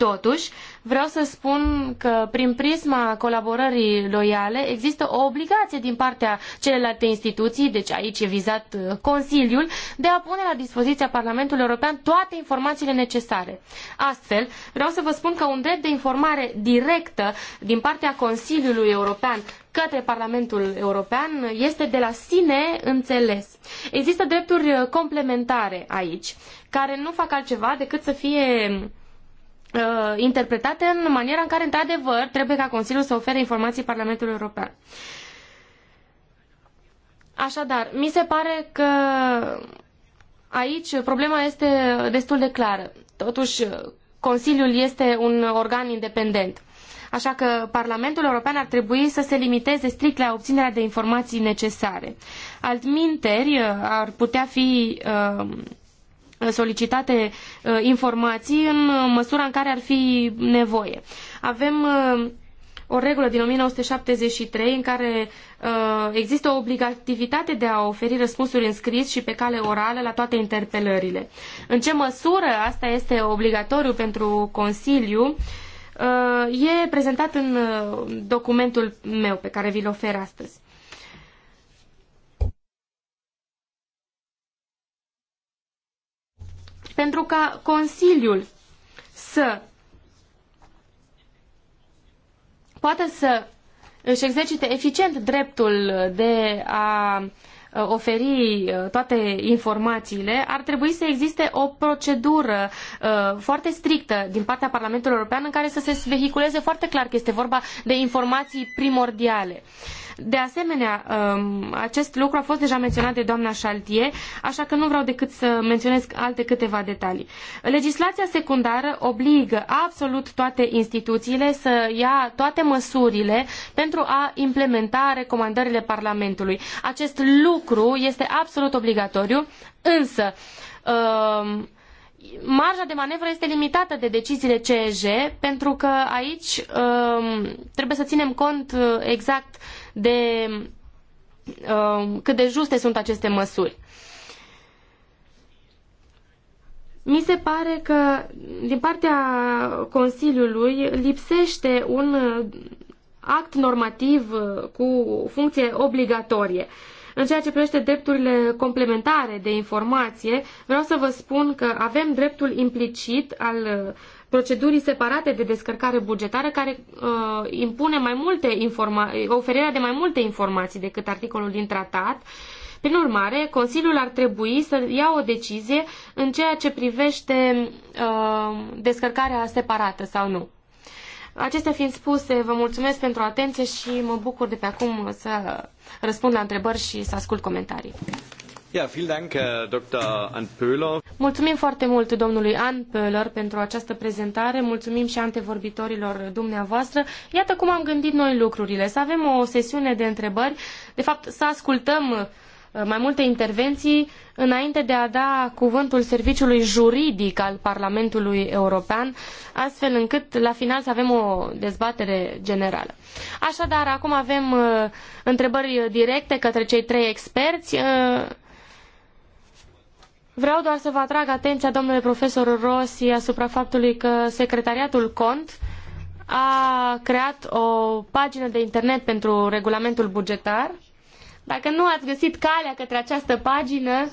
Totuși, vreau să spun că prin prisma colaborării loiale există o obligație din partea celelalte instituții, deci aici e vizat uh, Consiliul, de a pune la dispoziția Parlamentului European toate informațiile necesare. Astfel, vreau să vă spun că un drept de informare directă din partea Consiliului European către Parlamentul European este de la sine înțeles. Există drepturi uh, complementare aici, care nu fac altceva decât să fie uh, interpretate în maniera în care, într-adevăr, trebuie ca Consiliul să ofere informații Parlamentului European. Așadar, mi se pare că aici problema este destul de clară. Totuși, Consiliul este un organ independent. Așa că Parlamentul European ar trebui să se limiteze strict la obținerea de informații necesare. Altminteri uh, ar putea fi uh, solicitate uh, informații în măsura în care ar fi nevoie. Avem uh, o regulă din 1973 în care uh, există o obligativitate de a oferi răspunsuri în scris și pe cale orală la toate interpelările. În ce măsură asta este obligatoriu pentru Consiliu e prezentat în documentul meu pe care vi-l ofer astăzi. pentru ca Consiliul să poată să își exercite eficient dreptul de a uh, oferi uh, toate informațiile, ar trebui să existe o procedură uh, foarte strictă din partea Parlamentului European în care să se vehiculeze foarte clar că este vorba de informații primordiale. Uh, de asemenea, um, acest lucru a fost deja menționat de doamna Chaltier, așa că nu vreau decât să menționez alte câteva detalii. Legislația secundară obligă absolut toate instituțiile să ia toate măsurile pentru a implementa recomandările Parlamentului. Acest lucru este absolut obligatoriu, însă um, marja de manevră este limitată de deciziile CEJ, pentru că aici um, trebuie să ținem cont uh, exact de um, cât de juste sunt aceste măsuri. Mi se pare că din partea Consiliului lipsește un uh, act normativ uh, cu funcție obligatorie. Uh, în ceea ce privește drepturile complementare de informație, vreau să vă spun că avem dreptul implicit al uh, procedurii separate de descărcare bugetară care uh, impune mai multe informa- oferirea de mai multe informații decât articolul din tratat. Prin urmare, Consiliul ar trebui să ia o decizie în ceea ce privește uh, descărcarea separată sau nu. Acestea fiind spuse, vă mulțumesc pentru atenție și mă bucur de pe acum să răspund la întrebări și să ascult comentarii. Ja, vielen Dank, Dr. Pöhler. Mulțumim foarte mult domnului Ann Pöhler pentru această prezentare, mulțumim și antevorbitorilor dumneavoastră. Iată cum am gândit noi lucrurile, să avem o sesiune de întrebări, de fapt să ascultăm Uh, mai multe intervenții înainte de a da cuvântul serviciului juridic al Parlamentului European, astfel încât la final să avem o dezbatere generală. Așadar, acum avem uh, întrebări directe către cei trei experți. Uh, vreau doar să vă atrag atenția, domnule profesor Rossi, asupra faptului că secretariatul CONT a creat o pagină de internet pentru regulamentul bugetar dacă nu ați găsit calea către această pagină,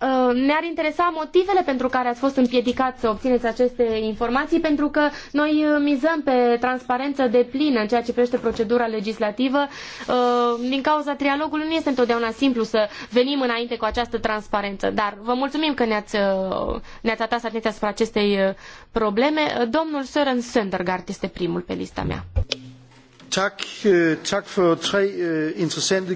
uh, ne-ar interesa motivele pentru care ați fost împiedicat să obțineți aceste informații, pentru că noi uh, mizăm pe transparență de plină în ceea ce privește procedura legislativă. Uh, din cauza trialogului nu este întotdeauna simplu să venim înainte cu această transparență, dar vă mulțumim că ne-ați, ne-ați atras atenția asupra acestei probleme. Domnul Søren Söndergaard este primul pe lista mea. Øh, øh,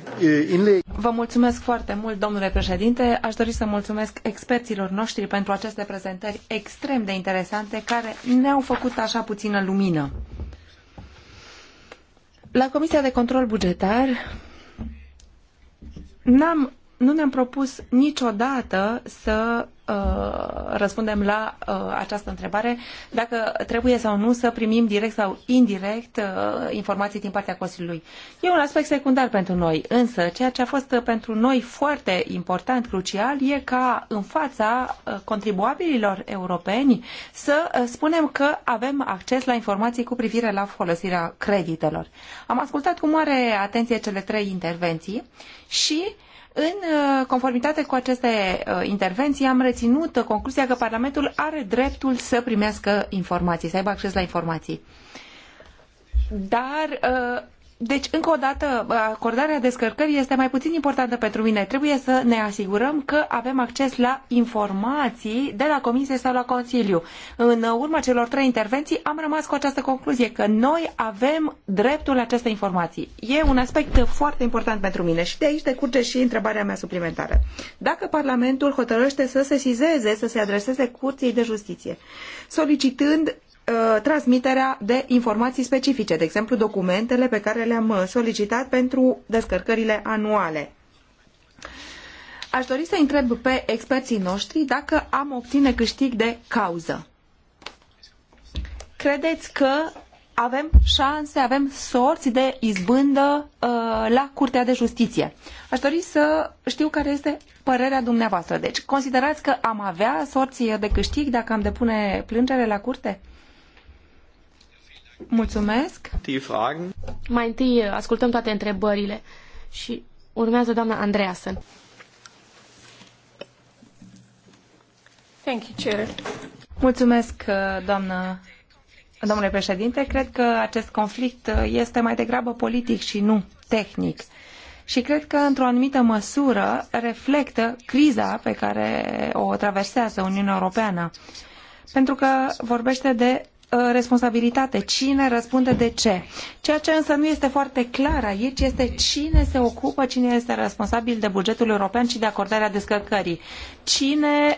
øh, Vă mulțumesc foarte mult, domnule președinte. Aș dori să mulțumesc experților noștri pentru aceste prezentări extrem de interesante care ne-au făcut așa puțină lumină. La Comisia de Control Bugetar n-am nu ne-am propus niciodată să uh, răspundem la uh, această întrebare dacă trebuie sau nu să primim direct sau indirect uh, informații din partea Consiliului. E un aspect secundar pentru noi, însă ceea ce a fost pentru noi foarte important, crucial, e ca în fața uh, contribuabililor europeni să uh, spunem că avem acces la informații cu privire la folosirea creditelor. Am ascultat cu mare atenție cele trei intervenții și uh, în uh, conformitate cu aceste uh, intervenții am reținut concluzia că Parlamentul are dreptul să primească informații, să aibă acces la informații. Dar uh, deci, încă o dată, acordarea descărcării este mai puțin importantă pentru mine. Trebuie să ne asigurăm că avem acces la informații de la Comisie sau la Consiliu. În urma celor trei intervenții am rămas cu această concluzie că noi avem dreptul la aceste informații. E un aspect foarte important pentru mine și de aici decurge și întrebarea mea suplimentară. Dacă Parlamentul hotărăște să se sesizeze, să se adreseze Curții de Justiție, solicitând Uh, transmiterea de informații specifice, de exemplu documentele pe care le-am uh, solicitat pentru descărcările anuale. Aș dori să întreb pe experții noștri dacă am obține câștig de cauză. Credeți că avem șanse, avem sorți de izbândă uh, la Curtea de Justiție. Aș dori să știu care este părerea dumneavoastră. Deci, considerați că am avea sorți de câștig dacă am depune plângere la curte? Mulțumesc. Mai întâi eh, ascultăm toate întrebările și urmează doamna Andreasen. Thank you, Chair. Mulțumesc, eh, doamnă, domnule președinte. Cred că acest conflict eh, este mai degrabă politic și nu tehnic și cred că, într-o anumită măsură, reflectă criza pe care o traversează Uniunea Europeană. Pentru că vorbește de Uh, responsabilitate, cine răspunde de ce. Ceea ce însă nu este foarte clar aici este cine se ocupă, cine este responsabil de bugetul european și de acordarea descărcării. Cine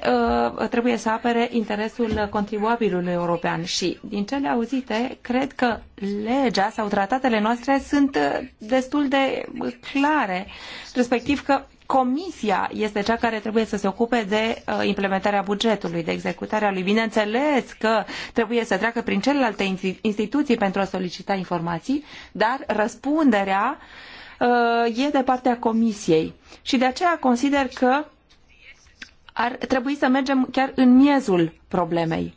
uh, trebuie să apere interesul contribuabilului european și din cele auzite, cred că legea sau tratatele noastre sunt uh, destul de clare, respectiv că Comisia este cea care trebuie să se ocupe de uh, implementarea bugetului, de executarea lui. Bineînțeles că trebuie să treacă prin celelalte instituții pentru a solicita informații, dar răspunderea uh, e de partea Comisiei. Și de aceea consider că ar trebui să mergem chiar în miezul problemei.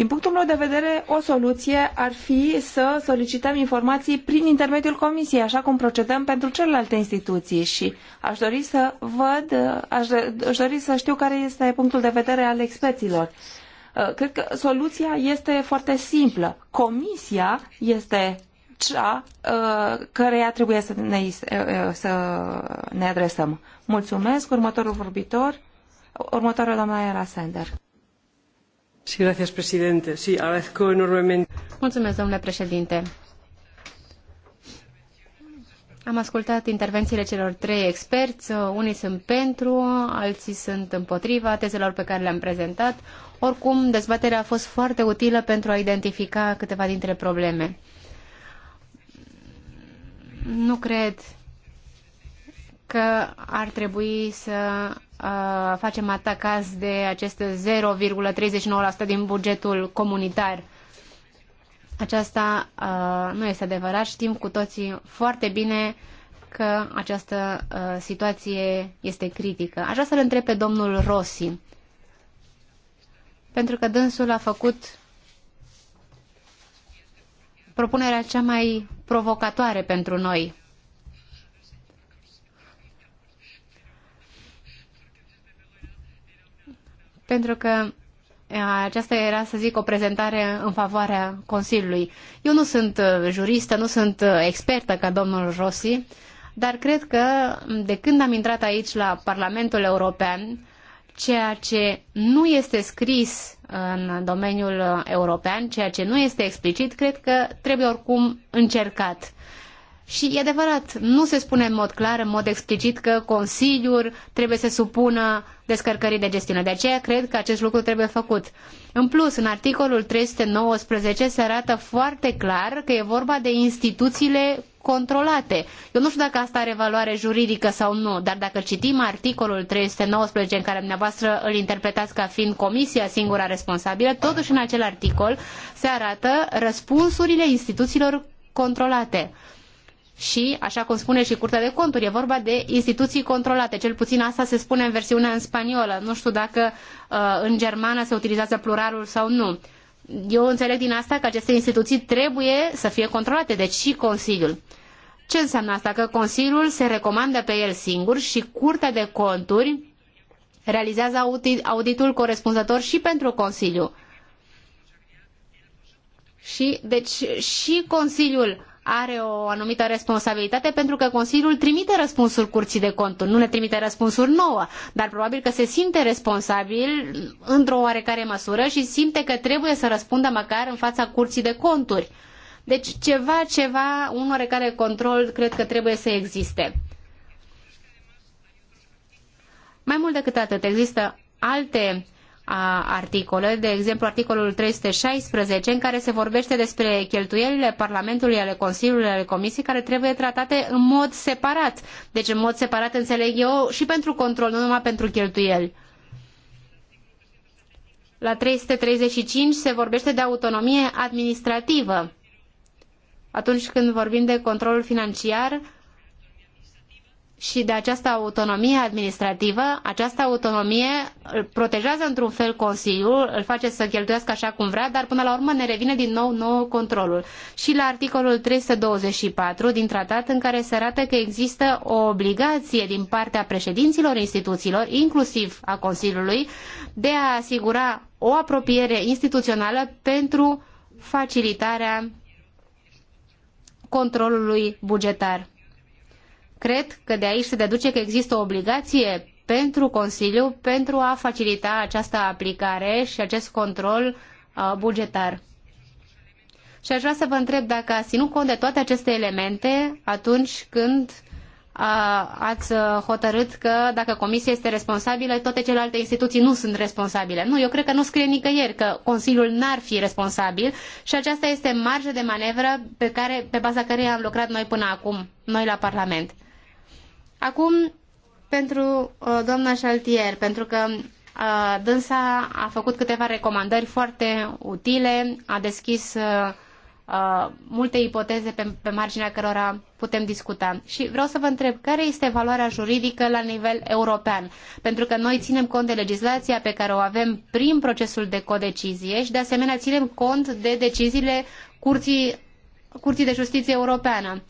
Din punctul meu de vedere, o soluție ar fi să solicităm informații prin intermediul comisiei, așa cum procedăm pentru celelalte instituții și aș dori să văd, aș, aș dori să știu care este punctul de vedere al experților. Uh, cred că soluția este foarte simplă. Comisia este cea uh, căreia trebuie să ne, uh, uh să ne adresăm. Mulțumesc. Următorul vorbitor, următoarea doamna Era Sender. Sí, gracias, presidente. Sí, agradezco enormemente. Mulțumesc, domnule președinte. Am ascultat intervențiile celor trei experți, unii sunt pentru, alții sunt împotriva tezelor pe care le-am prezentat. Oricum, dezbaterea a fost foarte utilă pentru a identifica câteva dintre probleme. Nu cred că ar trebui să uh, facem atacaz de acest 0,39% din bugetul comunitar. Aceasta uh, nu este adevărat. Știm cu toții foarte bine că această uh, situație este critică. Aș vrea să-l întreb pe domnul Rossi, pentru că dânsul a făcut propunerea cea mai provocatoare pentru noi pentru că aceasta era, să zic, o prezentare în favoarea Consiliului. Eu nu sunt uh, juristă, nu sunt uh, expertă ca domnul Rossi, dar cred că de când am intrat aici la Parlamentul European, ceea ce nu este scris în domeniul uh, european, ceea ce nu este explicit, cred că trebuie oricum încercat. Și e adevărat, nu se spune în mod clar, în mod explicit că Consiliul trebuie să supună descărcării de gestiune. De aceea cred că acest lucru trebuie făcut. În plus, în articolul 319 se arată foarte clar că e vorba de instituțiile controlate. Eu nu știu dacă asta are valoare juridică sau nu, dar dacă citim articolul 319 în care dumneavoastră îl interpretați ca fiind comisia singura responsabilă, totuși în acel articol se arată răspunsurile instituțiilor controlate și, așa cum spune și Curtea de Conturi, e vorba de instituții controlate. Cel puțin asta se spune în versiunea în spaniolă. Nu știu dacă uh, în germană se utilizează pluralul sau nu. Eu înțeleg din asta că aceste instituții trebuie să fie controlate, deci și Consiliul. Ce înseamnă asta? Că Consiliul se recomandă pe el singur și Curtea de Conturi realizează auditul corespunzător și pentru Consiliu. Și, deci, și Consiliul are o anumită responsabilitate pentru că Consiliul trimite răspunsuri curții de conturi, nu ne trimite răspunsuri nouă, dar probabil că se simte responsabil într-o oarecare măsură și simte că trebuie să răspundă măcar în fața curții de conturi. Deci ceva, ceva, un oarecare control cred că trebuie să existe. Mai mult decât atât, există alte articole, de exemplu articolul 316 în care se vorbește despre cheltuielile Parlamentului ale Consiliului ale Comisiei care trebuie tratate în mod separat. Deci în mod separat înțeleg eu și pentru control, nu numai pentru cheltuieli. La 335 se vorbește de autonomie administrativă. Atunci când vorbim de controlul financiar, și de această autonomie administrativă, această autonomie îl protejează într-un fel Consiliul, îl face să cheltuiască așa cum vrea, dar până la urmă ne revine din nou nouă controlul. Și la articolul 324 din tratat în care se arată că există o obligație din partea președinților instituțiilor, inclusiv a Consiliului, de a asigura o apropiere instituțională pentru facilitarea controlului bugetar. Cred că de aici se deduce că există o obligație pentru Consiliu pentru a facilita această aplicare și acest control uh, bugetar. Și aș vrea să vă întreb dacă ați ținut cont de toate aceste elemente atunci când uh, ați uh, hotărât că dacă comisia este responsabilă, toate celelalte instituții nu sunt responsabile. Nu, eu cred că nu scrie nicăieri că Consiliul n-ar fi responsabil și aceasta este marja de manevră pe, care, pe baza căreia am lucrat noi până acum, noi la Parlament. Acum, pentru uh, doamna Șaltier, pentru că uh, dânsa a făcut câteva recomandări foarte utile, a deschis uh, uh, multe ipoteze pe, pe marginea cărora putem discuta. Și vreau să vă întreb, care este valoarea juridică la nivel european? Pentru că noi ținem cont de legislația pe care o avem prin procesul de codecizie și de asemenea ținem cont de deciziile Curții, Curții de Justiție Europeană.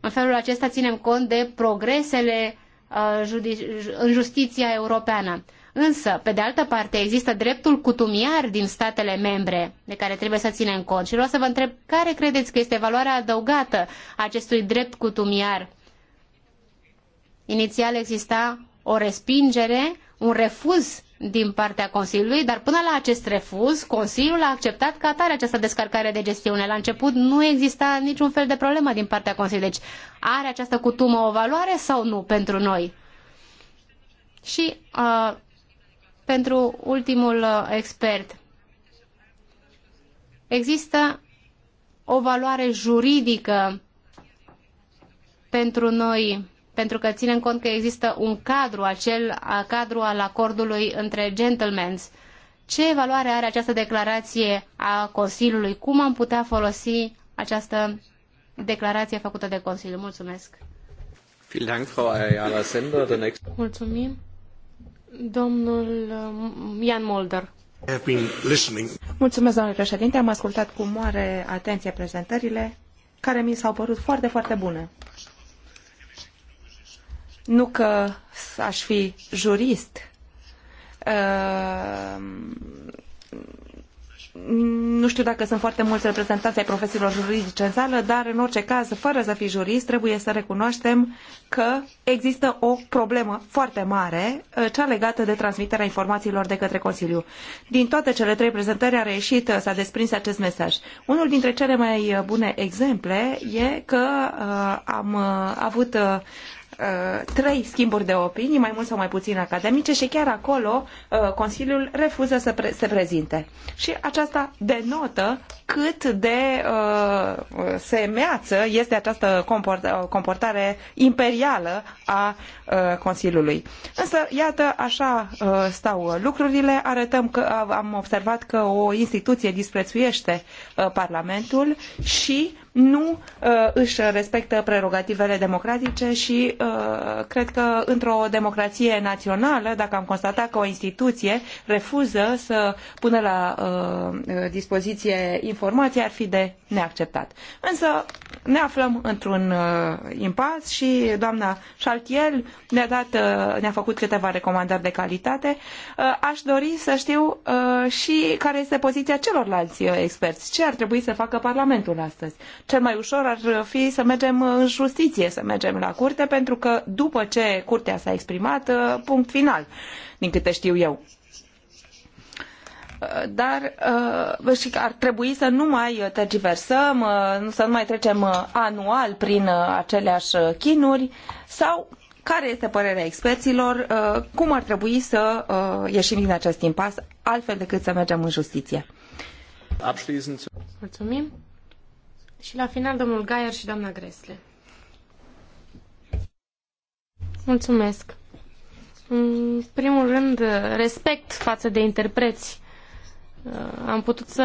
În felul acesta ținem cont de progresele uh, în justiția europeană. Însă, pe de altă parte, există dreptul cutumiar din statele membre de care trebuie să ținem cont. Și vreau să vă întreb care credeți că este valoarea adăugată a acestui drept cutumiar? Inițial exista o respingere, un refuz din partea Consiliului, dar până la acest refuz, Consiliul a acceptat ca atare această descărcare de gestiune. La început nu exista niciun fel de problemă din partea Consiliului. Deci are această cutumă o valoare sau nu pentru noi? Și uh, pentru ultimul uh, expert, există o valoare juridică pentru noi pentru că ținem cont că există un cadru, acel cadru al acordului între gentlemen's. Ce valoare are această declarație a Consiliului? Cum am putea folosi această declarație făcută de Consiliu? Mulțumesc! Mulțumim! Domnul um, Ian Mulder. Mulțumesc, domnule președinte. Am ascultat cu mare atenție prezentările care mi s-au părut foarte, foarte bune. Nu că aș fi jurist. Ehm, nu știu dacă sunt foarte mulți reprezentanți ai profesiilor juridice în sală, dar în orice caz, fără să fii jurist, trebuie să recunoaștem că există o problemă foarte mare, eh, cea legată de transmiterea informațiilor de către Consiliu. Din toate cele trei prezentări a reușit eh, s-a desprins acest mesaj. Unul dintre cele mai bune exemple e că eh, am avut Uh, trei schimburi de opinii, mai mult sau mai puțin academice, și chiar acolo uh, Consiliul refuză să pre se prezinte. Și aceasta denotă cât de uh, semeață este această uh, comportare imperială a Consiliului. Însă, iată, așa stau lucrurile. Arătăm că am observat că o instituție disprețuiește Parlamentul și nu uh, își respectă prerogativele democratice și uh, cred că într-o democrație națională, dacă am constatat că o instituție refuză să pună la uh, dispoziție informații, ar fi de neacceptat. Însă ne aflăm într-un impas și doamna Șaltiel ne-a, dat, ne-a făcut câteva recomandări de calitate. Aș dori să știu și care este poziția celorlalți experți. Ce ar trebui să facă Parlamentul astăzi? cel mai ușor ar fi să mergem în justiție, să mergem la curte, pentru că după ce curtea s-a exprimat, uh, punct final, din câte știu eu uh, dar uh, și ar trebui să nu mai tergiversăm, să nu mai trecem anual prin aceleași chinuri sau care este părerea experților, cum ar trebui să ieșim din acest impas, altfel decât să mergem în justiție. Mulțumim. Și la final, domnul Gaier și doamna Gresle. Mulțumesc. În primul rând, respect față de interpreți. Uh, am putut să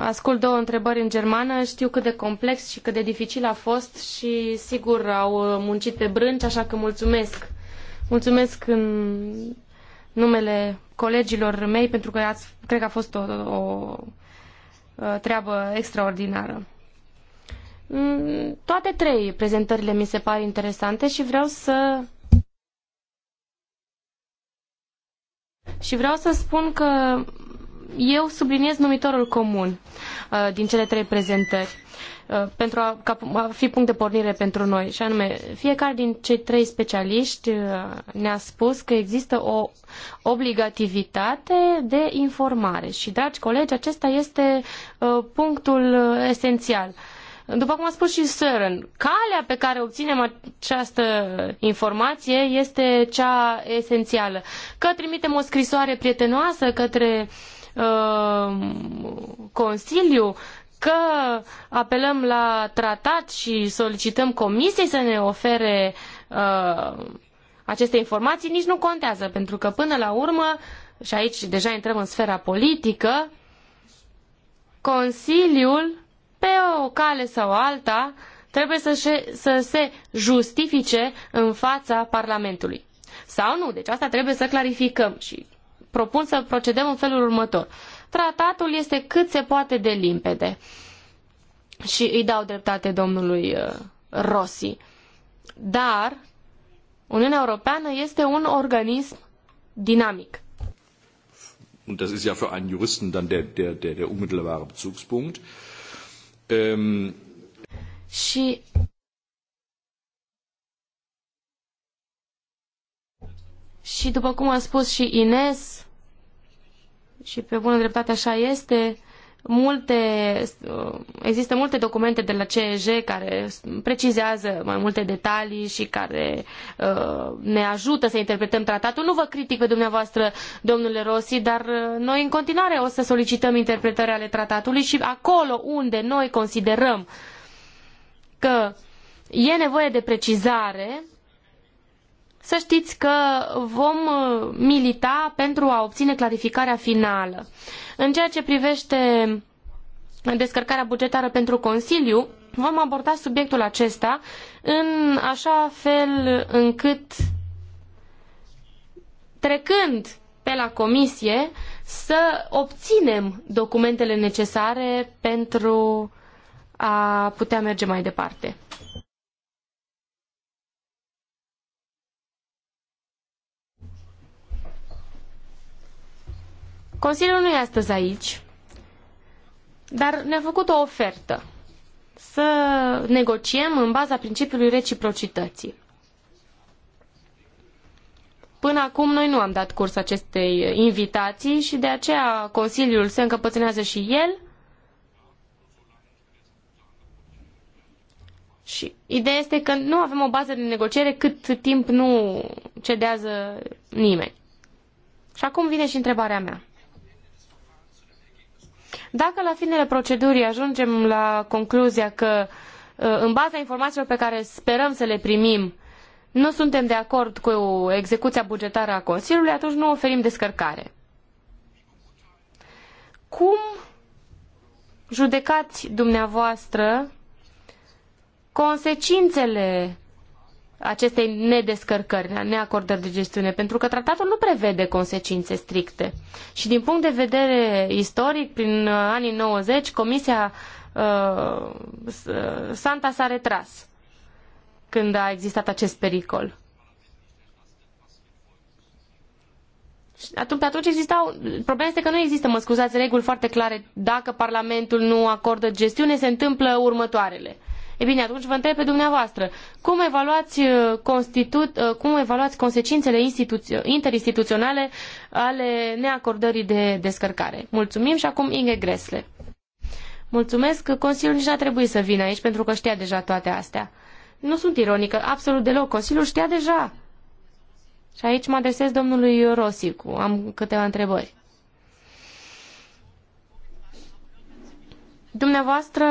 ascult două întrebări în germană, știu cât de complex și cât de dificil a fost și sigur au muncit pe brânci, așa că mulțumesc. Mulțumesc în numele colegilor mei pentru că ați, cred că a fost o, o treabă extraordinară. Mm, toate trei prezentările mi se par interesante și vreau să Și vreau să spun că eu subliniez numitorul comun uh, din cele trei prezentări uh, pentru a, ca, a fi punct de pornire pentru noi. Și anume, fiecare din cei trei specialiști uh, ne-a spus că există o obligativitate de informare. Și, dragi colegi, acesta este punctul esențial. După cum a spus și Sören, calea pe care obținem această informație este cea esențială. Că trimitem o scrisoare prietenoasă către uh, Consiliu, că apelăm la tratat și solicităm comisiei să ne ofere uh, aceste informații, nici nu contează, pentru că până la urmă, și aici deja intrăm în sfera politică, Consiliul pe o cale sau alta, trebuie să, se, să se justifice în fața Parlamentului. Sau nu, deci asta trebuie să clarificăm și propun să procedăm în felul următor. Tratatul este cât se poate de limpede și îi dau dreptate domnului uh, Rossi. Dar Uniunea Europeană este un organism dinamic. Und das ist ja für einen Juristen dann der, der, der, der unmittelbare Bezugspunkt. Um... Și Și după cum a spus și Ines, și pe bună dreptate așa este, multe, uh, există multe documente de la CEJ care precizează mai multe detalii și care uh, ne ajută să interpretăm tratatul. Nu vă critic pe dumneavoastră, domnule Rossi, dar uh, noi în continuare o să solicităm interpretări ale tratatului și acolo unde noi considerăm că e nevoie de precizare, să știți că vom uh, milita pentru a obține clarificarea finală. În ceea ce privește descărcarea bugetară pentru Consiliu, vom aborda subiectul acesta în așa fel încât trecând pe la comisie să obținem documentele necesare pentru a putea merge mai departe. Consiliul nu e astăzi aici, dar ne-a făcut o ofertă să negociem în baza principiului reciprocității. Până acum noi nu am dat curs acestei invitații și de aceea Consiliul se încăpățânează și el. Și ideea este că nu avem o bază de negociere cât timp nu cedează nimeni. Și acum vine și întrebarea mea. Dacă la finele procedurii ajungem la concluzia că uh, în baza informațiilor pe care sperăm să le primim, nu suntem de acord cu execuția bugetară a Consiliului, atunci nu oferim descărcare. Cum judecați dumneavoastră consecințele acestei nedescărcări, neacordări de gestiune, pentru că tratatul nu prevede consecințe stricte. Și din punct de vedere istoric, prin uh, anii 90, Comisia uh, uh, Santa s-a retras când a existat acest pericol. Atunci, atunci existau, problema este că nu există, mă scuzați, reguli foarte clare. Dacă Parlamentul nu acordă gestiune, se întâmplă următoarele. E bine, atunci vă întreb pe dumneavoastră, cum evaluați, uh, constitut, uh, cum evaluați consecințele uh, interinstituționale ale neacordării de descărcare? Mulțumim și acum Inge Gresle. Mulțumesc, Consiliul nici n-a trebuit să vină aici pentru că știa deja toate astea. Nu sunt ironică, absolut deloc, Consiliul știa deja. Și aici mă adresez domnului Rosicu, am câteva întrebări. Dumneavoastră,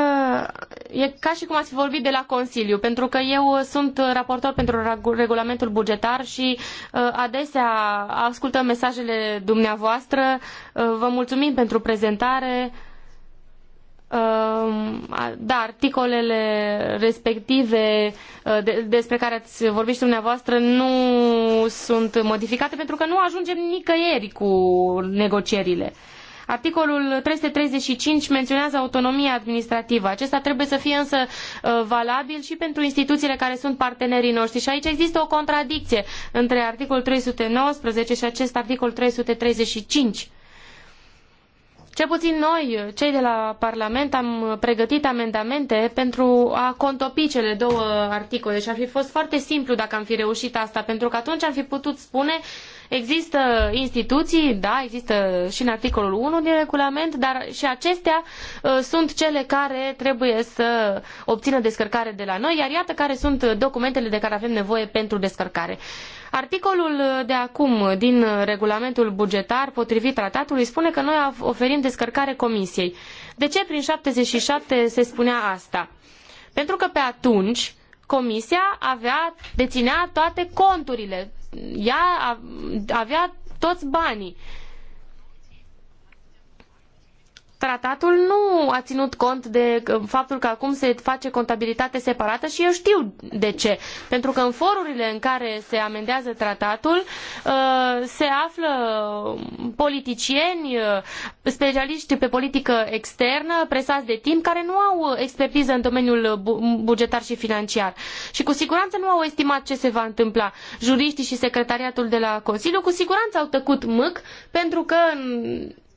e ca și cum ați vorbit de la Consiliu, pentru că eu sunt raportor pentru regulamentul bugetar și uh, adesea ascultăm mesajele dumneavoastră. Uh, vă mulțumim pentru prezentare. Uh, da, articolele respective despre care ați vorbit și dumneavoastră nu sunt modificate pentru că nu ajungem nicăieri cu negocierile. Articolul 335 menționează autonomia administrativă. Acesta trebuie să fie însă uh, valabil și pentru instituțiile care sunt partenerii noștri. Și aici există o contradicție între articolul 319 și acest articol 335. Cel puțin noi, cei de la Parlament, am pregătit amendamente pentru a contopi cele două articole și ar fi fost foarte simplu dacă am fi reușit asta, pentru că atunci am fi putut spune uh, Există instituții, da, există și în articolul 1 din regulament, dar și acestea uh, sunt cele care trebuie să obțină descărcare de la noi, iar iată care sunt documentele de care avem nevoie pentru descărcare. Articolul de acum din regulamentul bugetar, potrivit tratatului, spune că noi oferim descărcare comisiei. De ce prin 77 se spunea asta? Pentru că pe atunci comisia avea, deținea toate conturile, ea avea toți banii tratatul nu a ținut cont de faptul că acum se face contabilitate separată și eu știu de ce. Pentru că în forurile în care se amendează tratatul uh, se află politicieni, uh, specialiști pe politică externă, presați de timp, care nu au expertiză în domeniul bugetar și financiar. Și cu siguranță nu au estimat ce se va întâmpla. Juriștii și secretariatul de la Consiliu cu siguranță au tăcut mâc pentru că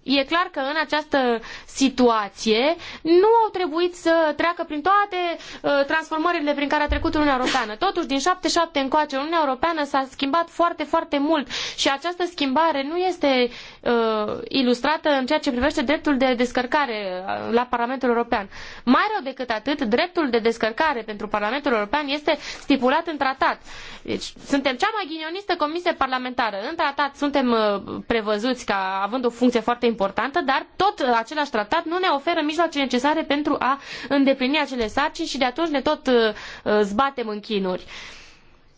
E clar că în această situație nu au trebuit să treacă prin toate uh, transformările prin care a trecut Uniunea Europeană. Totuși, din 77 încoace, Uniunea Europeană s-a schimbat foarte, foarte mult și această schimbare nu este uh, ilustrată în ceea ce privește dreptul de descărcare uh, la Parlamentul European. Mai rău decât atât, dreptul de descărcare pentru Parlamentul European este stipulat în tratat. Deci, suntem cea mai ghinionistă comisie parlamentară. În tratat suntem uh, prevăzuți ca având o funcție foarte importantă, dar tot același tratat nu ne oferă mijloace necesare pentru a îndeplini acele sarcini și de atunci ne tot uh, zbatem în chinuri. Uh,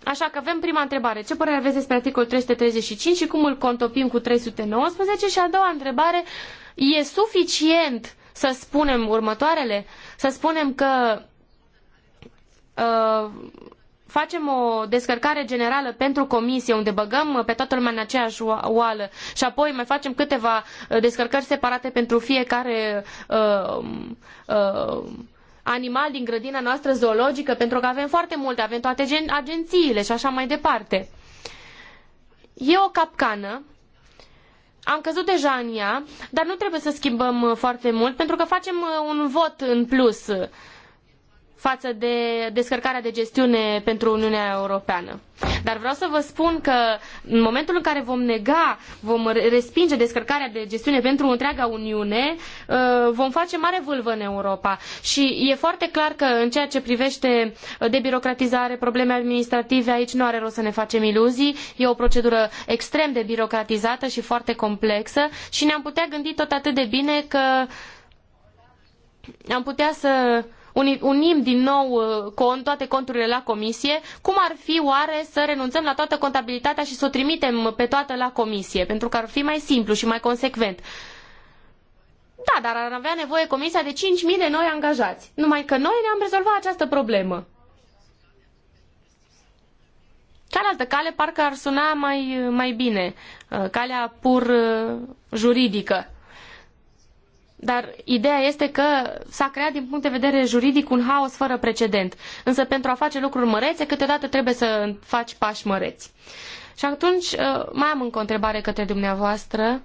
Așa că avem prima întrebare. Ce părere aveți despre articolul 335 și cum îl contopim cu 319? Și a doua întrebare, e suficient să spunem următoarele? Să spunem că uh, facem o descărcare generală pentru comisie unde băgăm pe toată lumea în aceeași oală și apoi mai facem câteva uh, descărcări separate pentru fiecare uh, uh, animal din grădina noastră zoologică, pentru că avem foarte multe, avem toate gen, agențiile și așa mai departe. E o capcană, am căzut deja în ea, dar nu trebuie să schimbăm foarte mult, pentru că facem uh, un vot în plus față de descărcarea de gestiune pentru Uniunea Europeană. Dar vreau să vă spun că în momentul în care vom nega, vom respinge descărcarea de gestiune pentru întreaga Uniune, uh, vom face mare vâlvă în Europa. Și e foarte clar că în ceea ce privește uh, debirocratizare, probleme administrative, aici nu are rost să ne facem iluzii. E o procedură extrem de birocratizată și foarte complexă și ne-am putea gândi tot atât de bine că am putea să unim din nou uh, toate conturile la comisie, cum ar fi oare să renunțăm la toată contabilitatea și să o trimitem pe toată la comisie, pentru că ar fi mai simplu și mai consecvent. Da, dar ar avea nevoie comisia de 5.000 de noi angajați. Numai că noi ne-am rezolvat această problemă. Cealaltă cale parcă ar suna mai, mai bine, uh, calea pur uh, juridică. Dar ideea este că s-a creat din punct de vedere juridic un haos fără precedent. Însă pentru a face lucruri mărețe, câteodată trebuie să faci pași măreți. Și atunci uh, mai am încă o întrebare către dumneavoastră.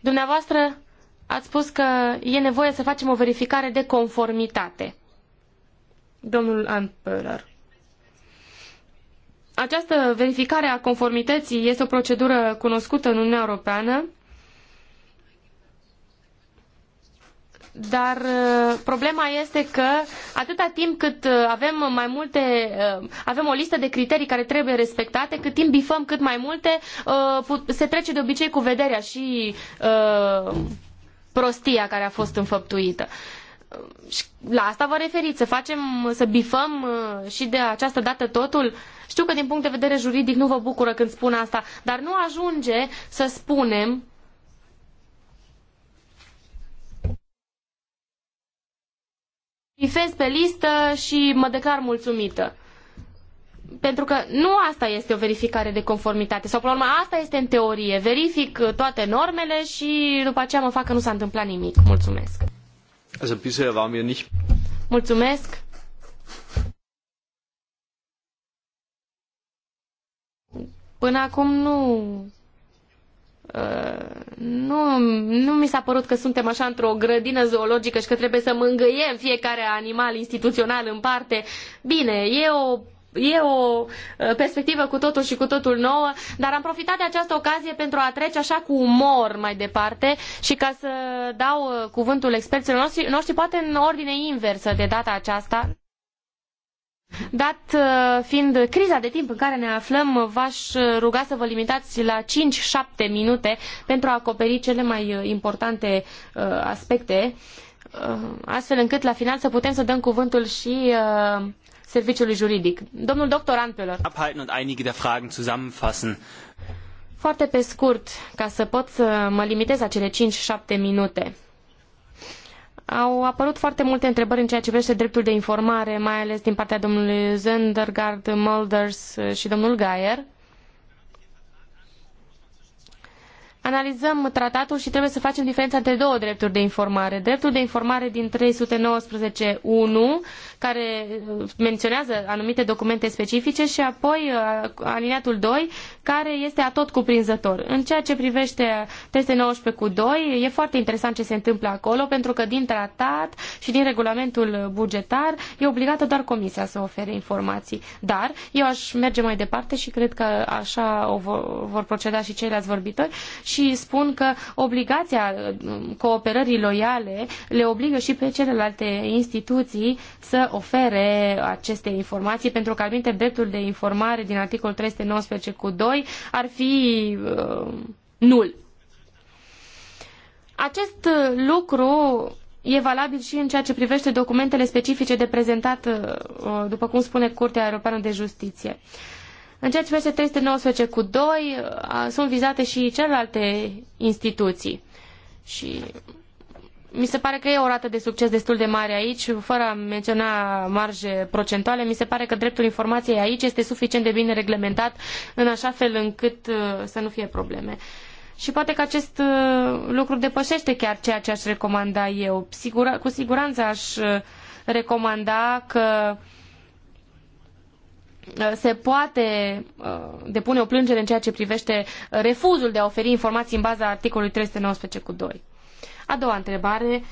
Dumneavoastră ați spus că e nevoie să facem o verificare de conformitate. Domnul Anpeler. Această verificare a conformității este o procedură cunoscută în Uniunea Europeană dar uh, problema este că atâta timp cât uh, avem mai multe, uh, avem o listă de criterii care trebuie respectate, cât timp bifăm cât mai multe, se trece de obicei cu vederea și prostia care a fost înfăptuită. La asta vă referiți, să facem, să bifăm și de această dată totul? Știu că din punct de vedere juridic nu vă bucură când spun asta, dar nu ajunge să spunem bifez pe listă și mă declar mulțumită. Pentru că nu asta este o verificare de conformitate, sau până la urmă asta este în teorie. Verific uh, toate normele și după aceea mă fac că nu s-a întâmplat nimic. Mulțumesc. Also bisher war mir nicht... Mulțumesc. Până acum nu Uh, nu, nu mi s-a părut că suntem așa într-o grădină zoologică și că trebuie să mângâiem fiecare animal instituțional în parte. Bine, e o e o uh, perspectivă cu totul și cu totul nouă, dar am profitat de această ocazie pentru a trece așa cu umor mai departe și ca să dau uh, cuvântul experților noștri, noștri poate în ordine inversă de data aceasta. Dat uh, fiind criza de timp în care ne aflăm, v-aș ruga să vă limitați la cinci, 7 minute pentru a acoperi cele mai uh, importante uh, aspecte, astfel încât la final să putem să dăm cuvântul și serviciului juridic. Domnul doctor Anpeler. Abhalten und einige der Fragen zusammenfassen. Foarte pe scurt, ca să pot să mă limitez acele cinci, 7 minute. Au apărut foarte multe întrebări în ceea ce privește dreptul de informare, mai ales din partea domnului Zendergaard, Mulders și domnul Gaier. Analizăm tratatul și trebuie să facem diferența între două drepturi de informare. Dreptul de informare din 319.1 care uh, menționează anumite documente specifice și apoi uh, aliniatul 2 care este atot cuprinzător. În ceea ce privește 319 cu 2 e foarte interesant ce se întâmplă acolo pentru că din tratat și din regulamentul bugetar e obligată doar comisia să ofere informații. Dar eu aș merge mai departe și cred că așa o vor proceda și ceilalți vorbitori și spun că obligația uh, cooperării loiale le obligă și pe celelalte instituții să ofere aceste informații, pentru că anumite dreptul de informare din articolul 319 cu 2 ar fi uh, nul. Acest lucru e valabil și în ceea ce privește documentele specifice de prezentat, uh, după cum spune Curtea Europeană de Justiție. În ceea ce privește 319 cu 2 uh, sunt vizate și celelalte instituții. Și mi se pare că e o rată de succes destul de mare aici, fără a menționa marje procentuale. Mi se pare că dreptul informației aici este suficient de bine reglementat în așa fel încât uh, să nu fie probleme. Și poate că acest uh, lucru depășește chiar ceea ce aș recomanda eu. cu siguranță aș uh, recomanda că se poate depune o plângere în ceea ce privește refuzul de a oferi informații în baza articolului 319 cu 2. A doua întrebare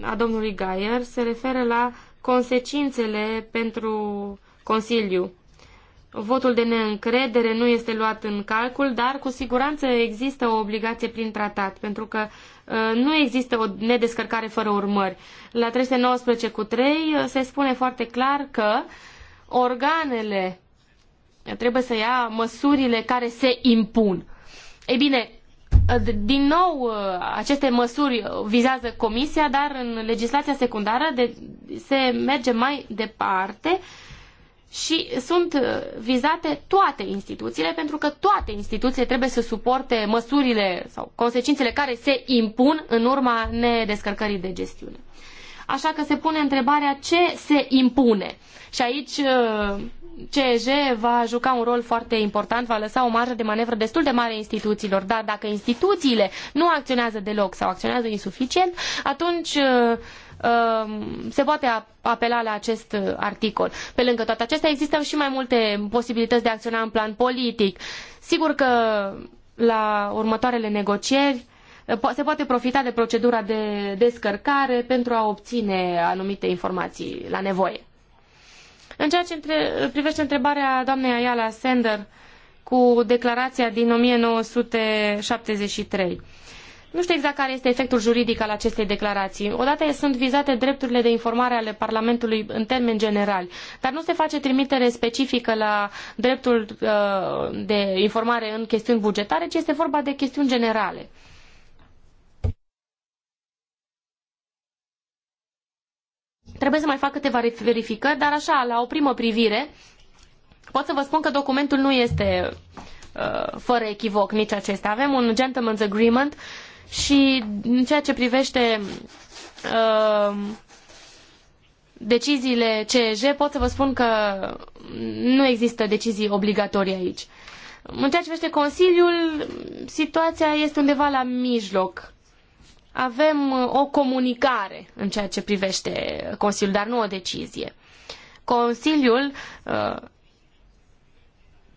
a domnului Gaier se referă la consecințele pentru Consiliu. Votul de neîncredere nu este luat în calcul, dar cu siguranță există o obligație prin tratat, pentru că uh, nu există o nedescărcare fără urmări. La 319 cu 3 uh, se spune foarte clar că organele trebuie să ia măsurile care se impun. Ei bine, Uh, din nou, uh, aceste măsuri vizează Comisia, dar în legislația secundară de, se merge mai departe și sunt uh, vizate toate instituțiile, pentru că toate instituțiile trebuie să suporte măsurile sau consecințele care se impun în urma nedescărcării de gestiune. Așa că se pune întrebarea ce se impune. Și aici CEJ va juca un rol foarte important, va lăsa o marjă de manevră destul de mare instituțiilor, dar dacă instituțiile nu acționează deloc sau acționează insuficient, atunci uh, uh, se poate apela la acest uh, articol. Pe lângă toate acestea există și mai multe posibilități de a acționa în plan politic. Sigur că la următoarele negocieri se poate profita de procedura de descărcare pentru a obține anumite informații la nevoie. În ceea ce între, privește întrebarea doamnei Ayala Sender cu declarația din 1973, nu știu exact care este efectul juridic al acestei declarații. Odată sunt vizate drepturile de informare ale Parlamentului în termeni generali, dar nu se face trimitere specifică la dreptul uh, de informare în chestiuni bugetare, ci este vorba de chestiuni generale. Trebuie să mai fac câteva verificări, dar așa, la o primă privire, pot să vă spun că documentul nu este uh, fără echivoc nici acesta. Avem un gentleman's agreement și în ceea ce privește uh, deciziile CEJ, pot să vă spun că nu există decizii obligatorii aici. În ceea ce privește Consiliul, situația este undeva la mijloc avem uh, o comunicare în ceea ce privește Consiliul, dar nu o decizie. Consiliul uh,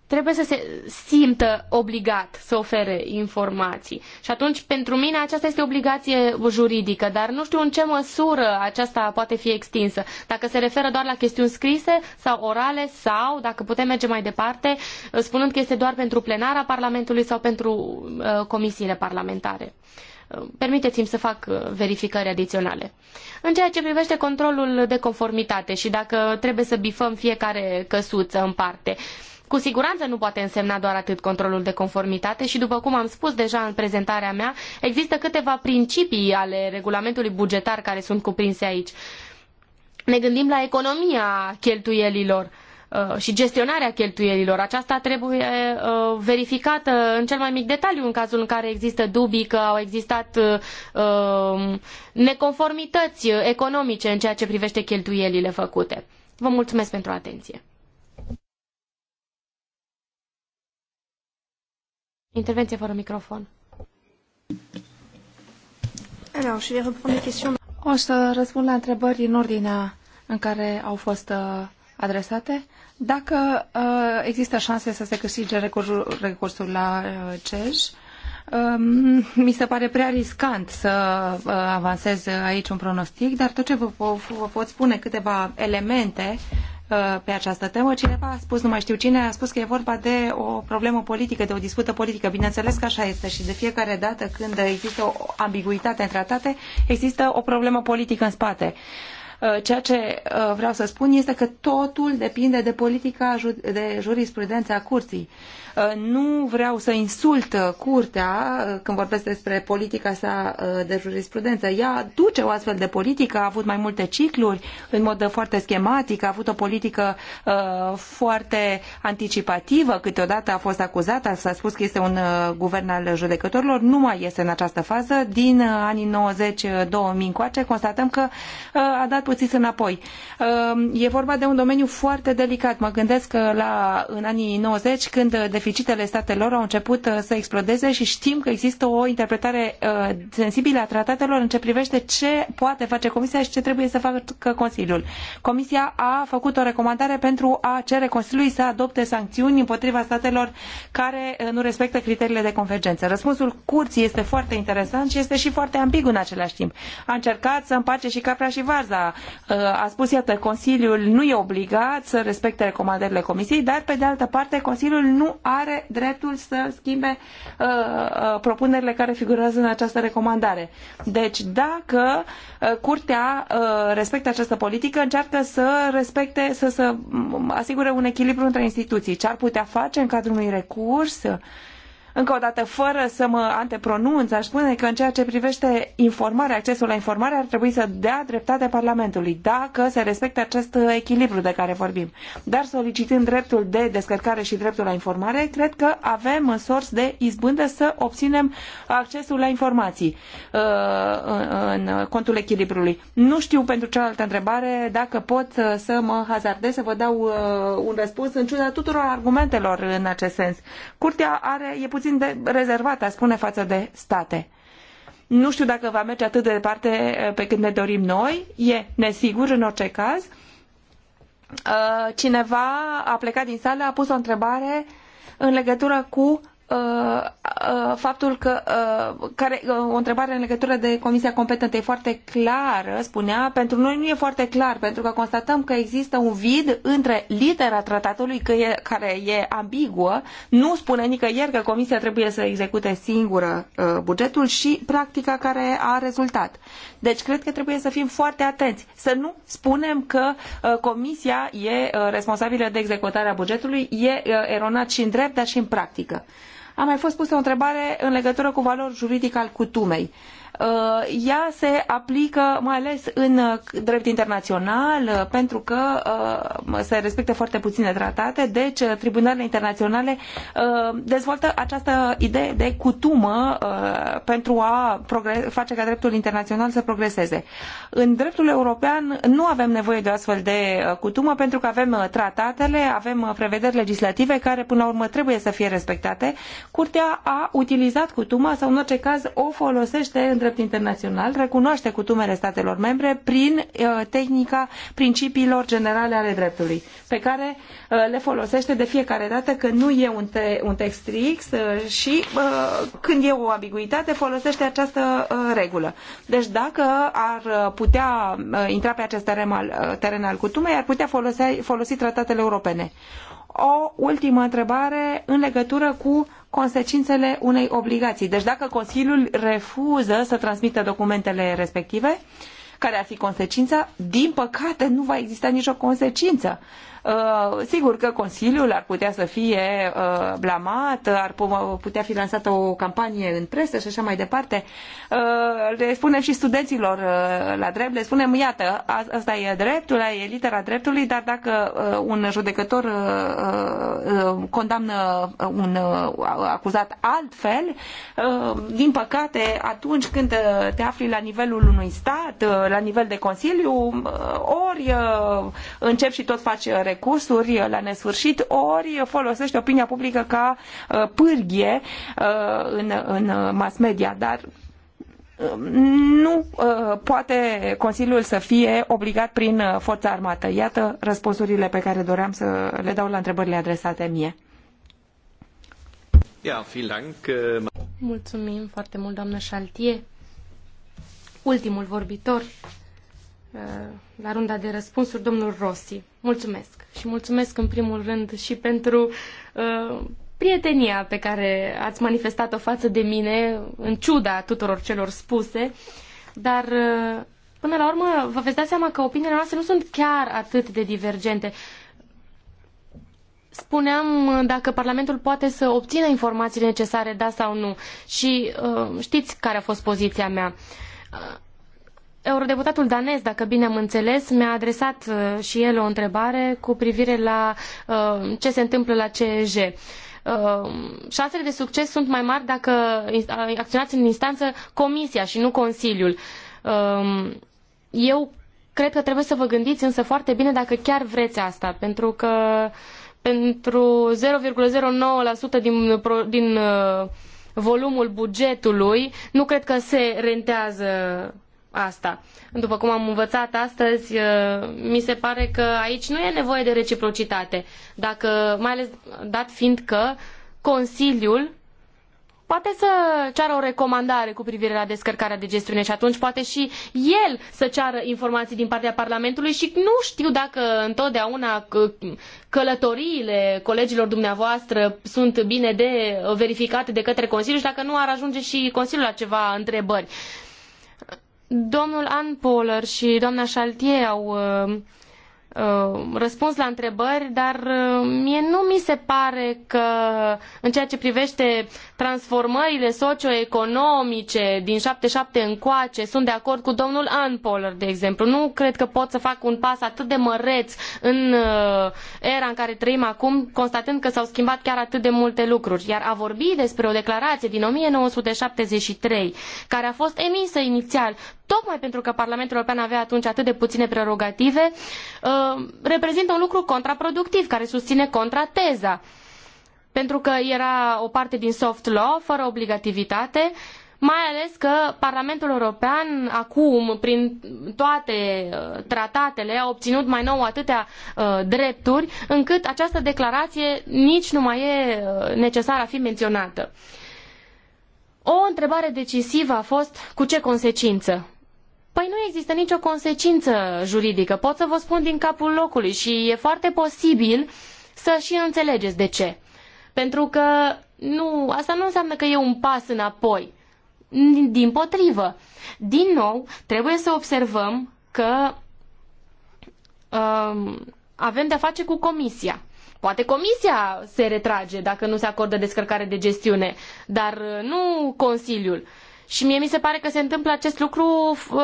trebuie să se simtă obligat să ofere informații. Și atunci, pentru mine, aceasta este obligație juridică, dar nu știu în ce măsură aceasta poate fi extinsă. Dacă se referă doar la chestiuni scrise sau orale sau, dacă putem merge mai departe, uh, spunând că este doar pentru plenara Parlamentului sau pentru uh, comisiile parlamentare. Uh, Uh, permiteți-mi să fac uh, verificări adiționale. În ceea ce privește controlul de conformitate și dacă trebuie să bifăm fiecare căsuță în parte, cu siguranță nu poate însemna doar atât controlul de conformitate și, după cum am spus deja în prezentarea mea, există câteva principii ale regulamentului bugetar care sunt cuprinse aici. Ne gândim la economia cheltuielilor. Uh, Uh, și gestionarea cheltuielilor. Aceasta trebuie uh, verificată în cel mai mic detaliu în cazul în care există dubii că au existat uh, um, neconformități economice în ceea ce privește cheltuielile făcute. Vă mulțumesc pentru atenție. Intervenție fără microfon. O să răspund la întrebări în ordinea în care au fost adresate. Dacă uh, există șanse să se câștige recursul, recursul la uh, CEJ, um, mi se pare prea riscant să uh, avansez aici un pronostic, dar tot ce vă, vă pot spune câteva elemente pe această temă. Cineva a spus, nu mai știu cine, a spus că e vorba de o problemă politică, de o dispută politică. Bineînțeles că așa este și de fiecare dată când există o ambiguitate în tratate, există o problemă politică în spate. Uh, Uh, ceea ce uh, vreau să spun este că totul depinde de politica de jurisprudență a curții. Uh, nu vreau să insult curtea când vorbesc despre politica sa de jurisprudență. Ea duce o astfel de politică, a avut mai multe cicluri în mod foarte schematic, a avut o politică foarte anticipativă, câteodată a fost acuzată, s-a spus că este un guvern al judecătorilor, nu mai este în această fază. Din anii 90-2000 încoace constatăm că a dat puțit înapoi. Ehm, e vorba de un domeniu foarte delicat. Mă gândesc la în anii 90 când deficitele statelor au început uh, să explodeze și știm că există o interpretare uh, sensibilă a tratatelor în ce privește ce poate face Comisia și ce trebuie să facă Consiliul. Comisia a făcut o recomandare pentru a cere Consiliului să adopte sancțiuni împotriva statelor care uh, nu respectă criteriile de convergență. Răspunsul curții este foarte interesant și este și foarte ambigu în același timp. A încercat să împace și capra și varza a spus, iată, Consiliul nu e obligat să respecte recomandările Comisiei, dar, pe de altă parte, Consiliul nu are dreptul să schimbe uh, uh, propunerile care figurează în această recomandare. Deci, dacă uh, Curtea respectă această politică, încearcă să respecte, să, să mm, asigure un echilibru între instituții. Ce ar putea face în cadrul unui recurs? Încă o dată, fără să mă antepronunț, aș spune că în ceea ce privește informarea, accesul la informare, ar trebui să dea dreptate Parlamentului, dacă se respectă acest echilibru de care vorbim. Dar solicitând dreptul de descărcare și dreptul la informare, cred că avem sorți de izbândă să obținem accesul la informații uh, în contul echilibrului. Nu știu pentru cealaltă întrebare dacă pot să mă hazardez să vă dau uh, un răspuns în ciuda tuturor argumentelor în acest sens. Curtea are, e puțin puțin de a spune, față de state. Nu știu dacă va merge atât de departe eh, pe cât ne dorim noi, e nesigur în orice caz. Eh, cineva a plecat din sală, a pus o întrebare în legătură cu Uh, uh, faptul că uh, care, o întrebare în legătură de comisia competentă e foarte clară, spunea, pentru noi nu e foarte clar, pentru că constatăm că există un vid între litera tratatului că e, care e ambiguă, nu spune nicăieri că comisia trebuie să execute singură bugetul și practica care a rezultat. Deci cred că trebuie să fim foarte atenți, să nu spunem că comisia e responsabilă de executarea bugetului, e eronat și în drept, dar și în practică. A mai fost pusă o întrebare în legătură cu valorul juridic al cutumei. Uh, ea se aplică mai ales în uh, drept internațional, uh, pentru că se respectă foarte puține tratate, deci tribunalele internaționale dezvoltă această idee de cutumă pentru a face ca dreptul internațional să progreseze. În dreptul european nu avem nevoie de o astfel de cutumă, pentru că avem tratatele, avem prevederi legislative care până la urmă trebuie să fie respectate. Curtea a utilizat cutuma sau în orice caz o folosește în drept internațional recunoaște cutumele statelor membre prin uh, tehnica principiilor generale ale dreptului, pe care uh, le folosește de fiecare dată că nu e un, te, un text strict uh, și când e o ambiguitate folosește această regulă. Deci dacă ar putea intra pe acest teren al, teren al cutumei, ar putea folosi, folosi tratatele europene. O ultimă întrebare în legătură cu consecințele unei obligații. Deci dacă Consiliul refuză să transmită documentele respective, care ar fi consecința, din păcate nu va exista nicio consecință Uh, sigur că Consiliul ar putea să fie uh, blamat, ar putea fi lansată o campanie în presă și așa mai departe. Uh, le spunem și studenților la drept, le spunem, iată, asta e dreptul, e litera dreptului, dar dacă un judecător condamnă un acuzat altfel, din păcate, atunci când te afli la nivelul unui stat, la nivel de Consiliu, ori începi și tot faci recursuri la nesfârșit, ori folosește opinia publică ca uh, pârghie uh, în, în mass media. Dar um, nu uh, poate Consiliul să fie obligat prin forța armată. Iată răspunsurile pe care doream să le dau la întrebările adresate mie. Mulțumim foarte mult, doamnă Șaltie. Ultimul vorbitor Uh, la runda de răspunsuri, domnul Rossi. Mulțumesc și mulțumesc în primul rând și pentru uh, prietenia pe care ați manifestat-o față de mine, în ciuda tuturor celor spuse, dar uh, până la urmă vă veți da seama că opiniile noastre nu sunt chiar atât de divergente. Spuneam dacă Parlamentul poate să obțină informațiile necesare, da sau nu. Și uh, știți care a fost poziția mea. Uh, Eurodeputatul danez, dacă bine am înțeles, mi-a adresat uh, și el o întrebare cu privire la uh, ce se întâmplă la CEJ uh, șansele de succes sunt mai mari dacă acționați în instanță Comisia și nu Consiliul. Um, eu cred că trebuie să vă gândiți însă foarte bine dacă chiar vreți asta, pentru că pentru 0,09% din, din volumul bugetului nu cred că se rentează asta. După cum am învățat astăzi, uh, mi se pare că aici nu e nevoie de reciprocitate, dacă, mai ales dat fiind că Consiliul poate să ceară o recomandare cu privire la descărcarea de gestiune și atunci poate și el să ceară informații din partea Parlamentului și nu știu dacă întotdeauna călătoriile colegilor dumneavoastră sunt bine de verificate de către Consiliu și dacă nu ar ajunge și Consiliul la ceva întrebări. Domnul Ann Anpoler și doamna Chaltier au uh, Uh, răspuns la întrebări, dar uh, mie nu mi se pare că în ceea ce privește transformările socioeconomice din 77 încoace, sunt de acord cu domnul Anpoller, de exemplu. Nu cred că pot să fac un pas atât de măreț în uh, era în care trăim acum, constatând că s-au schimbat chiar atât de multe lucruri. Iar a vorbi despre o declarație din 1973, care a fost emisă inițial tocmai pentru că Parlamentul European avea atunci atât de puține prerogative, uh, reprezintă un lucru contraproductiv, care susține contrateza. Pentru că era o parte din soft law, fără obligativitate, mai ales că Parlamentul European acum, prin toate uh, tratatele, a obținut mai nou atâtea uh, drepturi, încât această declarație nici nu mai e necesară a fi menționată. O întrebare decisivă a fost cu ce consecință? Păi nu există nicio consecință juridică. Pot să vă spun din capul locului și e foarte posibil să și înțelegeți de ce. Pentru că nu, asta nu înseamnă că e un pas înapoi. Din potrivă. Din nou, trebuie să observăm că um, avem de-a face cu comisia. Poate comisia se retrage dacă nu se acordă descărcare de gestiune, dar uh, nu Consiliul. Uh, și mie mi se pare că se întâmplă acest lucru uh,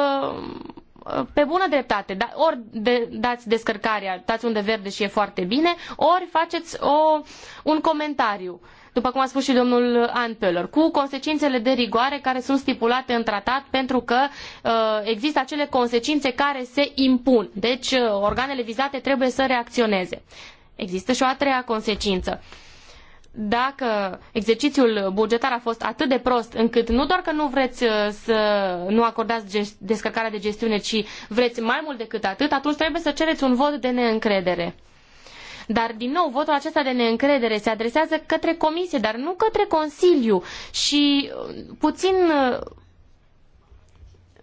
uh, pe bună dreptate. ori de, dați descărcarea, dați unde verde și e foarte bine, ori faceți o, un comentariu după cum a spus și domnul Anpeller, cu consecințele de rigoare care sunt stipulate în tratat pentru că uh, există acele consecințe care se impun. Deci uh, organele vizate trebuie să reacționeze. Există și o a treia consecință dacă exercițiul bugetar a fost atât de prost încât nu doar că nu vreți uh, să nu acordați descărcarea de gestiune, ci vreți mai mult decât atât, atunci trebuie să cereți un vot de neîncredere. Dar, din nou, votul acesta de neîncredere se adresează către comisie, dar nu către Consiliu. Și uh, puțin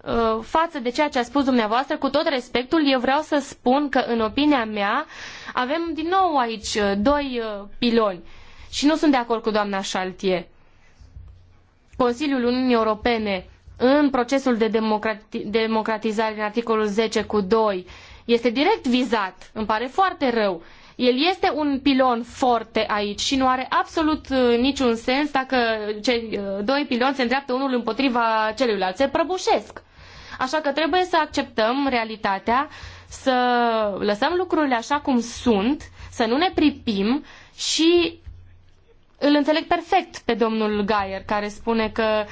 uh, față de ceea ce a spus dumneavoastră, cu tot respectul, eu vreau să spun că, în opinia mea, avem din nou aici doi piloni și nu sunt de acord cu doamna Șaltier. Consiliul Uniunii Europene în procesul de democrati democratizare în articolul 10 cu 2 este direct vizat. Îmi pare foarte rău. El este un pilon foarte aici și nu are absolut uh, niciun sens dacă cei uh, doi piloni se îndreaptă unul împotriva celuilalt. Se prăbușesc. Așa că trebuie să acceptăm realitatea, să lăsăm lucrurile așa cum sunt, să nu ne pripim și îl înțeleg perfect pe domnul Gaier, care spune că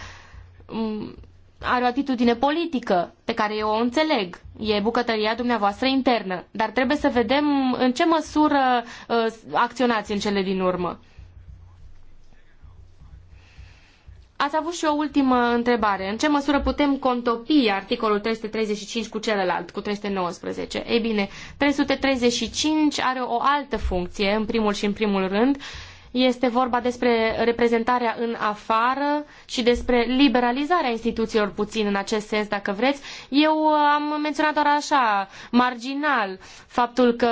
mm, are o atitudine politică pe care eu o înțeleg. E bucătăria dumneavoastră internă. Dar trebuie să vedem în ce măsură uh, acționați în cele din urmă. Ați avut și o ultimă întrebare. În ce măsură putem contopi articolul 335 cu celălalt, cu 319? Ei bine, 335 are o altă funcție, în primul și în primul rând, este vorba despre reprezentarea în afară și despre liberalizarea instituțiilor puțin în acest sens, dacă vreți. Eu am menționat doar așa, marginal, faptul că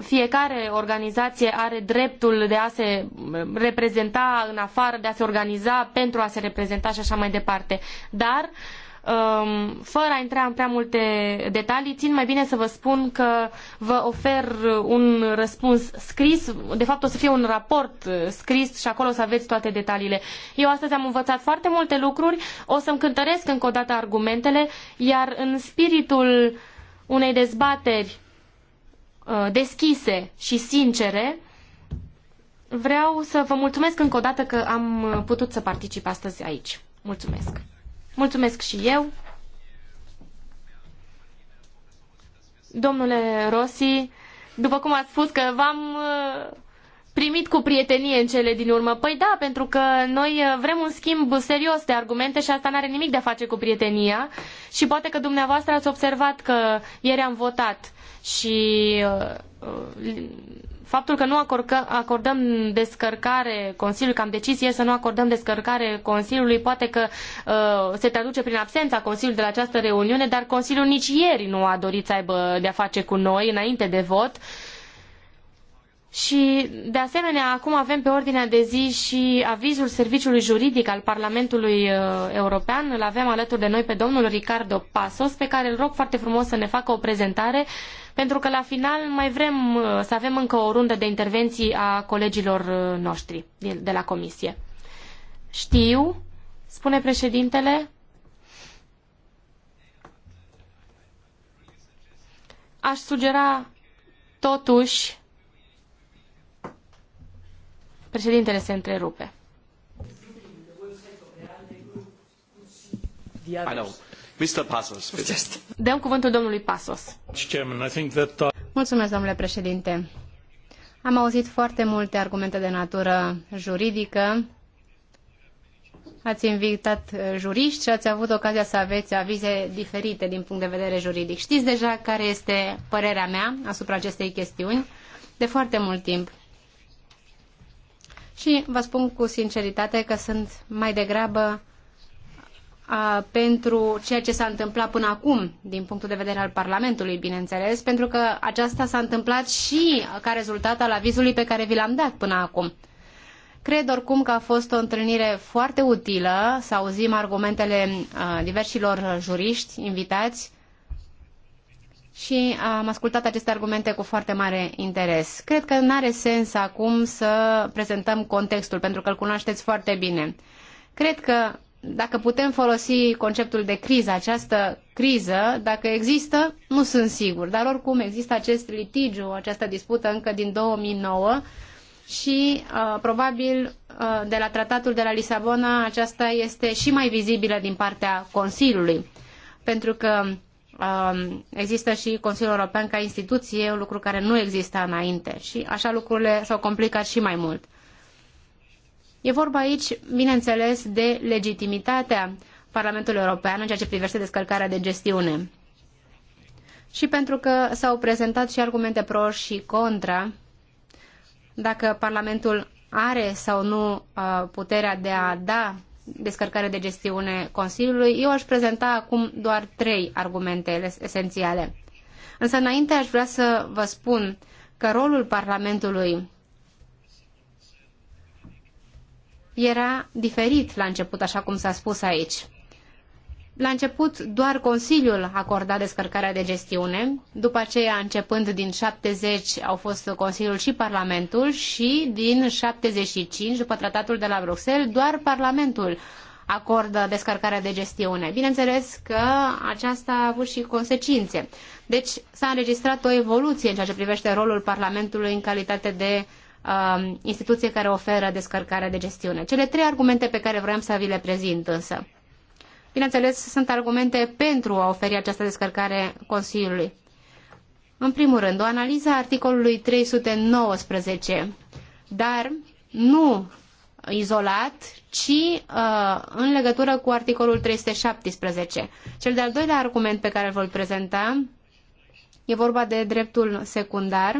fiecare organizație are dreptul de a se reprezenta în afară, de a se organiza pentru a se reprezenta și așa mai departe. Dar uh, Um, fără a intra în prea multe detalii, țin mai bine să vă spun că vă ofer un răspuns scris. De fapt, o să fie un raport scris și acolo o să aveți toate detaliile. Eu astăzi am învățat foarte multe lucruri, o să-mi cântăresc încă o dată argumentele, iar în spiritul unei dezbateri uh, deschise și sincere, vreau să vă mulțumesc încă o dată că am putut să particip astăzi aici. Mulțumesc! Mulțumesc și eu. Domnule Rossi, după cum ați spus că v-am uh, primit cu prietenie în cele din urmă. Păi da, pentru că noi uh, vrem un schimb serios de argumente și asta nu are nimic de a face cu prietenia. Și poate că dumneavoastră ați observat că ieri am votat și uh, Faptul că nu acordăm descărcare Consiliului, că am decis ieri să nu acordăm descărcare Consiliului, poate că uh, se traduce prin absența Consiliului de la această reuniune, dar Consiliul nici ieri nu a dorit să aibă de-a face cu noi înainte de vot. Și, de asemenea, acum avem pe ordinea de zi și avizul Serviciului Juridic al Parlamentului uh, European. Îl avem alături de noi pe domnul Ricardo Pasos, pe care îl rog foarte frumos să ne facă o prezentare uh, pentru că la final mai vrem uh, să avem încă o rundă de intervenții a colegilor uh, noștri de la comisie. Știu, spune președintele, aș sugera totuși Președintele se întrerupe. Alors, Mr. Pasos, Dăm cuvântul domnului Pasos. Mulțumesc, domnule președinte. Am auzit foarte multe argumente de natură juridică. Ați invitat uh, juriști și ați avut ocazia să aveți avize diferite din punct de vedere juridic. Știți deja care este părerea mea asupra acestei chestiuni de foarte mult timp. Și vă spun cu sinceritate că sunt mai degrabă pentru ceea ce s-a întâmplat până acum, din punctul de vedere al Parlamentului, bineînțeles, pentru că aceasta s-a întâmplat și ca rezultat al avizului pe care vi l-am dat până acum. Cred oricum că a fost o întâlnire foarte utilă să auzim argumentele diversilor juriști invitați și am ascultat aceste argumente cu foarte mare interes. Cred că nu are sens acum să prezentăm contextul, pentru că îl cunoașteți foarte bine. Cred că dacă putem folosi conceptul de criză, această criză, dacă există, nu sunt sigur. Dar oricum există acest litigiu, această dispută încă din 2009 și uh, probabil uh, de la tratatul de la Lisabona aceasta este și mai vizibilă din partea Consiliului. Pentru că uh, există și Consiliul European ca instituție, un lucru care nu exista înainte și așa lucrurile s-au complicat și mai mult. E vorba aici, bineînțeles, de legitimitatea Parlamentului European în ceea ce privește descărcarea de gestiune. Și pentru că s-au prezentat și argumente pro și contra, dacă Parlamentul are sau nu uh, puterea de a da descărcare de gestiune Consiliului, eu aș prezenta acum doar trei argumente esențiale. Însă înainte aș vrea să vă spun că rolul Parlamentului era diferit la început, așa cum s-a spus aici. La început, doar Consiliul acorda descărcarea de gestiune, după aceea, începând din 70, au fost Consiliul și Parlamentul și din 75, după tratatul de la Bruxelles, doar Parlamentul acordă descărcarea de gestiune. Bineînțeles că aceasta a avut și consecințe. Deci s-a înregistrat o evoluție în ceea ce privește rolul Parlamentului în calitate de uh, instituție care oferă descărcarea de gestiune. Cele trei argumente pe care vreau să vi le prezint însă. Bineînțeles, sunt argumente pentru a oferi această descărcare Consiliului. În primul rând, o analiză a articolului 319, dar nu izolat, ci uh, în legătură cu articolul 317. Cel de-al doilea argument pe care îl voi prezenta e vorba de dreptul secundar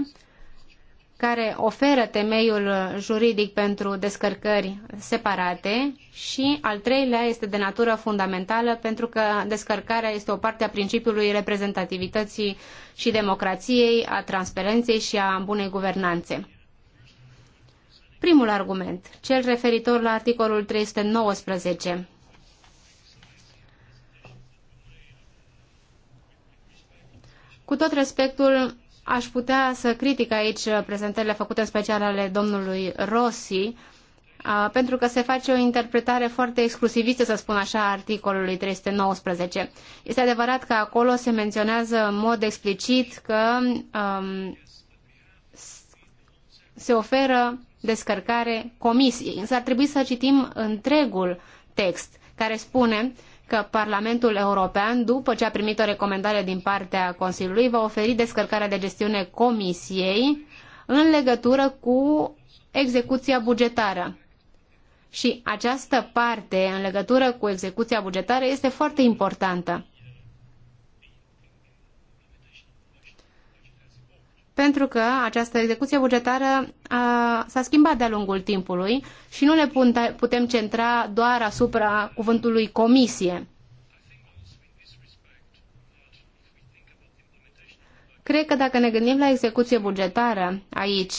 care oferă temeiul juridic pentru descărcări separate și al treilea este de natură fundamentală pentru că descărcarea este o parte a principiului reprezentativității și democrației, a transparenței și a bunei guvernanțe. Primul argument, cel referitor la articolul 319. Cu tot respectul, Aș putea să critic aici prezentările făcute în special ale domnului Rossi, pentru că se face o interpretare foarte exclusivistă, să spun așa, a articolului 319. Este adevărat că acolo se menționează în mod explicit că um, se oferă descărcare comisiei, însă ar trebui să citim întregul text care spune uh, că Parlamentul European, după ce a primit o recomandare din partea Consiliului, va oferi descărcarea de gestiune Comisiei în legătură cu execuția bugetară. Și această parte în legătură cu execuția bugetară este foarte importantă. pentru că această execuție bugetară s-a schimbat de-a lungul timpului și nu ne putem centra doar asupra cuvântului comisie. Cred că dacă ne gândim la execuție bugetară aici,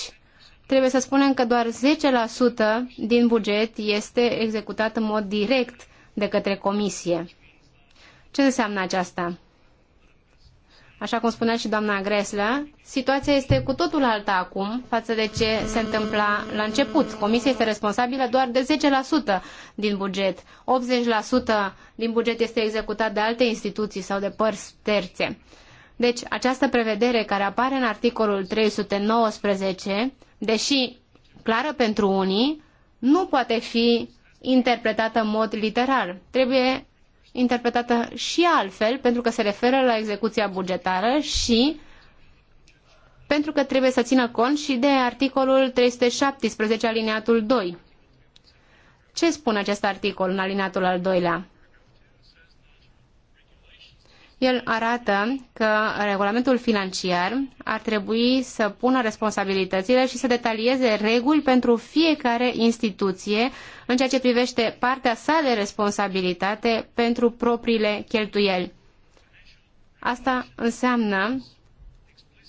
trebuie să spunem că doar 10% din buget este executat în mod direct de către comisie. Ce înseamnă aceasta? așa cum spunea și doamna Greslea, situația este cu totul alta acum față de ce se întâmpla la început. Comisia este responsabilă doar de 10% din buget. 80% din buget este executat de alte instituții sau de părți terțe. Deci, această prevedere care apare în articolul 319, deși clară pentru unii, nu poate fi interpretată în mod literal. Trebuie interpretată și altfel, pentru că se referă la execuția bugetară și pentru că trebuie să țină cont și de articolul 317 alineatul 2. Ce spune acest articol în alineatul al doilea? El arată că regulamentul financiar ar trebui să pună responsabilitățile și să detalieze reguli pentru fiecare instituție în ceea ce privește partea sa de responsabilitate pentru propriile cheltuieli. Asta înseamnă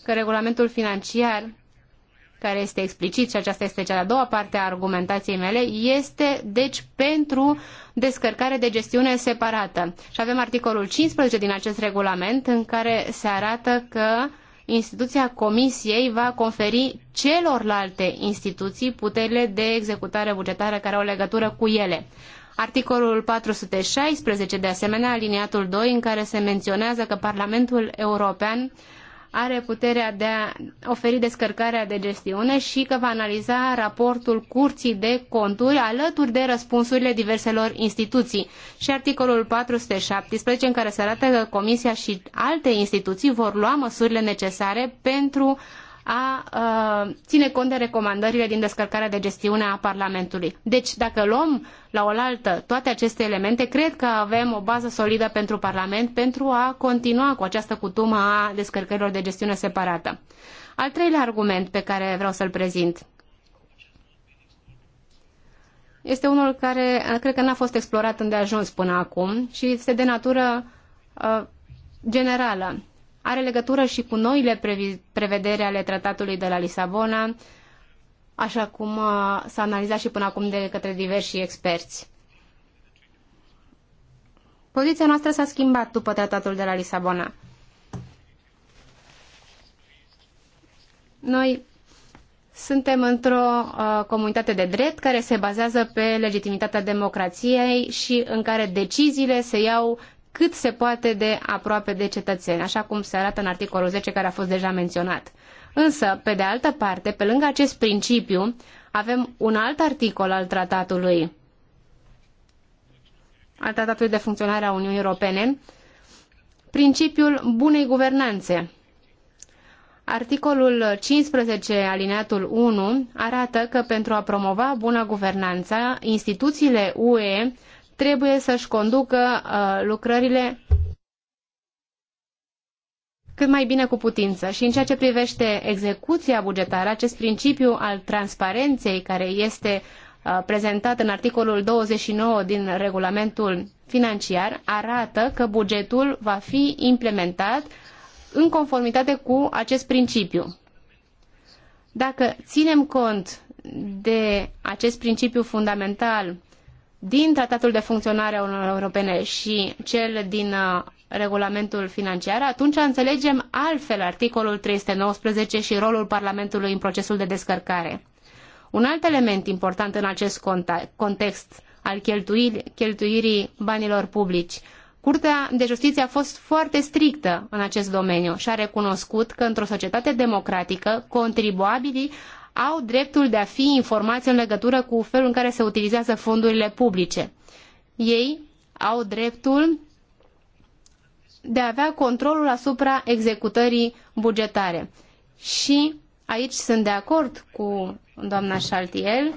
că regulamentul financiar care este explicit și aceasta este cea de-a doua parte a argumentației mele, este deci pentru descărcare de gestiune separată. Și avem articolul 15 din acest regulament în care se arată că instituția Comisiei va conferi celorlalte instituții puterile de executare bugetară care au legătură cu ele. Articolul 416, de asemenea, aliniatul 2, în care se menționează că Parlamentul European are puterea de a oferi descărcarea de gestiune și că va analiza raportul Curții de Conturi alături de răspunsurile diverselor instituții. Și articolul 417 în care se arată că Comisia și alte instituții vor lua măsurile necesare pentru a uh, ține cont de recomandările din descărcarea de gestiune a Parlamentului. Deci, dacă luăm la oaltă toate aceste elemente, cred că avem o bază solidă pentru Parlament pentru a continua cu această cutumă a descărcărilor de gestiune separată. Al treilea argument pe care vreau să-l prezint este unul care cred că n-a fost explorat îndeajuns până acum și este de natură uh, generală are legătură și cu noile prevederi ale tratatului de la Lisabona, așa cum uh, s-a analizat și până acum de către diversi experți. Poziția noastră s-a schimbat după tratatul de la Lisabona. Noi suntem într-o uh, comunitate de drept care se bazează pe legitimitatea democrației și în care deciziile se iau cât se poate de aproape de cetățeni, așa cum se arată în articolul 10 care a fost deja menționat. Însă, pe de altă parte, pe lângă acest principiu, avem un alt articol al tratatului, al tratatului de funcționare a Uniunii Europene, principiul bunei guvernanțe. Articolul 15, alineatul 1, arată că pentru a promova buna guvernanță, instituțiile UE trebuie să-și conducă uh, lucrările cât mai bine cu putință. Și în ceea ce privește execuția bugetară, acest principiu al transparenței care este uh, prezentat în articolul 29 din regulamentul financiar arată că bugetul va fi implementat în conformitate cu acest principiu. Dacă ținem cont de acest principiu fundamental din Tratatul de Funcționare a Uniunii Europene și cel din uh, regulamentul financiar, atunci înțelegem altfel articolul 319 și rolul Parlamentului în procesul de descărcare. Un alt element important în acest context al cheltuirii banilor publici. Curtea de Justiție a fost foarte strictă în acest domeniu și a recunoscut că într-o societate democratică contribuabilii au dreptul de a fi informați în legătură cu felul în care se utilizează fondurile publice. Ei au dreptul de a avea controlul asupra executării bugetare. Și aici sunt de acord cu doamna Șaltiel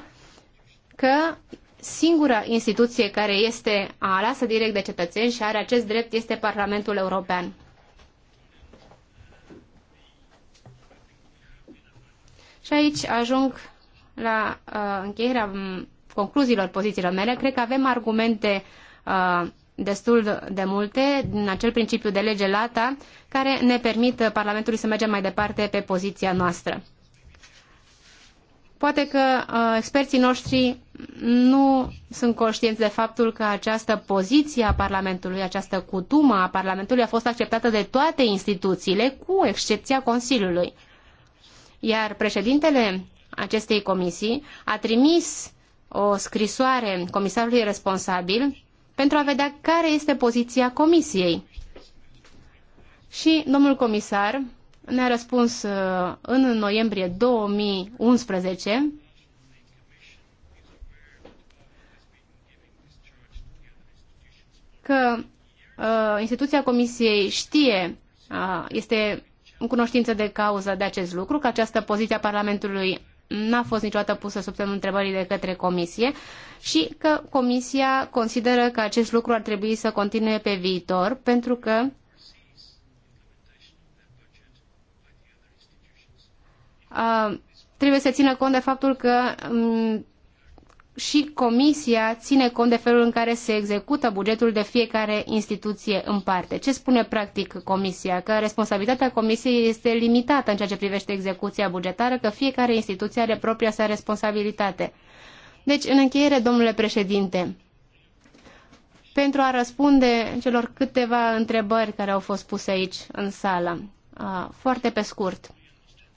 că singura instituție care este alasă direct de cetățeni și are acest drept este Parlamentul European. Și aici ajung la uh, încheierea mm, concluziilor pozițiilor mele. Cred că avem argumente uh, destul de multe din acel principiu de lege lata care ne permit uh, Parlamentului să mergem mai departe pe poziția noastră. Poate că uh, experții noștri nu sunt conștienți de faptul că această poziție a Parlamentului, această cutumă a Parlamentului a fost acceptată de toate instituțiile, cu excepția Consiliului. Iar președintele acestei comisii a trimis o scrisoare comisarului responsabil pentru a vedea care este poziția comisiei. Și domnul comisar ne-a răspuns uh, în noiembrie 2011 că uh, instituția comisiei știe, uh, este în cunoștință de cauză de acest lucru, că această poziție a Parlamentului n-a fost niciodată pusă sub semnul întrebării de către Comisie și că Comisia consideră că acest lucru ar trebui să continue pe viitor, pentru că trebuie să țină cont de faptul că și Comisia ține cont de felul în care se execută bugetul de fiecare instituție în parte. Ce spune practic Comisia? Că responsabilitatea Comisiei este limitată în ceea ce privește execuția bugetară, că fiecare instituție are propria sa responsabilitate. Deci, în încheiere, domnule președinte, pentru a răspunde celor câteva întrebări care au fost puse aici în sală, foarte pe scurt.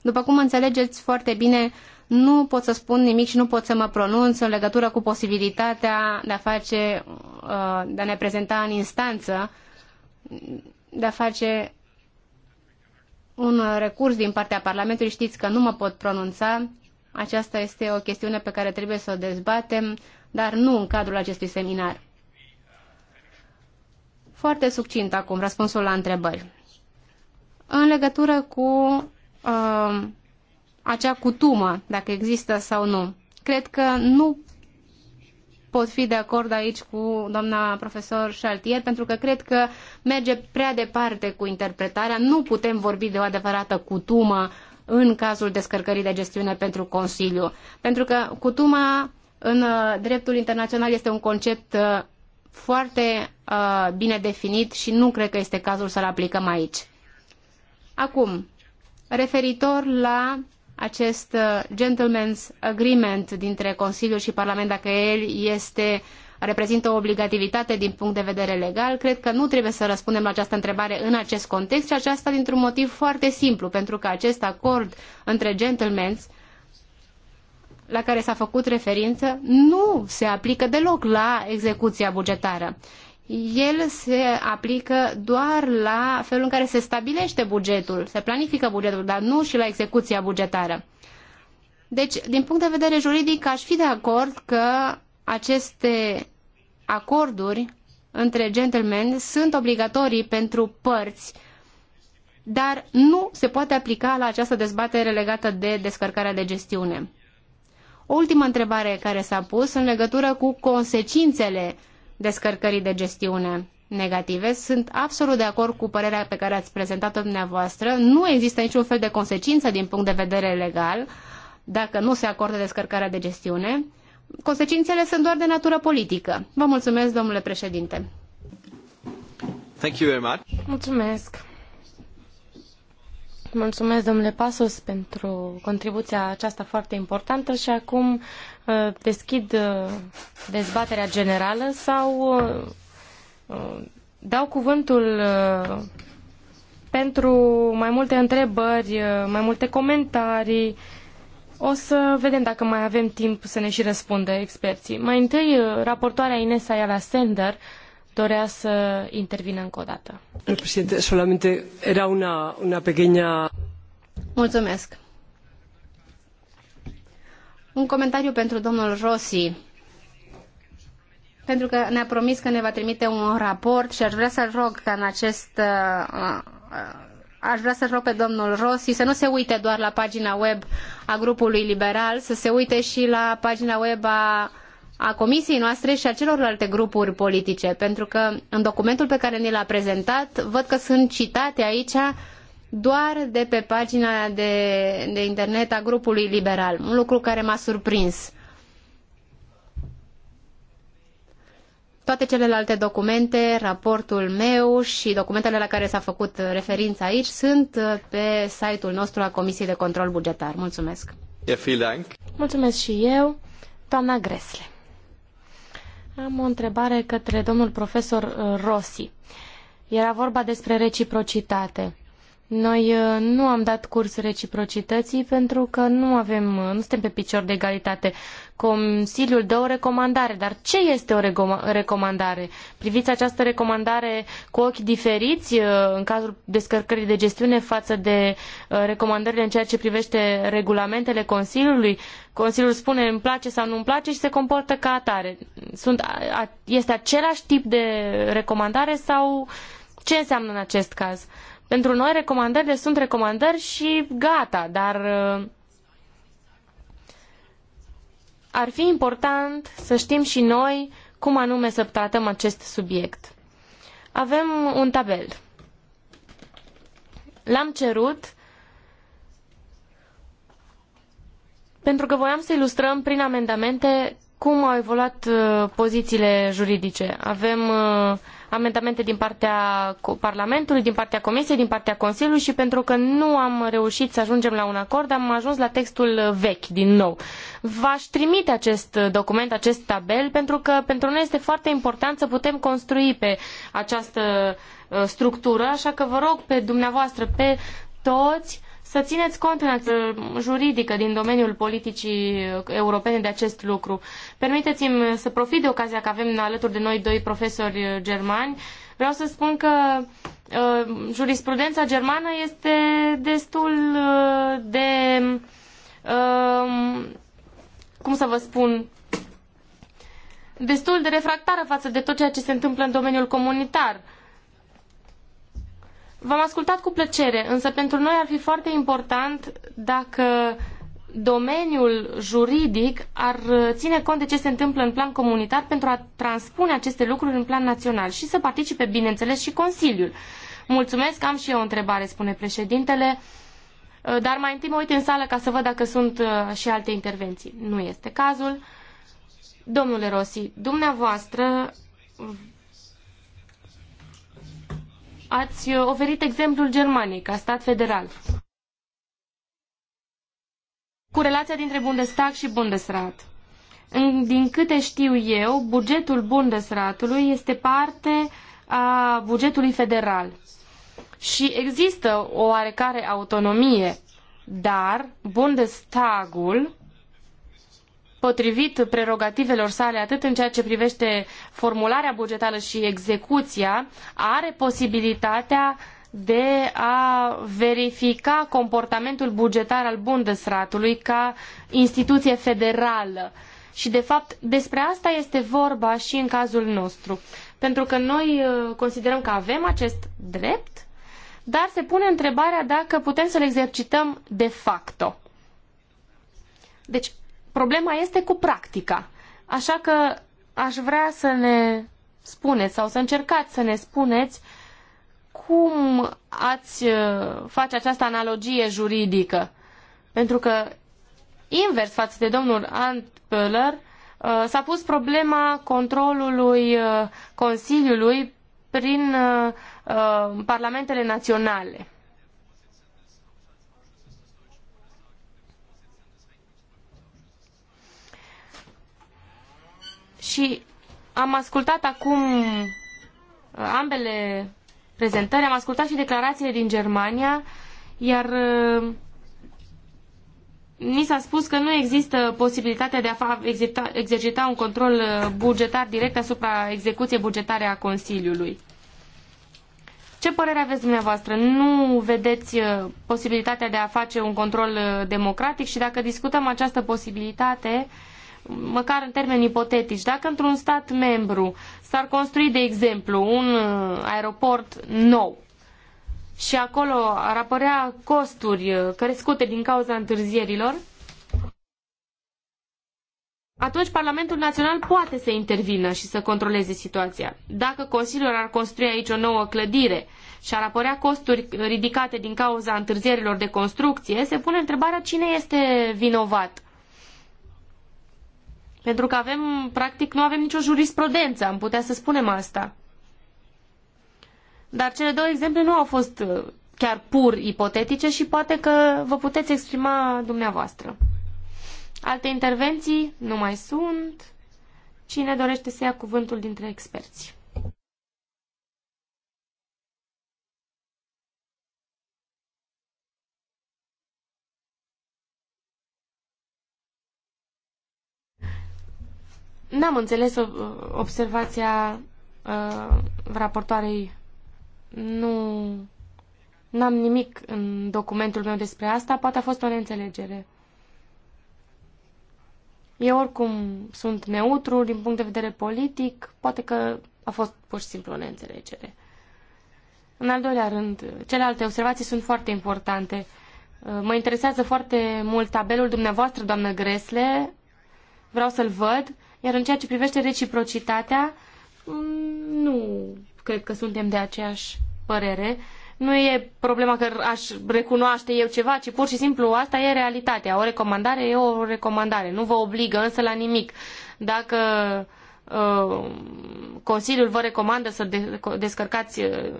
După cum înțelegeți foarte bine, nu pot să spun nimic și nu pot să mă pronunț în legătură cu posibilitatea de a face, uh, de a ne prezenta în instanță, de a face un recurs din partea Parlamentului. Știți că nu mă pot pronunța. Aceasta este o chestiune pe care trebuie să o dezbatem, dar nu în cadrul acestui seminar. Foarte succint acum răspunsul la întrebări. În legătură cu uh, acea cutumă, dacă există sau nu. Cred că nu pot fi de acord aici cu doamna profesor Chartier, pentru că cred că merge prea departe cu interpretarea. Nu putem vorbi de o adevărată cutumă în cazul descărcării de gestiune pentru Consiliu. Pentru că cutuma în uh, dreptul internațional este un concept uh, foarte uh, bine definit și nu cred că este cazul să-l aplicăm aici. Acum, referitor la acest uh, gentleman's agreement dintre Consiliu și Parlament, dacă el este reprezintă o obligativitate din punct de vedere legal, cred că nu trebuie să răspundem la această întrebare în acest context și aceasta dintr-un motiv foarte simplu, pentru că acest acord între gentlemen's la care s-a făcut referință nu se aplică deloc la execuția bugetară el se aplică doar la felul în care se stabilește bugetul, se planifică bugetul, dar nu și la execuția bugetară. Deci, din punct de vedere juridic, aș fi de acord că aceste acorduri între gentlemen sunt obligatorii pentru părți, dar nu se poate aplica la această dezbatere legată de descărcarea de gestiune. O ultimă întrebare care s-a pus în legătură cu consecințele descărcării de gestiune negative. Sunt absolut de acord cu părerea pe care ați prezentat-o dumneavoastră. Nu există niciun fel de consecință din punct de vedere legal dacă nu se acordă descărcarea de gestiune. Consecințele sunt doar de natură politică. Vă mulțumesc, domnule președinte. Thank you very much. Mulțumesc. Mulțumesc, domnule Pasos, pentru contribuția aceasta foarte importantă și acum Uh, deschid uh, dezbaterea generală sau uh, dau cuvântul pentru mai multe întrebări, mai multe comentarii. O să vedem dacă mai avem timp să ne și răspundă experții. Mai întâi, raportoarea Ines Ayala Sender dorea să intervină încă o dată. Președinte, solamente era una, una pequeña... Mulțumesc. Un comentariu pentru domnul Rossi, pentru că ne-a promis că ne va trimite un raport și aș vrea să-l rog ca în acest... Uh, uh, aș vrea să rog pe domnul Rossi să nu se uite doar la pagina web a grupului liberal, să se uite și la pagina web a a comisiei noastre și a celorlalte grupuri politice, pentru că în documentul pe care ni l-a prezentat, văd că sunt citate aici doar de pe pagina de, de internet a grupului liberal, un lucru care m-a surprins. Toate celelalte documente, raportul meu și documentele la care s-a făcut referință aici sunt uh, pe site-ul nostru al Comisiei de Control Bugetar. Mulțumesc! Mulțumesc și eu, doamna Gresle. Am o întrebare către domnul profesor uh, Rossi. Era vorba despre reciprocitate. Noi uh, nu am dat curs reciprocității pentru că nu avem, uh, nu suntem pe picior de egalitate. Consiliul dă o recomandare, dar ce este o recomandare? Priviți această recomandare cu ochi diferiți uh, în cazul descărcării de gestiune față de recomandările în ceea ce privește regulamentele Consiliului? Consiliul spune îmi place sau nu îmi place și se comportă ca atare. Sunt, este același tip de recomandare sau ce înseamnă în acest caz? Pentru noi recomandările sunt recomandări și gata, dar uh, ar fi important să știm și noi cum anume să tratăm acest subiect. Avem un tabel. L-am cerut pentru că voiam să ilustrăm prin amendamente cum au evoluat uh, pozițiile juridice. Avem uh, amendamente din partea Parlamentului, din partea Comisiei, din partea Consiliului și pentru că nu am reușit să ajungem la un acord, am ajuns la textul vechi din nou. V-aș trimite acest document, acest tabel, pentru că pentru noi este foarte important să putem construi pe această uh, structură, așa că vă rog pe dumneavoastră, pe toți, să țineți cont în acțiune juridică din domeniul politicii europene de acest lucru. Permiteți-mi să profit de ocazia că avem alături de noi doi profesori germani. Vreau să spun că uh, jurisprudența germană este destul uh, de, uh, cum să vă spun, destul de refractară față de tot ceea ce se întâmplă în domeniul comunitar. Uh, V-am ascultat cu plăcere, însă pentru noi ar fi foarte important dacă domeniul juridic ar ține cont de ce se întâmplă în plan comunitar pentru a transpune aceste lucruri în plan național și să participe, bineînțeles, și Consiliul. Mulțumesc, am și eu o întrebare, spune președintele, dar mai întâi mă uit în sală ca să văd dacă sunt uh, și alte intervenții. Nu este cazul. Domnule Rossi, dumneavoastră Ați uh, oferit exemplul Germaniei ca stat federal cu relația dintre Bundestag și Bundesrat. Din câte știu eu, bugetul Bundesratului este parte a bugetului federal. Și există o oarecare autonomie, dar Bundestagul potrivit prerogativelor sale, atât în ceea ce privește formularea bugetară și execuția, are posibilitatea de a verifica comportamentul bugetar al Bundesratului ca instituție federală. Și, de fapt, despre asta este vorba și în cazul nostru. Pentru că noi uh, considerăm că avem acest drept, dar se pune întrebarea dacă putem să-l exercităm de facto. Deci, Problema este cu practica. Așa că aș vrea să ne spuneți sau să încercați să ne spuneți cum ați uh, face această analogie juridică. Pentru că invers față de domnul Antpöller, uh, s-a pus problema controlului uh, Consiliului prin parlamentele naționale. Și am ascultat acum uh, ambele prezentări, am ascultat și declarațiile din Germania, iar uh, ni s-a spus că nu există posibilitatea de a fa, exercita, exercita un control uh, bugetar direct asupra execuției bugetare a Consiliului. Ce părere aveți dumneavoastră? Nu vedeți posibilitatea de a face un control democratic și dacă discutăm această posibilitate, uh, măcar în termeni ipotetici, dacă într-un stat membru s-ar construi, de exemplu, un uh, aeroport nou și acolo ar apărea costuri uh, crescute din cauza întârzierilor, atunci Parlamentul Național poate să intervină și să controleze situația. Dacă Consiliul ar construi aici o nouă clădire și ar apărea costuri ridicate din cauza întârzierilor de construcție, se pune întrebarea cine este vinovat. Pentru că avem, practic, nu avem nicio jurisprudență, am putea să spunem asta. Dar cele două exemple nu au fost uh, chiar pur ipotetice și poate că vă puteți exprima dumneavoastră. Alte intervenții nu mai sunt. Cine dorește să ia cuvântul dintre experți? N-am înțeles observația uh, raportoarei. Nu... N-am nimic în documentul meu despre asta. Poate a fost o neînțelegere. Eu oricum sunt neutru din punct de vedere politic. Poate că a fost pur și simplu o neînțelegere. În al doilea rând, celelalte observații sunt foarte importante. Ă, mă interesează foarte mult tabelul dumneavoastră, doamnă Gresle. Vreau să-l văd. Iar în ceea ce privește reciprocitatea, mm, nu cred că suntem de aceeași părere. Nu e problema că aș recunoaște eu ceva, ci pur și simplu asta e realitatea. O recomandare e o recomandare. Nu vă obligă însă la nimic. Dacă uh, Consiliul vă recomandă să descărcați uh,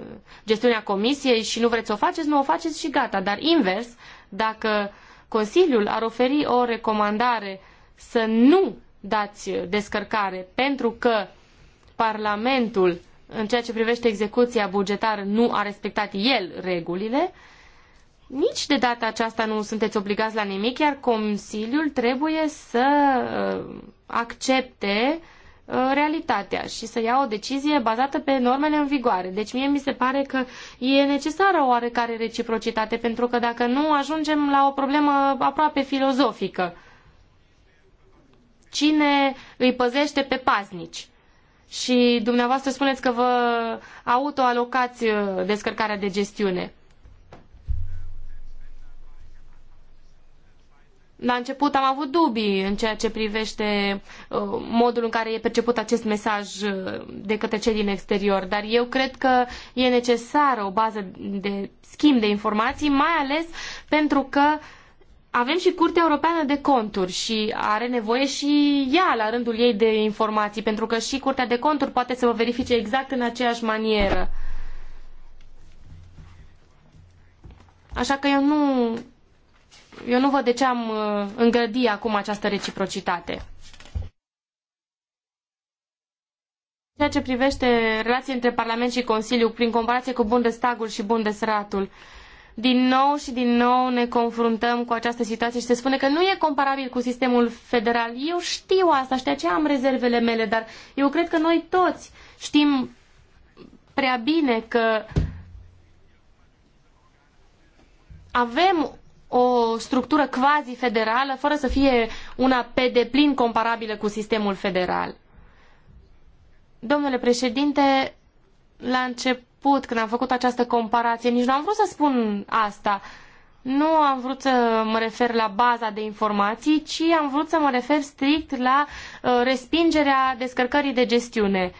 gestiunea comisiei și nu vreți să o faceți, nu o faceți și gata. Dar invers, dacă Consiliul ar oferi o recomandare să nu dați descărcare pentru că Parlamentul, în ceea ce privește execuția bugetară, nu a respectat el regulile, nici de data aceasta nu sunteți obligați la nimic, iar Consiliul trebuie să uh, accepte uh, realitatea și să ia o decizie bazată pe normele în vigoare. Deci mie mi se pare că e necesară o oarecare reciprocitate, pentru că dacă nu ajungem la o problemă aproape filozofică cine îi păzește pe paznici. Și dumneavoastră spuneți că vă autoalocați uh, descărcarea de gestiune. La început am avut dubii în ceea ce privește uh, modul în care e perceput acest mesaj uh, de către cei din exterior, dar eu cred că e necesară o bază de schimb de informații, mai ales pentru că uh, avem și Curtea Europeană de Conturi și are nevoie și ea la rândul ei de informații, pentru că și Curtea de Conturi poate să vă verifice exact în aceeași manieră. Așa că eu nu, eu nu văd de ce am uh, îngrădi acum această reciprocitate. Ceea ce privește relații între Parlament și Consiliu, prin comparație cu Bundestagul și Bundesratul, din nou și din nou ne confruntăm cu această situație și se spune că nu e comparabil cu sistemul federal. Eu știu asta și de aceea am rezervele mele, dar eu cred că noi toți știm prea bine că avem o structură quasi-federală fără să fie una pe deplin comparabilă cu sistemul federal. Domnule președinte, la început început, când am făcut această comparație, nici nu am vrut să spun asta. Nu am vrut să mă refer la baza de informații, ci am vrut să mă refer strict la uh, respingerea descărcării de gestiune.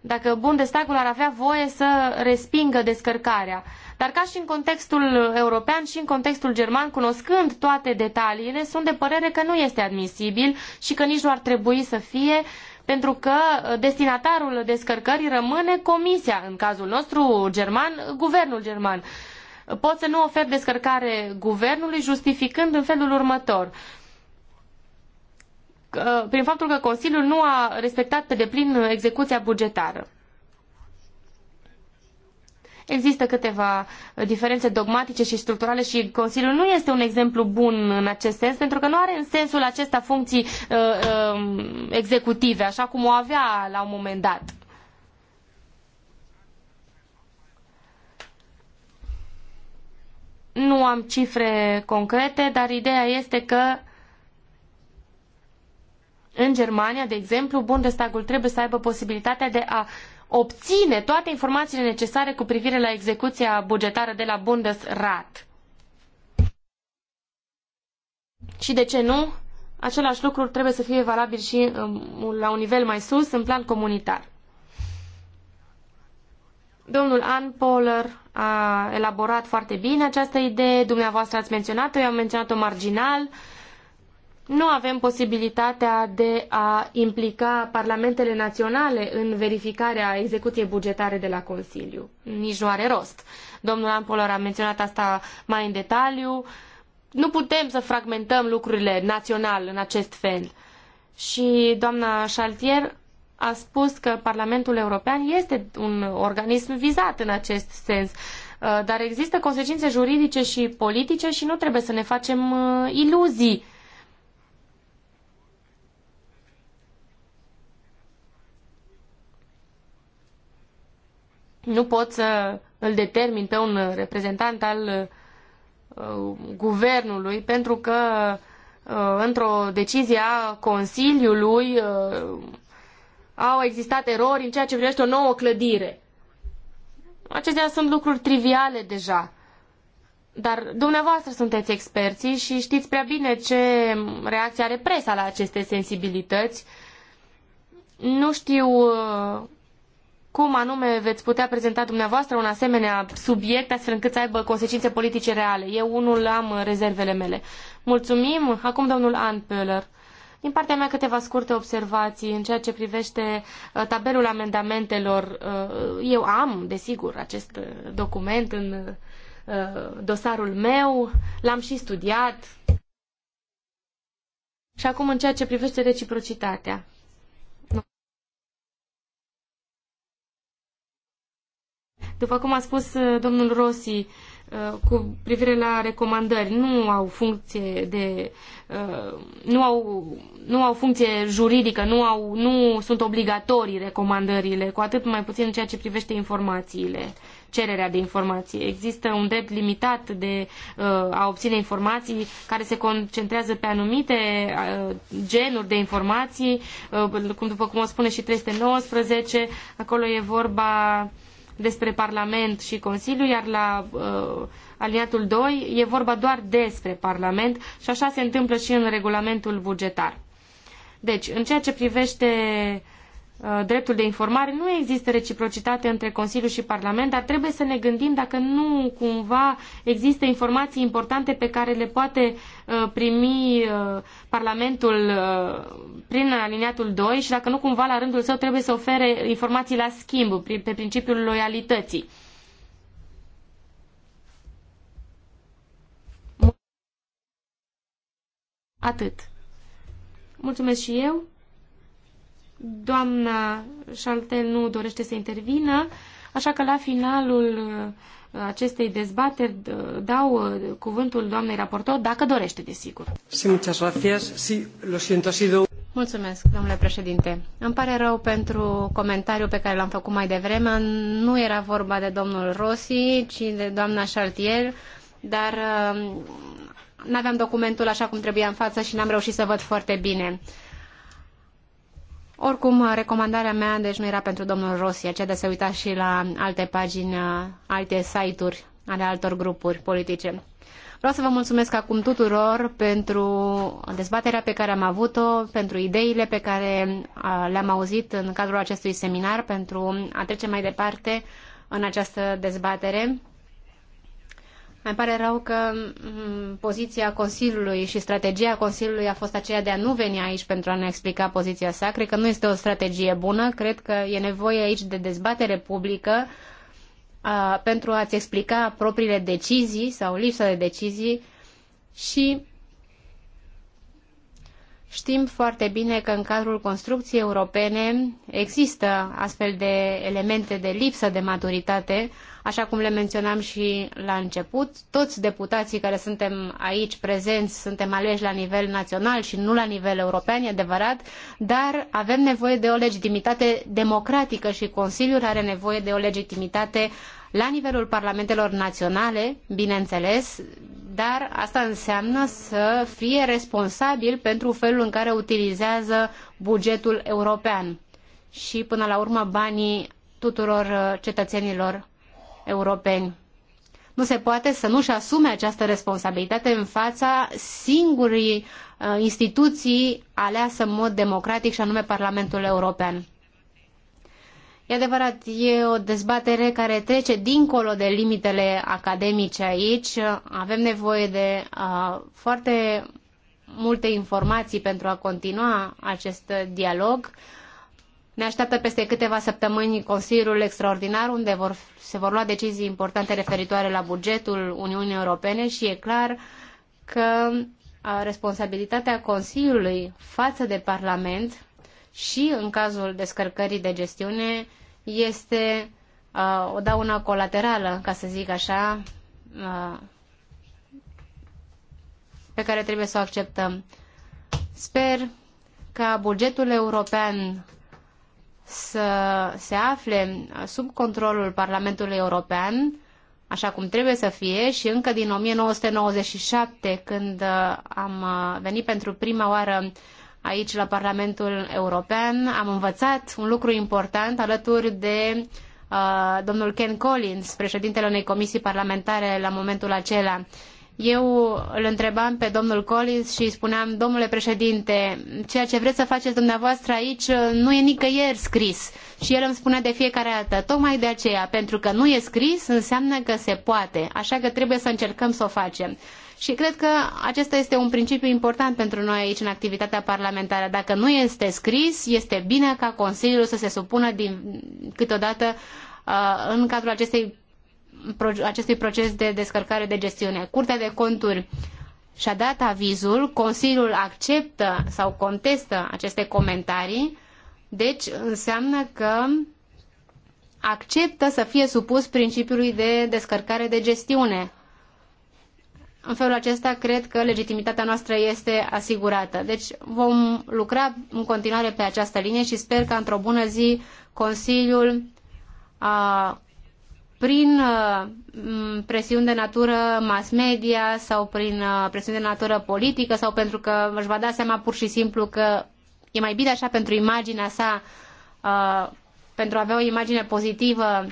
Dacă Bundestagul ar avea voie să respingă descărcarea. Dar ca și în contextul european și în contextul german, cunoscând toate detaliile, sunt de părere că nu este admisibil și că nici nu ar trebui să fie pentru că uh, destinatarul descărcării rămâne comisia, în cazul nostru german, uh, guvernul german. Pot să nu ofer descărcare guvernului justificând în felul următor prin faptul că Consiliul nu a respectat pe deplin execuția bugetară. Există câteva uh, diferențe dogmatice și structurale și Consiliul nu este un exemplu bun în acest sens, pentru că nu are în sensul acesta funcții uh, uh, executive, așa cum o avea la un moment dat. Nu am cifre concrete, dar ideea este că în Germania, de exemplu, Bundestagul trebuie să aibă posibilitatea de a obține toate informațiile necesare cu privire la execuția bugetară de la Bundesrat. Și de ce nu? Același lucru trebuie să fie valabil și um, la un nivel mai sus, în plan comunitar. Domnul Ann Poller a elaborat foarte bine această idee, dumneavoastră ați menționat-o, eu am menționat-o marginal, uh, nu avem posibilitatea de a implica parlamentele naționale în verificarea execuției bugetare de la Consiliu. Nici nu are rost. Domnul Ampolor a menționat asta mai în detaliu. Nu putem să fragmentăm lucrurile național în acest fel. Și doamna Chaltier a spus că Parlamentul European este un organism vizat în acest sens uh, dar există consecințe juridice și politice și nu trebuie să ne facem uh, iluzii. nu pot să îl determin pe un reprezentant al uh, guvernului pentru că uh, într-o decizie a Consiliului uh, au existat erori în ceea ce privește o nouă clădire. Acestea sunt lucruri triviale deja. Dar dumneavoastră sunteți experții și știți prea bine ce reacție are presa la aceste sensibilități. Nu știu cum anume veți putea prezenta dumneavoastră un asemenea subiect astfel încât să aibă consecințe politice reale. Eu unul am rezervele mele. Mulțumim. Acum domnul Anpeller. Din partea mea câteva scurte observații în ceea ce privește uh, tabelul amendamentelor. Uh, eu am, desigur, acest uh, document în dosarul meu, l-am și studiat. Și acum în ceea ce privește reciprocitatea. După cum a spus uh, domnul Rossi, uh, cu privire la recomandări nu au funcție de uh, nu au, nu au funcție juridică, nu, au, nu sunt obligatorii recomandările, cu atât mai puțin în ceea ce privește informațiile cererea de informații. Există un drept limitat de uh, a obține informații care se concentrează pe anumite uh, genuri de informații, uh, cum după cum o spune și 319, acolo e vorba uh, despre Parlament și Consiliu, iar la uh, aliniatul 2 e vorba doar despre Parlament și așa se întâmplă și în regulamentul bugetar. Deci, în ceea ce privește Uh, dreptul de informare, nu există reciprocitate între Consiliu și Parlament, dar trebuie să ne gândim dacă nu cumva există informații importante pe care le poate uh, primi uh, Parlamentul prin aliniatul 2 și dacă nu cumva la rândul său trebuie să ofere informații la schimb pe principiul loialității. Atât. Mulțumesc și eu. Doamna Chaltel nu dorește să intervină, așa că la finalul uh, acestei dezbateri dau uh, cuvântul doamnei raportor, dacă dorește, desigur. Sí, muchas gracias. Sí, lo siento, ha sido... Mulțumesc, domnule președinte. Îmi pare rău pentru comentariul pe care l-am făcut mai devreme. Nu era vorba de domnul Rossi, ci de doamna Chartier, dar uh, nu aveam documentul așa cum trebuia în față și n-am reușit să văd foarte bine. Oricum, recomandarea mea, deci nu era pentru domnul Rossi, aceea de să se uita și la alte pagini, alte site-uri ale altor grupuri politice. Vreau să vă mulțumesc acum tuturor pentru dezbaterea pe care am avut-o, pentru ideile pe care le-am auzit în cadrul acestui seminar, pentru a trece mai departe în această dezbatere. Mai pare rău că mm, poziția Consiliului și strategia Consiliului a fost aceea de a nu veni aici pentru a ne explica poziția sa. Cred că nu este o strategie bună. Cred că e nevoie aici de dezbatere publică a, pentru a-ți explica propriile decizii sau lipsa de decizii și Știm foarte bine că în cadrul construcției europene există astfel de elemente de lipsă de maturitate Așa cum le menționam și la început, toți deputații care suntem aici prezenți suntem aleși la nivel național și nu la nivel european, e adevărat, dar avem nevoie de o legitimitate democratică și Consiliul are nevoie de o legitimitate la nivelul parlamentelor naționale, bineînțeles, dar asta înseamnă să fie responsabil pentru felul în care utilizează bugetul european și, până la urmă, banii tuturor uh, cetățenilor europeni. Nu se poate să nu-și asume această responsabilitate în fața singurii uh, instituții aleasă în mod democratic și anume Parlamentul European. E adevărat, e o dezbatere care trece dincolo de limitele academice aici. Avem nevoie de uh, foarte multe informații pentru a continua acest dialog. Uh, ne așteaptă peste câteva săptămâni Consiliul Extraordinar, unde vor, se vor lua decizii importante referitoare la bugetul Uniunii Europene și e clar că responsabilitatea Consiliului față de Parlament și în cazul descărcării de gestiune este uh, o daună colaterală, ca să zic așa, uh, pe care trebuie să o acceptăm. Sper ca bugetul european să se afle sub controlul Parlamentului European, așa cum trebuie să fie, și încă din 1997, când uh, am uh, venit pentru prima oară aici la Parlamentul European, am învățat un lucru important alături de uh, domnul Ken Collins, președintele unei comisii parlamentare la momentul acela. Eu îl întrebam pe domnul Collins și îi spuneam, domnule președinte, ceea ce vreți să faceți dumneavoastră aici nu e nicăieri scris. Și el îmi spunea de fiecare dată, tocmai de aceea, pentru că nu e scris, înseamnă că se poate, așa că trebuie să încercăm să o facem. Și cred că acesta este un principiu important pentru noi aici în activitatea parlamentară. Dacă nu este scris, este bine ca Consiliul să se supună din, câteodată uh, în cadrul acestei acestui proces de descărcare de gestiune. Curtea de conturi și-a dat avizul, Consiliul acceptă sau contestă aceste comentarii, deci înseamnă că acceptă să fie supus principiului de descărcare de gestiune. În felul acesta, cred că legitimitatea noastră este asigurată. Deci vom lucra în continuare pe această linie și sper că într-o bună zi Consiliul a, prin uh, presiuni de natură mass media sau prin uh, presiuni de natură politică sau pentru că își va da seama pur și simplu că e mai bine așa pentru imaginea sa, uh, pentru a avea o imagine pozitivă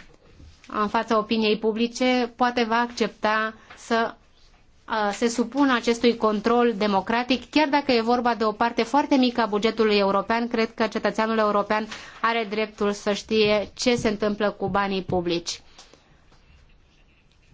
în fața opiniei publice, poate va accepta să se supună acestui control democratic, chiar dacă e vorba de o parte foarte mică a bugetului european, cred că cetățeanul european are dreptul să știe ce se întâmplă cu banii publici.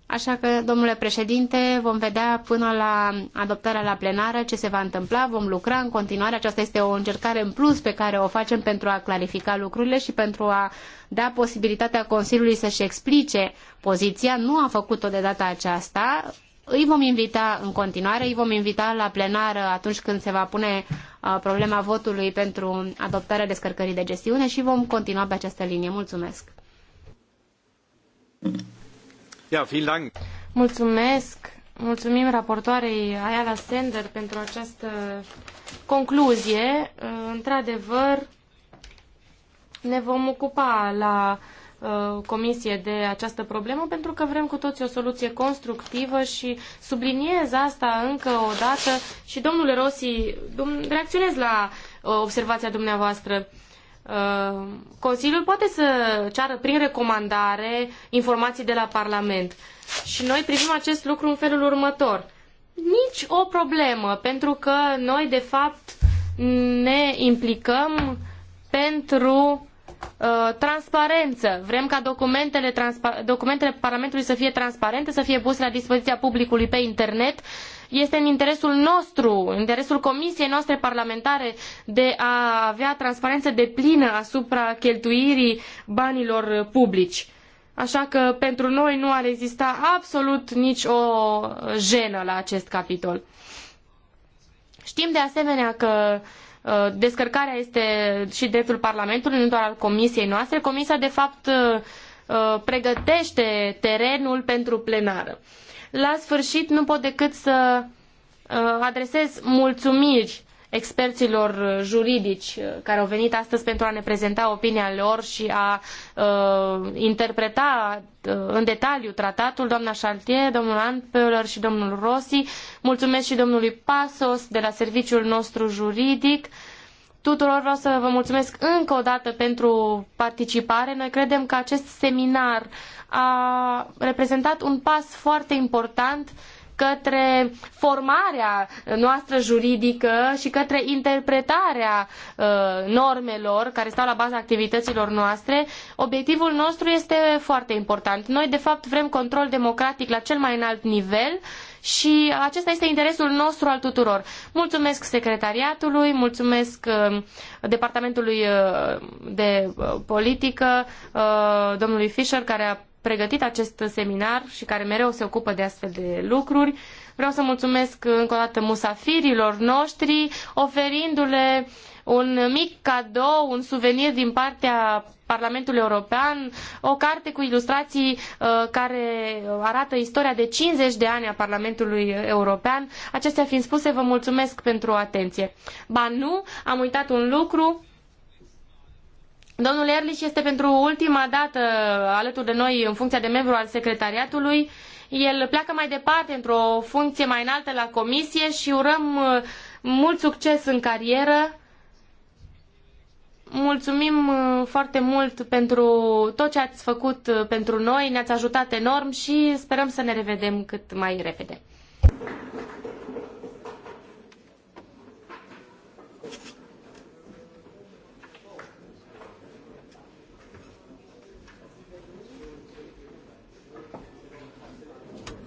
Așa că, domnule președinte, vom vedea până la adoptarea la plenară ce se va întâmpla, vom lucra în continuare. Aceasta este o încercare în plus pe care o facem pentru a clarifica lucrurile și pentru a da posibilitatea Consiliului să-și explice poziția. Nu a făcut-o de data aceasta. Îi vom invita în continuare, îi vom invita la plenară atunci când se va pune uh, problema votului pentru adoptarea descărcării de gestiune și vom continua pe această linie. Mulțumesc! Mulțumesc. Mulțumim raportoarei Ayala Sender pentru această concluzie. Uh, într-adevăr, ne vom ocupa la uh, comisie de această problemă pentru că vrem cu toții o soluție constructivă și subliniez asta încă o dată și domnule Rossi, reacționez la uh, observația dumneavoastră. Uh, Consiliul poate să ceară prin recomandare informații de la Parlament. Și noi privim acest lucru în felul următor. Nici o problemă, pentru că noi, de fapt, ne implicăm pentru uh, transparență. Vrem ca documentele, documentele Parlamentului să fie transparente, să fie puse la dispoziția publicului pe internet uh, este în interesul nostru, în interesul comisiei noastre parlamentare de a avea transparență deplină asupra cheltuirii banilor publici. Așa că pentru noi nu ar exista absolut nici o jenă la acest capitol. Știm de asemenea că uh, descărcarea este și dreptul Parlamentului, nu doar al comisiei noastre. Comisia, de fapt, uh, uh, pregătește terenul pentru plenară. La sfârșit, nu pot decât să uh, adresez mulțumiri experților juridici uh, care au venit astăzi pentru a ne prezenta opinia lor și a uh, interpreta uh, în detaliu tratatul, doamna Chartier, domnul Antpeuler și domnul Rossi. Mulțumesc și domnului Pasos de la serviciul nostru juridic. Tuturor vreau să vă mulțumesc încă o dată pentru participare. Noi credem că acest seminar a reprezentat un pas foarte important către formarea noastră juridică și către interpretarea uh, normelor care stau la baza activităților noastre, obiectivul nostru este foarte important. Noi, de fapt, vrem control democratic la cel mai înalt nivel și acesta este interesul nostru al tuturor. Mulțumesc secretariatului, mulțumesc uh, departamentului uh, de uh, politică, uh, domnului Fischer, care a pregătit acest seminar și care mereu se ocupă de astfel de lucruri. Vreau să mulțumesc încă o dată musafirilor noștri, oferindu-le un mic cadou, un suvenir din partea Parlamentului European, o carte cu ilustrații uh, care arată istoria de 50 de ani a Parlamentului European. Acestea fiind spuse, vă mulțumesc pentru atenție. Ba nu, am uitat un lucru, Domnul Erlich este pentru ultima dată alături de noi în funcția de membru al secretariatului. El pleacă mai departe într-o funcție mai înaltă la comisie și urăm uh, mult succes în carieră. Mulțumim uh, foarte mult pentru tot ce ați făcut uh, pentru noi, ne-ați ajutat enorm și sperăm să ne revedem cât mai repede.